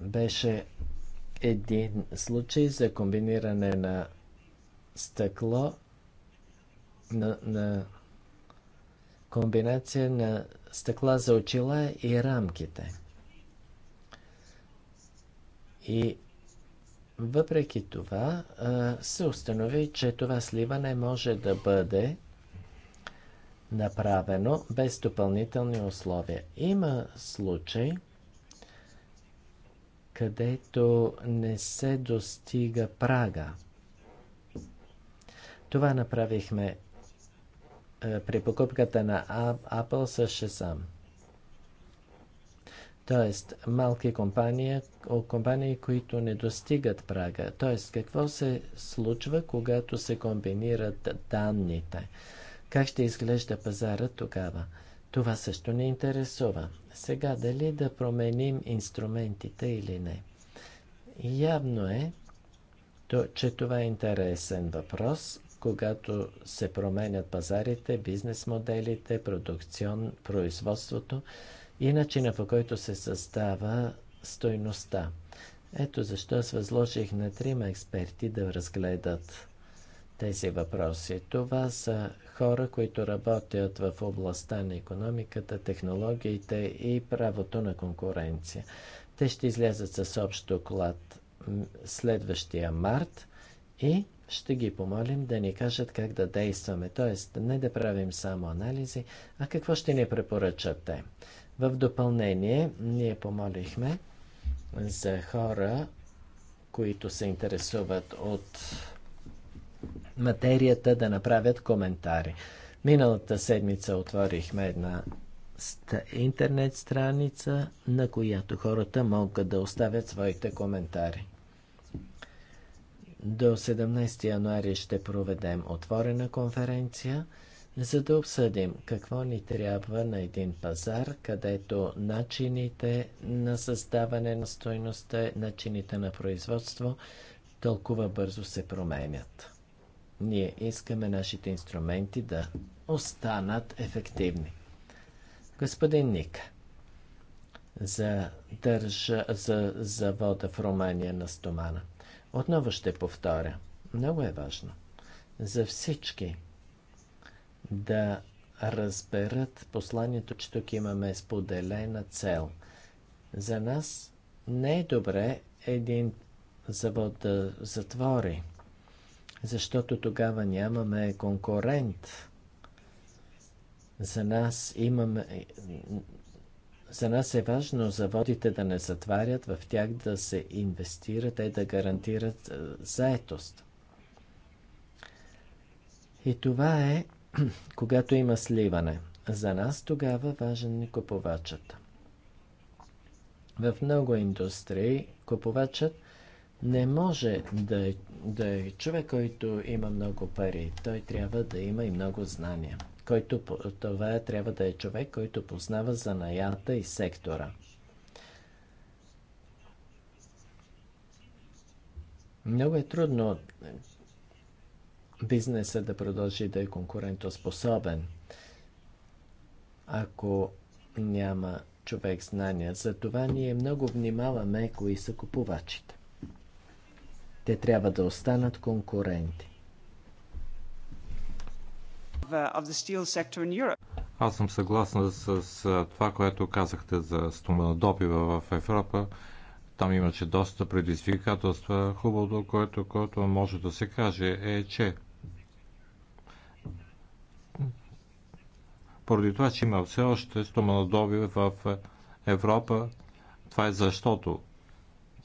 беше един случай за комбиниране на стъкло на, на комбинация на стъкла за очила и рамките. И въпреки това се установи, че това сливане може да бъде направено без допълнителни условия. Има случаи, където не се достига прага. Това направихме е, при покупката на Apple с Shazam. Тоест, малки компании, компании, които не достигат прага. Тоест, какво се случва, когато се комбинират данните? Как ще изглежда пазара тогава? Това също не интересува. Сега дали да променим инструментите или не. Явно е, че това е интересен въпрос когато се променят пазарите, бизнес моделите, продукцион, производството и начина по който се създава стойността. Ето защо аз възложих на трима експерти да разгледат тези въпроси. Това са хора, които работят в областта на економиката, технологиите и правото на конкуренция. Те ще излязат с общ доклад следващия март и ще ги помолим да ни кажат как да действаме, т.е. не да правим само анализи, а какво ще ни препоръчат те. В допълнение, ние помолихме за хора, които се интересуват от материята, да направят коментари. Миналата седмица отворихме една интернет страница, на която хората могат да оставят своите коментари. До 17 януари ще проведем отворена конференция, за да обсъдим какво ни трябва на един пазар, където начините на създаване на стойността, начините на производство толкова бързо се променят. Ние искаме нашите инструменти да останат ефективни. Господин Ник, за, държа, за завода в Румъния на Стомана – отново ще повторя. Много е важно за всички да разберат посланието, че тук имаме споделена цел. За нас не е добре един завод да затвори, защото тогава нямаме конкурент. За нас имаме, за нас е важно заводите да не затварят, в тях да се инвестира, те да гарантират е, заетост. И това е, когато има сливане. За нас тогава важен е купувачът. В много индустрии купувачът не може да, е, да е човек, който има много пари. Той трябва да има и много знания който това трябва да е човек, който познава занаята и сектора. Много е трудно бизнеса да продължи да е конкурентоспособен, ако няма човек знания. за това ние много внимаваме кои са купувачите. Те трябва да останат конкуренти. Uh, Аз съм съгласна с, с това, което казахте за стоманодобива в Европа. Там имаше доста предизвикателства. Хубавото, което, което може да се каже е, че поради това, че има все още стоманодобива в Европа, това е защото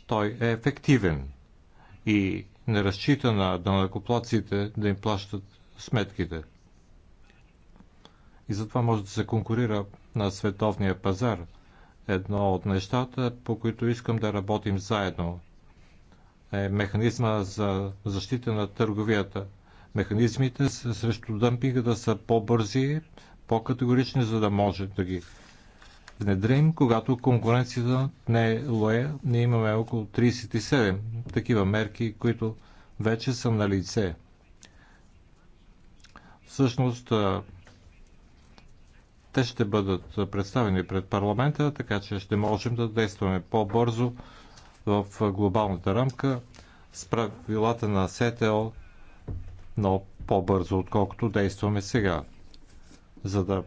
той е ефективен и не разчита на данъкоплаците да им плащат сметките и затова може да се конкурира на световния пазар. Едно от нещата, по които искам да работим заедно, е механизма за защита на търговията. Механизмите срещу дъмпинга да са по-бързи, по-категорични, за да може да ги внедрим, когато конкуренцията не е лоя. Ние имаме около 37 такива мерки, които вече са на лице. Всъщност, те ще бъдат представени пред парламента, така че ще можем да действаме по-бързо в глобалната рамка с правилата на СТО, но по-бързо, отколкото действаме сега, за да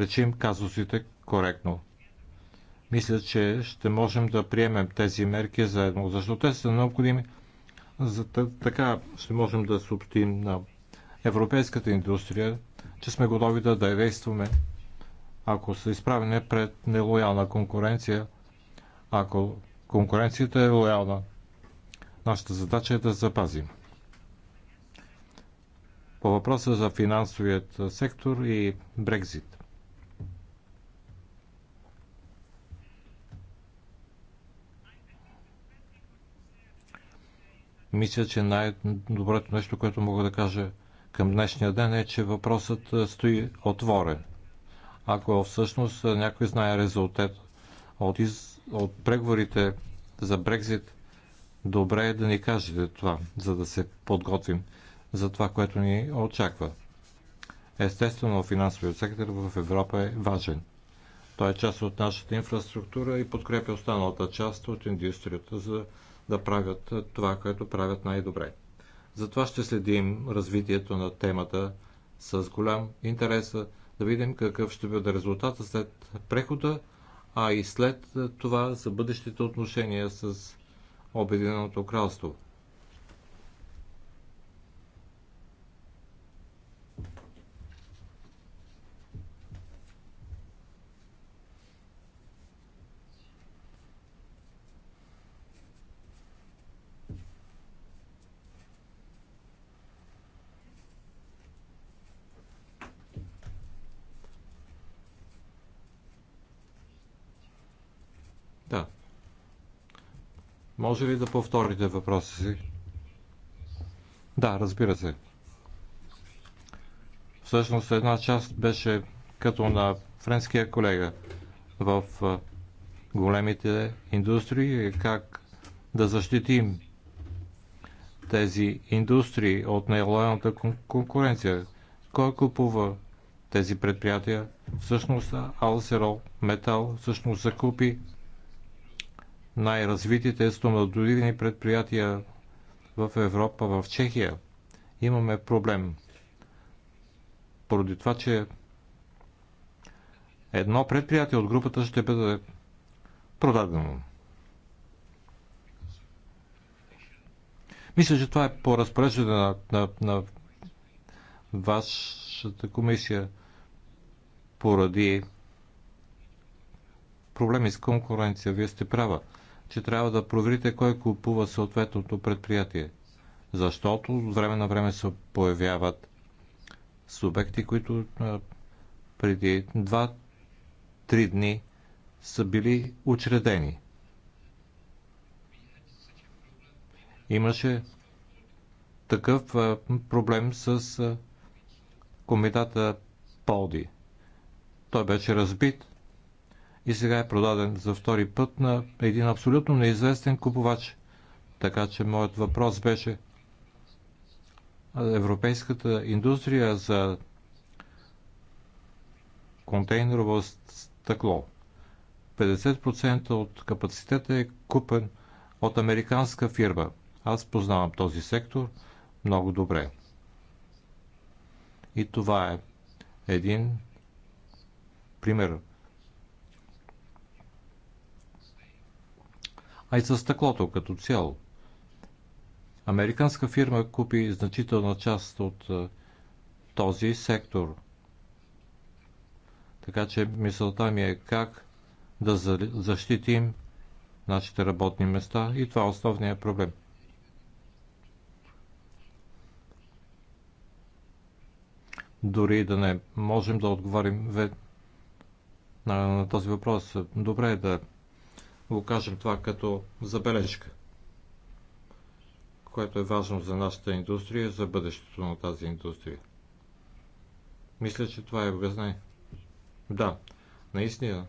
речим казусите коректно. Мисля, че ще можем да приемем тези мерки заедно, защото те са необходими. За така ще можем да съобщим на европейската индустрия, че сме готови да действаме ако са изправени пред нелоялна конкуренция, ако конкуренцията е лоялна, нашата задача е да запазим. По въпроса за финансовият сектор и Брекзит. Мисля, че най-доброто нещо, което мога да кажа към днешния ден е, че въпросът стои отворен ако всъщност някой знае резултат от, из... от преговорите за Брекзит, добре е да ни кажете това, за да се подготвим за това, което ни очаква. Естествено, финансовият сектор в Европа е важен. Той е част от нашата инфраструктура и подкрепя останалата част от индустрията за да правят това, което правят най-добре. Затова ще следим развитието на темата с голям интерес да видим какъв ще бъде резултата след прехода, а и след това за бъдещите отношения с Обединеното кралство. Може ли да повторите въпроса си? Да, разбира се. Всъщност една част беше като на френския колега в големите индустрии, е как да защитим тези индустрии от нелоялната конкуренция. Кой купува тези предприятия? Всъщност Алсерол Метал всъщност закупи най-развитите стоматологични предприятия в Европа, в Чехия, имаме проблем. Поради това, че едно предприятие от групата ще бъде продадено. Мисля, че това е по разпореждане на, на, на вашата комисия поради проблеми с конкуренция. Вие сте права че трябва да проверите кой купува съответното предприятие. Защото от време на време се появяват субекти, които преди 2-3 дни са били учредени. Имаше такъв проблем с комитата Полди. Той беше разбит и сега е продаден за втори път на един абсолютно неизвестен купувач. Така че моят въпрос беше европейската индустрия за контейнерово стъкло. 50% от капацитета е купен от американска фирма. Аз познавам този сектор много добре. И това е един пример а и за стъклото като цяло. Американска фирма купи значителна част от този сектор. Така че мисълта ми е как да защитим нашите работни места и това е основният проблем. Дори да не можем да отговорим на, на този въпрос, добре е да го кажем това като забележка, което е важно за нашата индустрия, за бъдещето на тази индустрия. Мисля, че това е обяснение. Да, наистина.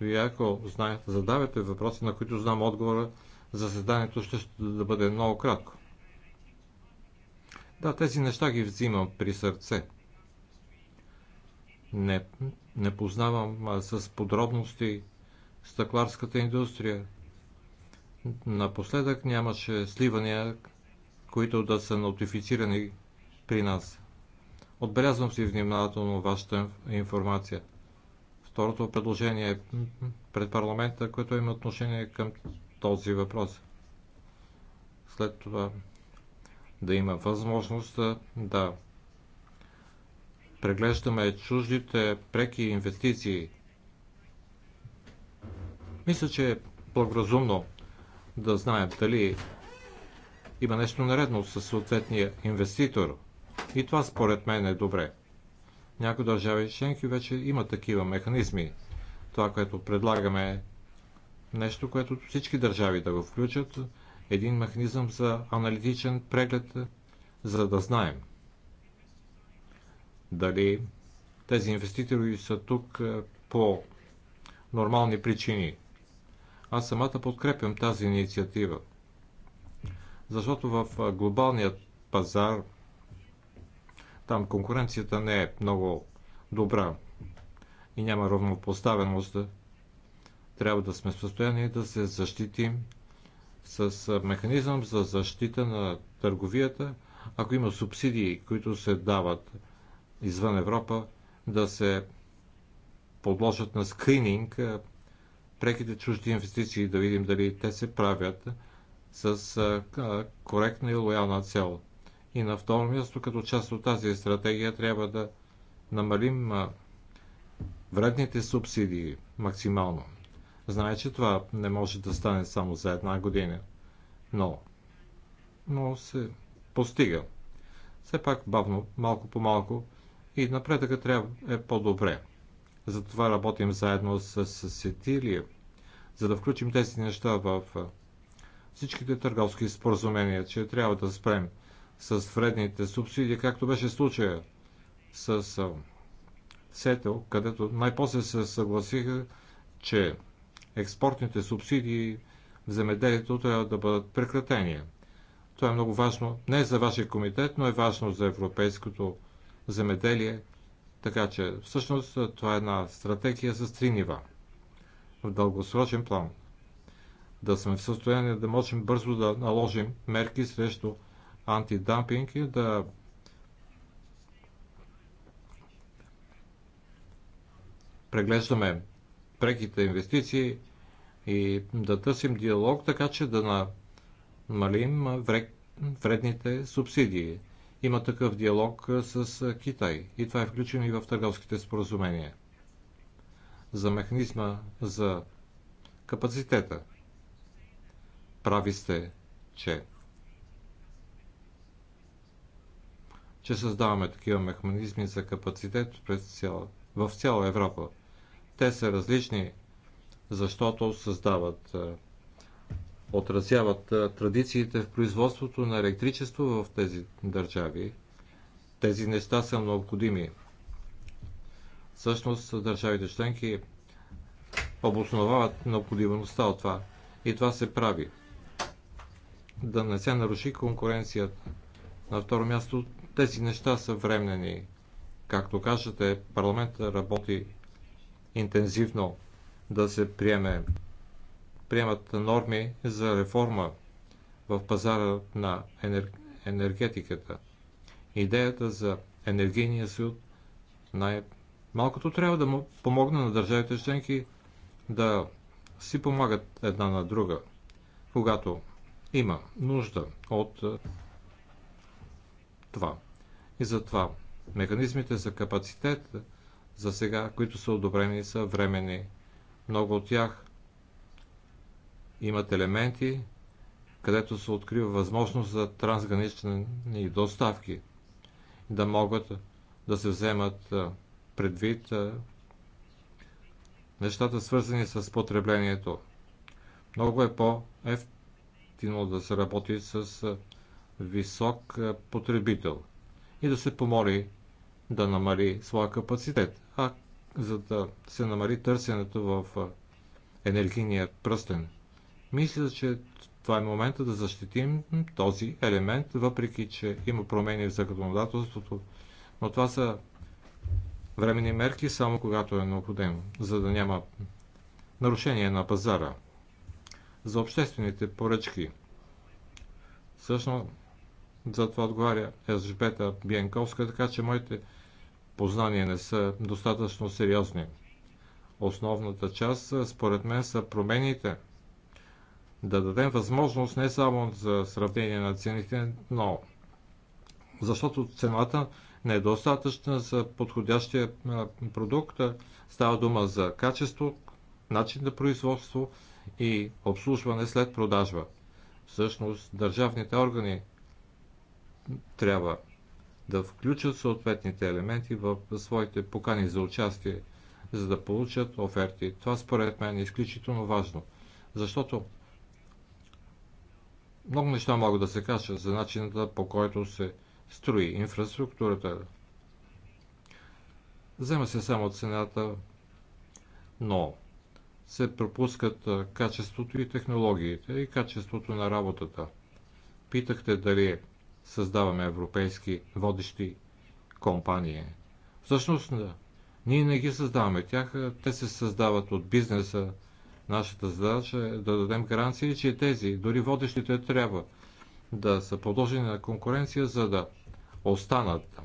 Вие ако знаете, задавате въпроси, на които знам отговора, заседанието ще, ще да бъде много кратко. Да, тези неща ги взимам при сърце. Не, не познавам а, с подробности стъкларската индустрия. Напоследък нямаше сливания, които да са нотифицирани при нас. Отбелязвам си внимателно вашата информация. Второто предложение е пред парламента, което има отношение към този въпрос. След това да има възможност да преглеждаме чуждите преки инвестиции – мисля, че е благоразумно да знаем дали има нещо наредно с съответния инвеститор. И това според мен е добре. Някои държави членки вече има такива механизми. Това, което предлагаме е нещо, което всички държави да го включат. Един механизъм за аналитичен преглед, за да знаем дали тези инвеститори са тук е, по нормални причини – аз самата подкрепям тази инициатива, защото в глобалният пазар там конкуренцията не е много добра и няма равнопоставеност. Трябва да сме в състояние да се защитим с механизъм за защита на търговията, ако има субсидии, които се дават извън Европа, да се подложат на скрининг преките чужди инвестиции, да видим дали те се правят с коректна и лоялна цел. И на второ място, като част от тази стратегия, трябва да намалим вредните субсидии максимално. Знае, че това не може да стане само за една година, но, но се постига. Все пак бавно, малко по малко и напредъка трябва е по-добре. Затова работим заедно с Сетилия, за да включим тези неща в всичките търговски споразумения, че трябва да спрем с вредните субсидии, както беше случая с Сетел, където най-после се съгласиха, че експортните субсидии в земеделието трябва да бъдат прекратени. Това е много важно не за вашия комитет, но е важно за европейското земеделие така че всъщност това е една стратегия с три нива. В дългосрочен план да сме в състояние да можем бързо да наложим мерки срещу антидампинг и да преглеждаме преките инвестиции и да търсим диалог, така че да намалим вредните субсидии има такъв диалог с Китай и това е включено и в търговските споразумения. За механизма за капацитета. Прави сте, че че създаваме такива механизми за капацитет през цяла, в цяла Европа. Те са различни, защото създават отразяват традициите в производството на електричество в тези държави. Тези неща са необходими. Всъщност държавите членки обосновават необходимостта от това. И това се прави. Да не се наруши конкуренцията. На второ място, тези неща са временни. Както кажете, парламентът работи интензивно да се приеме приемат норми за реформа в пазара на енергетиката. Идеята за енергийния съюз най-малкото трябва да му помогне на държавите членки да си помагат една на друга, когато има нужда от е, това. И затова механизмите за капацитет за сега, които са одобрени, са времени. Много от тях имат елементи, където се открива възможност за трансгранични доставки, да могат да се вземат предвид нещата свързани с потреблението. Много е по-ефтино да се работи с висок потребител и да се помоли да намали своя капацитет, а за да се намали търсенето в енергийния пръстен – мисля, че това е момента да защитим този елемент, въпреки че има промени в законодателството, но това са времени мерки само когато е необходимо, за да няма нарушение на пазара. За обществените поръчки. Всъщност, за това отговаря Елжбета Биенковска, така че моите познания не са достатъчно сериозни. Основната част, според мен, са промените – да дадем възможност не само за сравнение на цените, но защото цената не е достатъчна за подходящия продукт. Става дума за качество, начин на производство и обслужване след продажба. Всъщност, държавните органи трябва да включат съответните елементи в своите покани за участие, за да получат оферти. Това според мен е изключително важно, защото много неща могат да се кажат за начината по който се строи инфраструктурата. Взема се само цената, но се пропускат качеството и технологиите и качеството на работата. Питахте дали създаваме европейски водещи компании. Всъщност, ние не ги създаваме. Тях, те се създават от бизнеса, Нашата задача е да дадем гаранции, че тези, дори водещите, трябва да са подложени на конкуренция, за да останат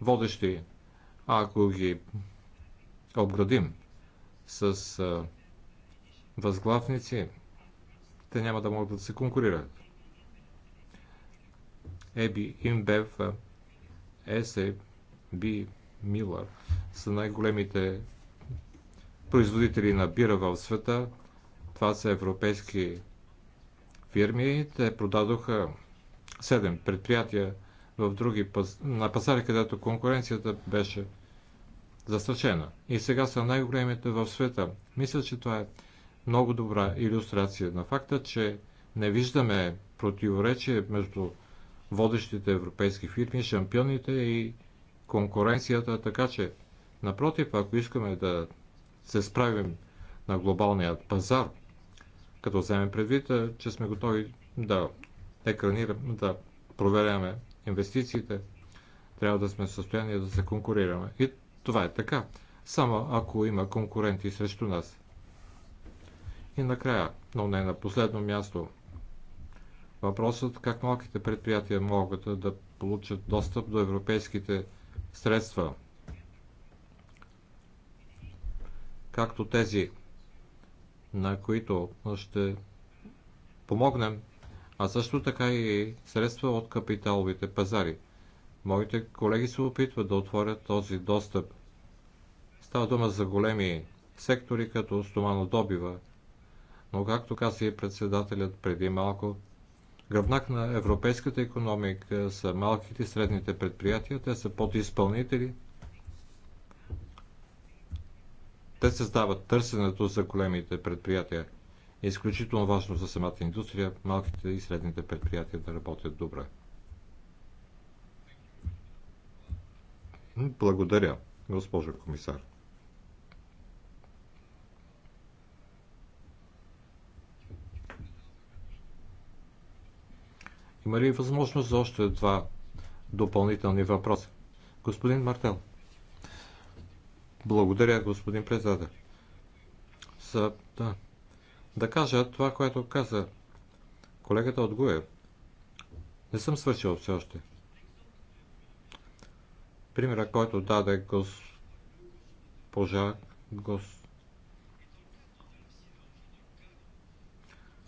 водещи. ако ги обградим с възглавници, те няма да могат да се конкурират. Еби Имбев, Есе Би Милър са най-големите производители на бира в света. Това са европейски фирми. Те продадоха 7 предприятия в други паз... на пазари, където конкуренцията беше застрашена. И сега са най-големите в света. Мисля, че това е много добра иллюстрация на факта, че не виждаме противоречие между водещите европейски фирми, шампионите и конкуренцията, така че напротив, ако искаме да се справим на глобалния пазар, като вземем предвид, че сме готови да екранираме, да проверяме инвестициите, трябва да сме в състояние да се конкурираме. И това е така, само ако има конкуренти срещу нас. И накрая, но не на последно място, въпросът как малките предприятия могат да получат достъп до европейските средства – както тези, на които ще помогнем, а също така и средства от капиталовите пазари. Моите колеги се опитват да отворят този достъп. Става дума за големи сектори, като стоманодобива. Но, както каза и председателят преди малко, гръбнак на европейската економика са малките и средните предприятия, те са подизпълнители – Те създават търсенето за големите предприятия. Е изключително важно за самата индустрия малките и средните предприятия да работят добре. Благодаря, госпожо комисар. Има ли възможност за още два допълнителни въпроса? Господин Мартел. Благодаря, господин председател. За да, да кажа това, което каза колегата от Гуев. Не съм свършил все още. Примера, който даде госпожа Гос...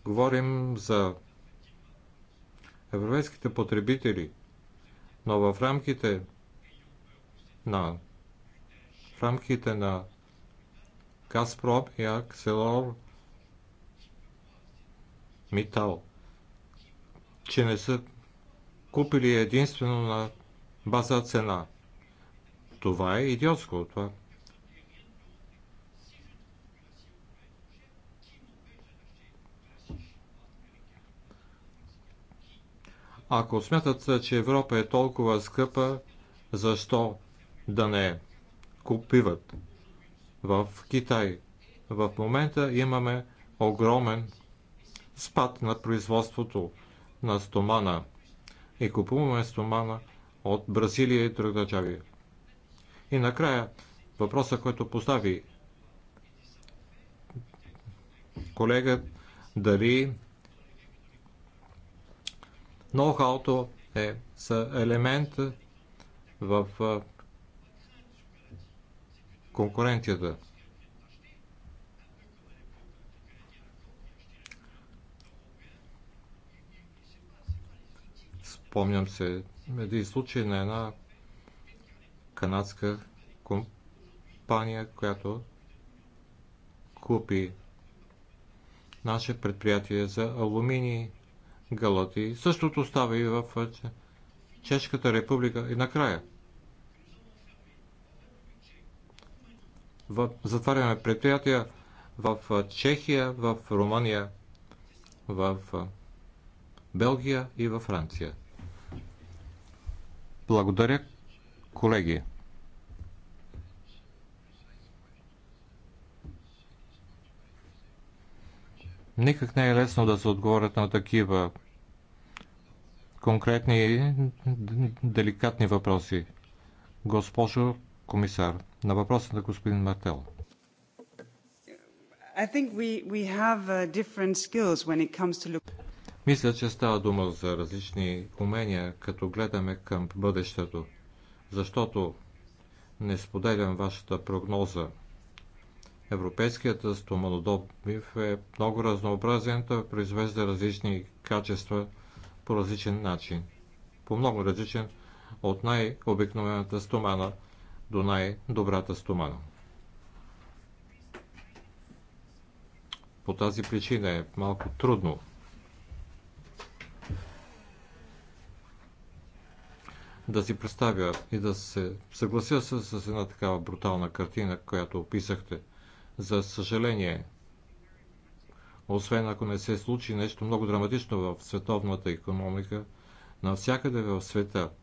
Говорим за европейските потребители, но в рамките на рамките на Газпром и Акселор Митал, че не са купили единствено на база цена. Това е идиотско. Това. Ако смятат, че Европа е толкова скъпа, защо да не е? купиват в Китай. В момента имаме огромен спад на производството на стомана и купуваме стомана от Бразилия и други държави. И накрая въпроса, който постави колега, дали ноу-хауто е елемент в конкуренцията. Спомням се един случай на една канадска компания, която купи наше предприятие за алумини галати. Същото става и в Чешката република. И накрая, в, затваряме предприятия в Чехия, в Румъния, в Белгия и във Франция. Благодаря, колеги. Никак не е лесно да се отговорят на такива конкретни и деликатни въпроси. Госпожо комисар. На въпроса на господин Мартел. Uh, Мисля, че става дума за различни умения, като гледаме към бъдещето, защото не споделям вашата прогноза. Европейският стоманодобив е много разнообразен, той произвежда различни качества по различен начин, по много различен от най-обикновената стомана – до най-добрата стомана. По тази причина е малко трудно да си представя и да се съглася с, с една такава брутална картина, която описахте. За съжаление, освен ако не се случи нещо много драматично в световната економика, навсякъде в света –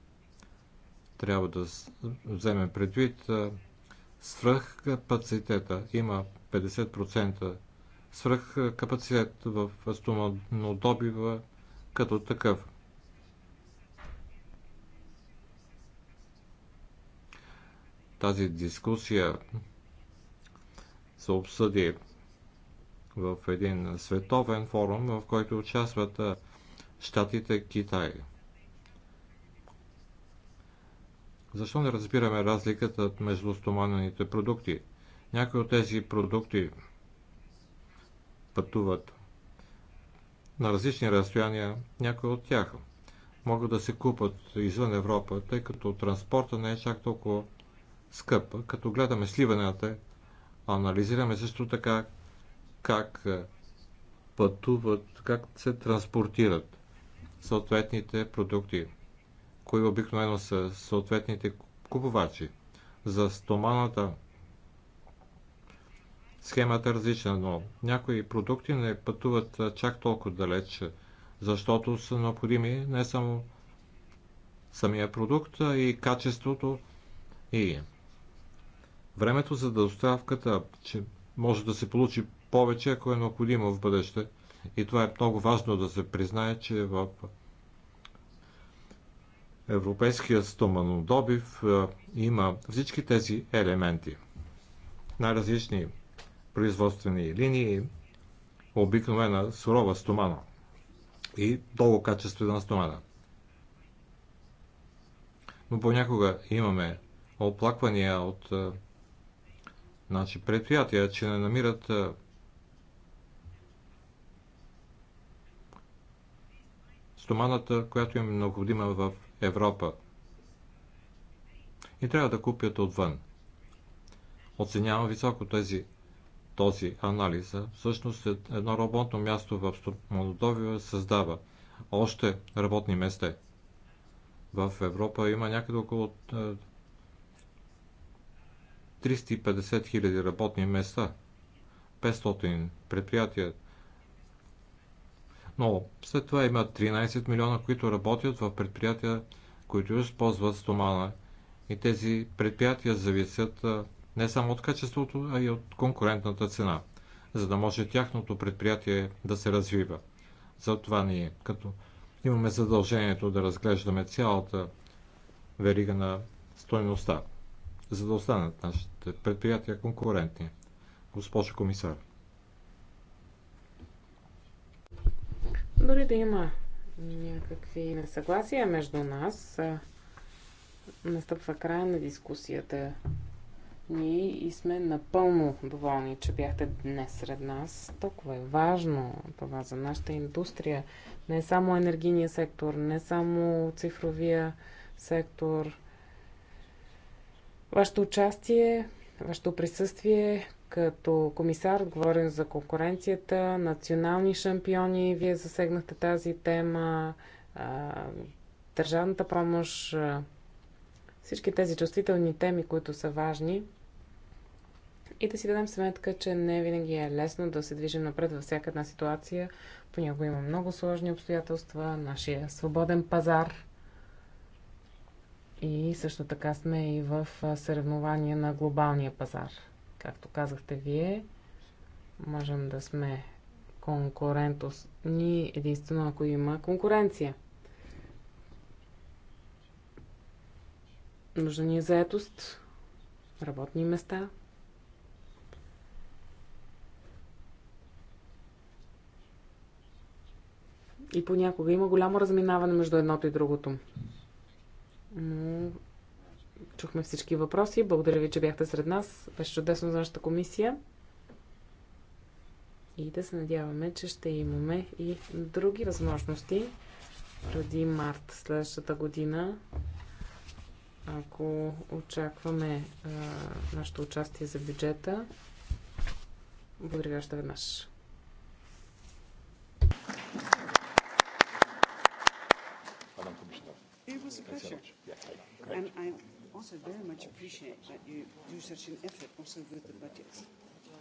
трябва да вземем предвид свръх капацитета. Има 50% свръх капацитет в стоманодобива като такъв. Тази дискусия се обсъди в един световен форум, в който участват Штатите Китай – Защо не разбираме разликата между стоманените продукти? Някои от тези продукти пътуват на различни разстояния, някои от тях могат да се купат извън Европа, тъй като транспорта не е чак толкова скъп. Като гледаме сливанията, анализираме също така как пътуват, как се транспортират съответните продукти кои обикновено са съответните купувачи. За стоманата схемата е различна, но някои продукти не пътуват чак толкова далеч, защото са необходими не само самия продукт, а и качеството и времето за доставката, че може да се получи повече, ако е необходимо в бъдеще. И това е много важно да се признае, че в европейския стоманодобив има всички тези елементи. Най-различни производствени линии, обикновена сурова стомана и долу качествена стомана. Но понякога имаме оплаквания от значи, предприятия, че не намират стоманата, която им е необходима в Европа и трябва да купят отвън. Оценявам високо тези, този анализ. Всъщност е едно работно място в Молдовия създава още работни места. В Европа има някъде около 350 е, 000 работни места, 500 предприятия, но след това има 13 милиона, които работят в предприятия, които използват стомана. И тези предприятия зависят не само от качеството, а и от конкурентната цена, за да може тяхното предприятие да се развива. Затова ние като имаме задължението да разглеждаме цялата верига на стойността, за да останат нашите предприятия конкурентни. Госпожо комисар. Дори да има някакви несъгласия между нас, настъпва края на дискусията ние и сме напълно доволни, че бяхте днес сред нас. Толкова е важно това за нашата индустрия. Не само енергийния сектор, не само цифровия сектор. Вашето участие, вашето присъствие като комисар, отговорен за конкуренцията, национални шампиони, вие засегнахте тази тема, държавната помощ, всички тези чувствителни теми, които са важни. И да си дадем сметка, че не винаги е лесно да се движим напред във всяка една ситуация. Понякога има много сложни обстоятелства, нашия свободен пазар. И също така сме и в съревнования на глобалния пазар. Както казахте вие, можем да сме конкурентосни единствено ако има конкуренция. Нужна ни е заетост, работни места. И понякога има голямо разминаване между едното и другото. Но Чухме всички въпроси. Благодаря ви, че бяхте сред нас. Беше чудесно за нашата комисия. И да се надяваме, че ще имаме и други възможности преди март следващата година. Ако очакваме а, нашето участие за бюджета, благодаря още веднъж. It was a pleasure. And I'm also very much appreciate that you do such an effort also with the budgets.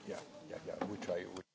Yeah, yeah, yeah. We try. We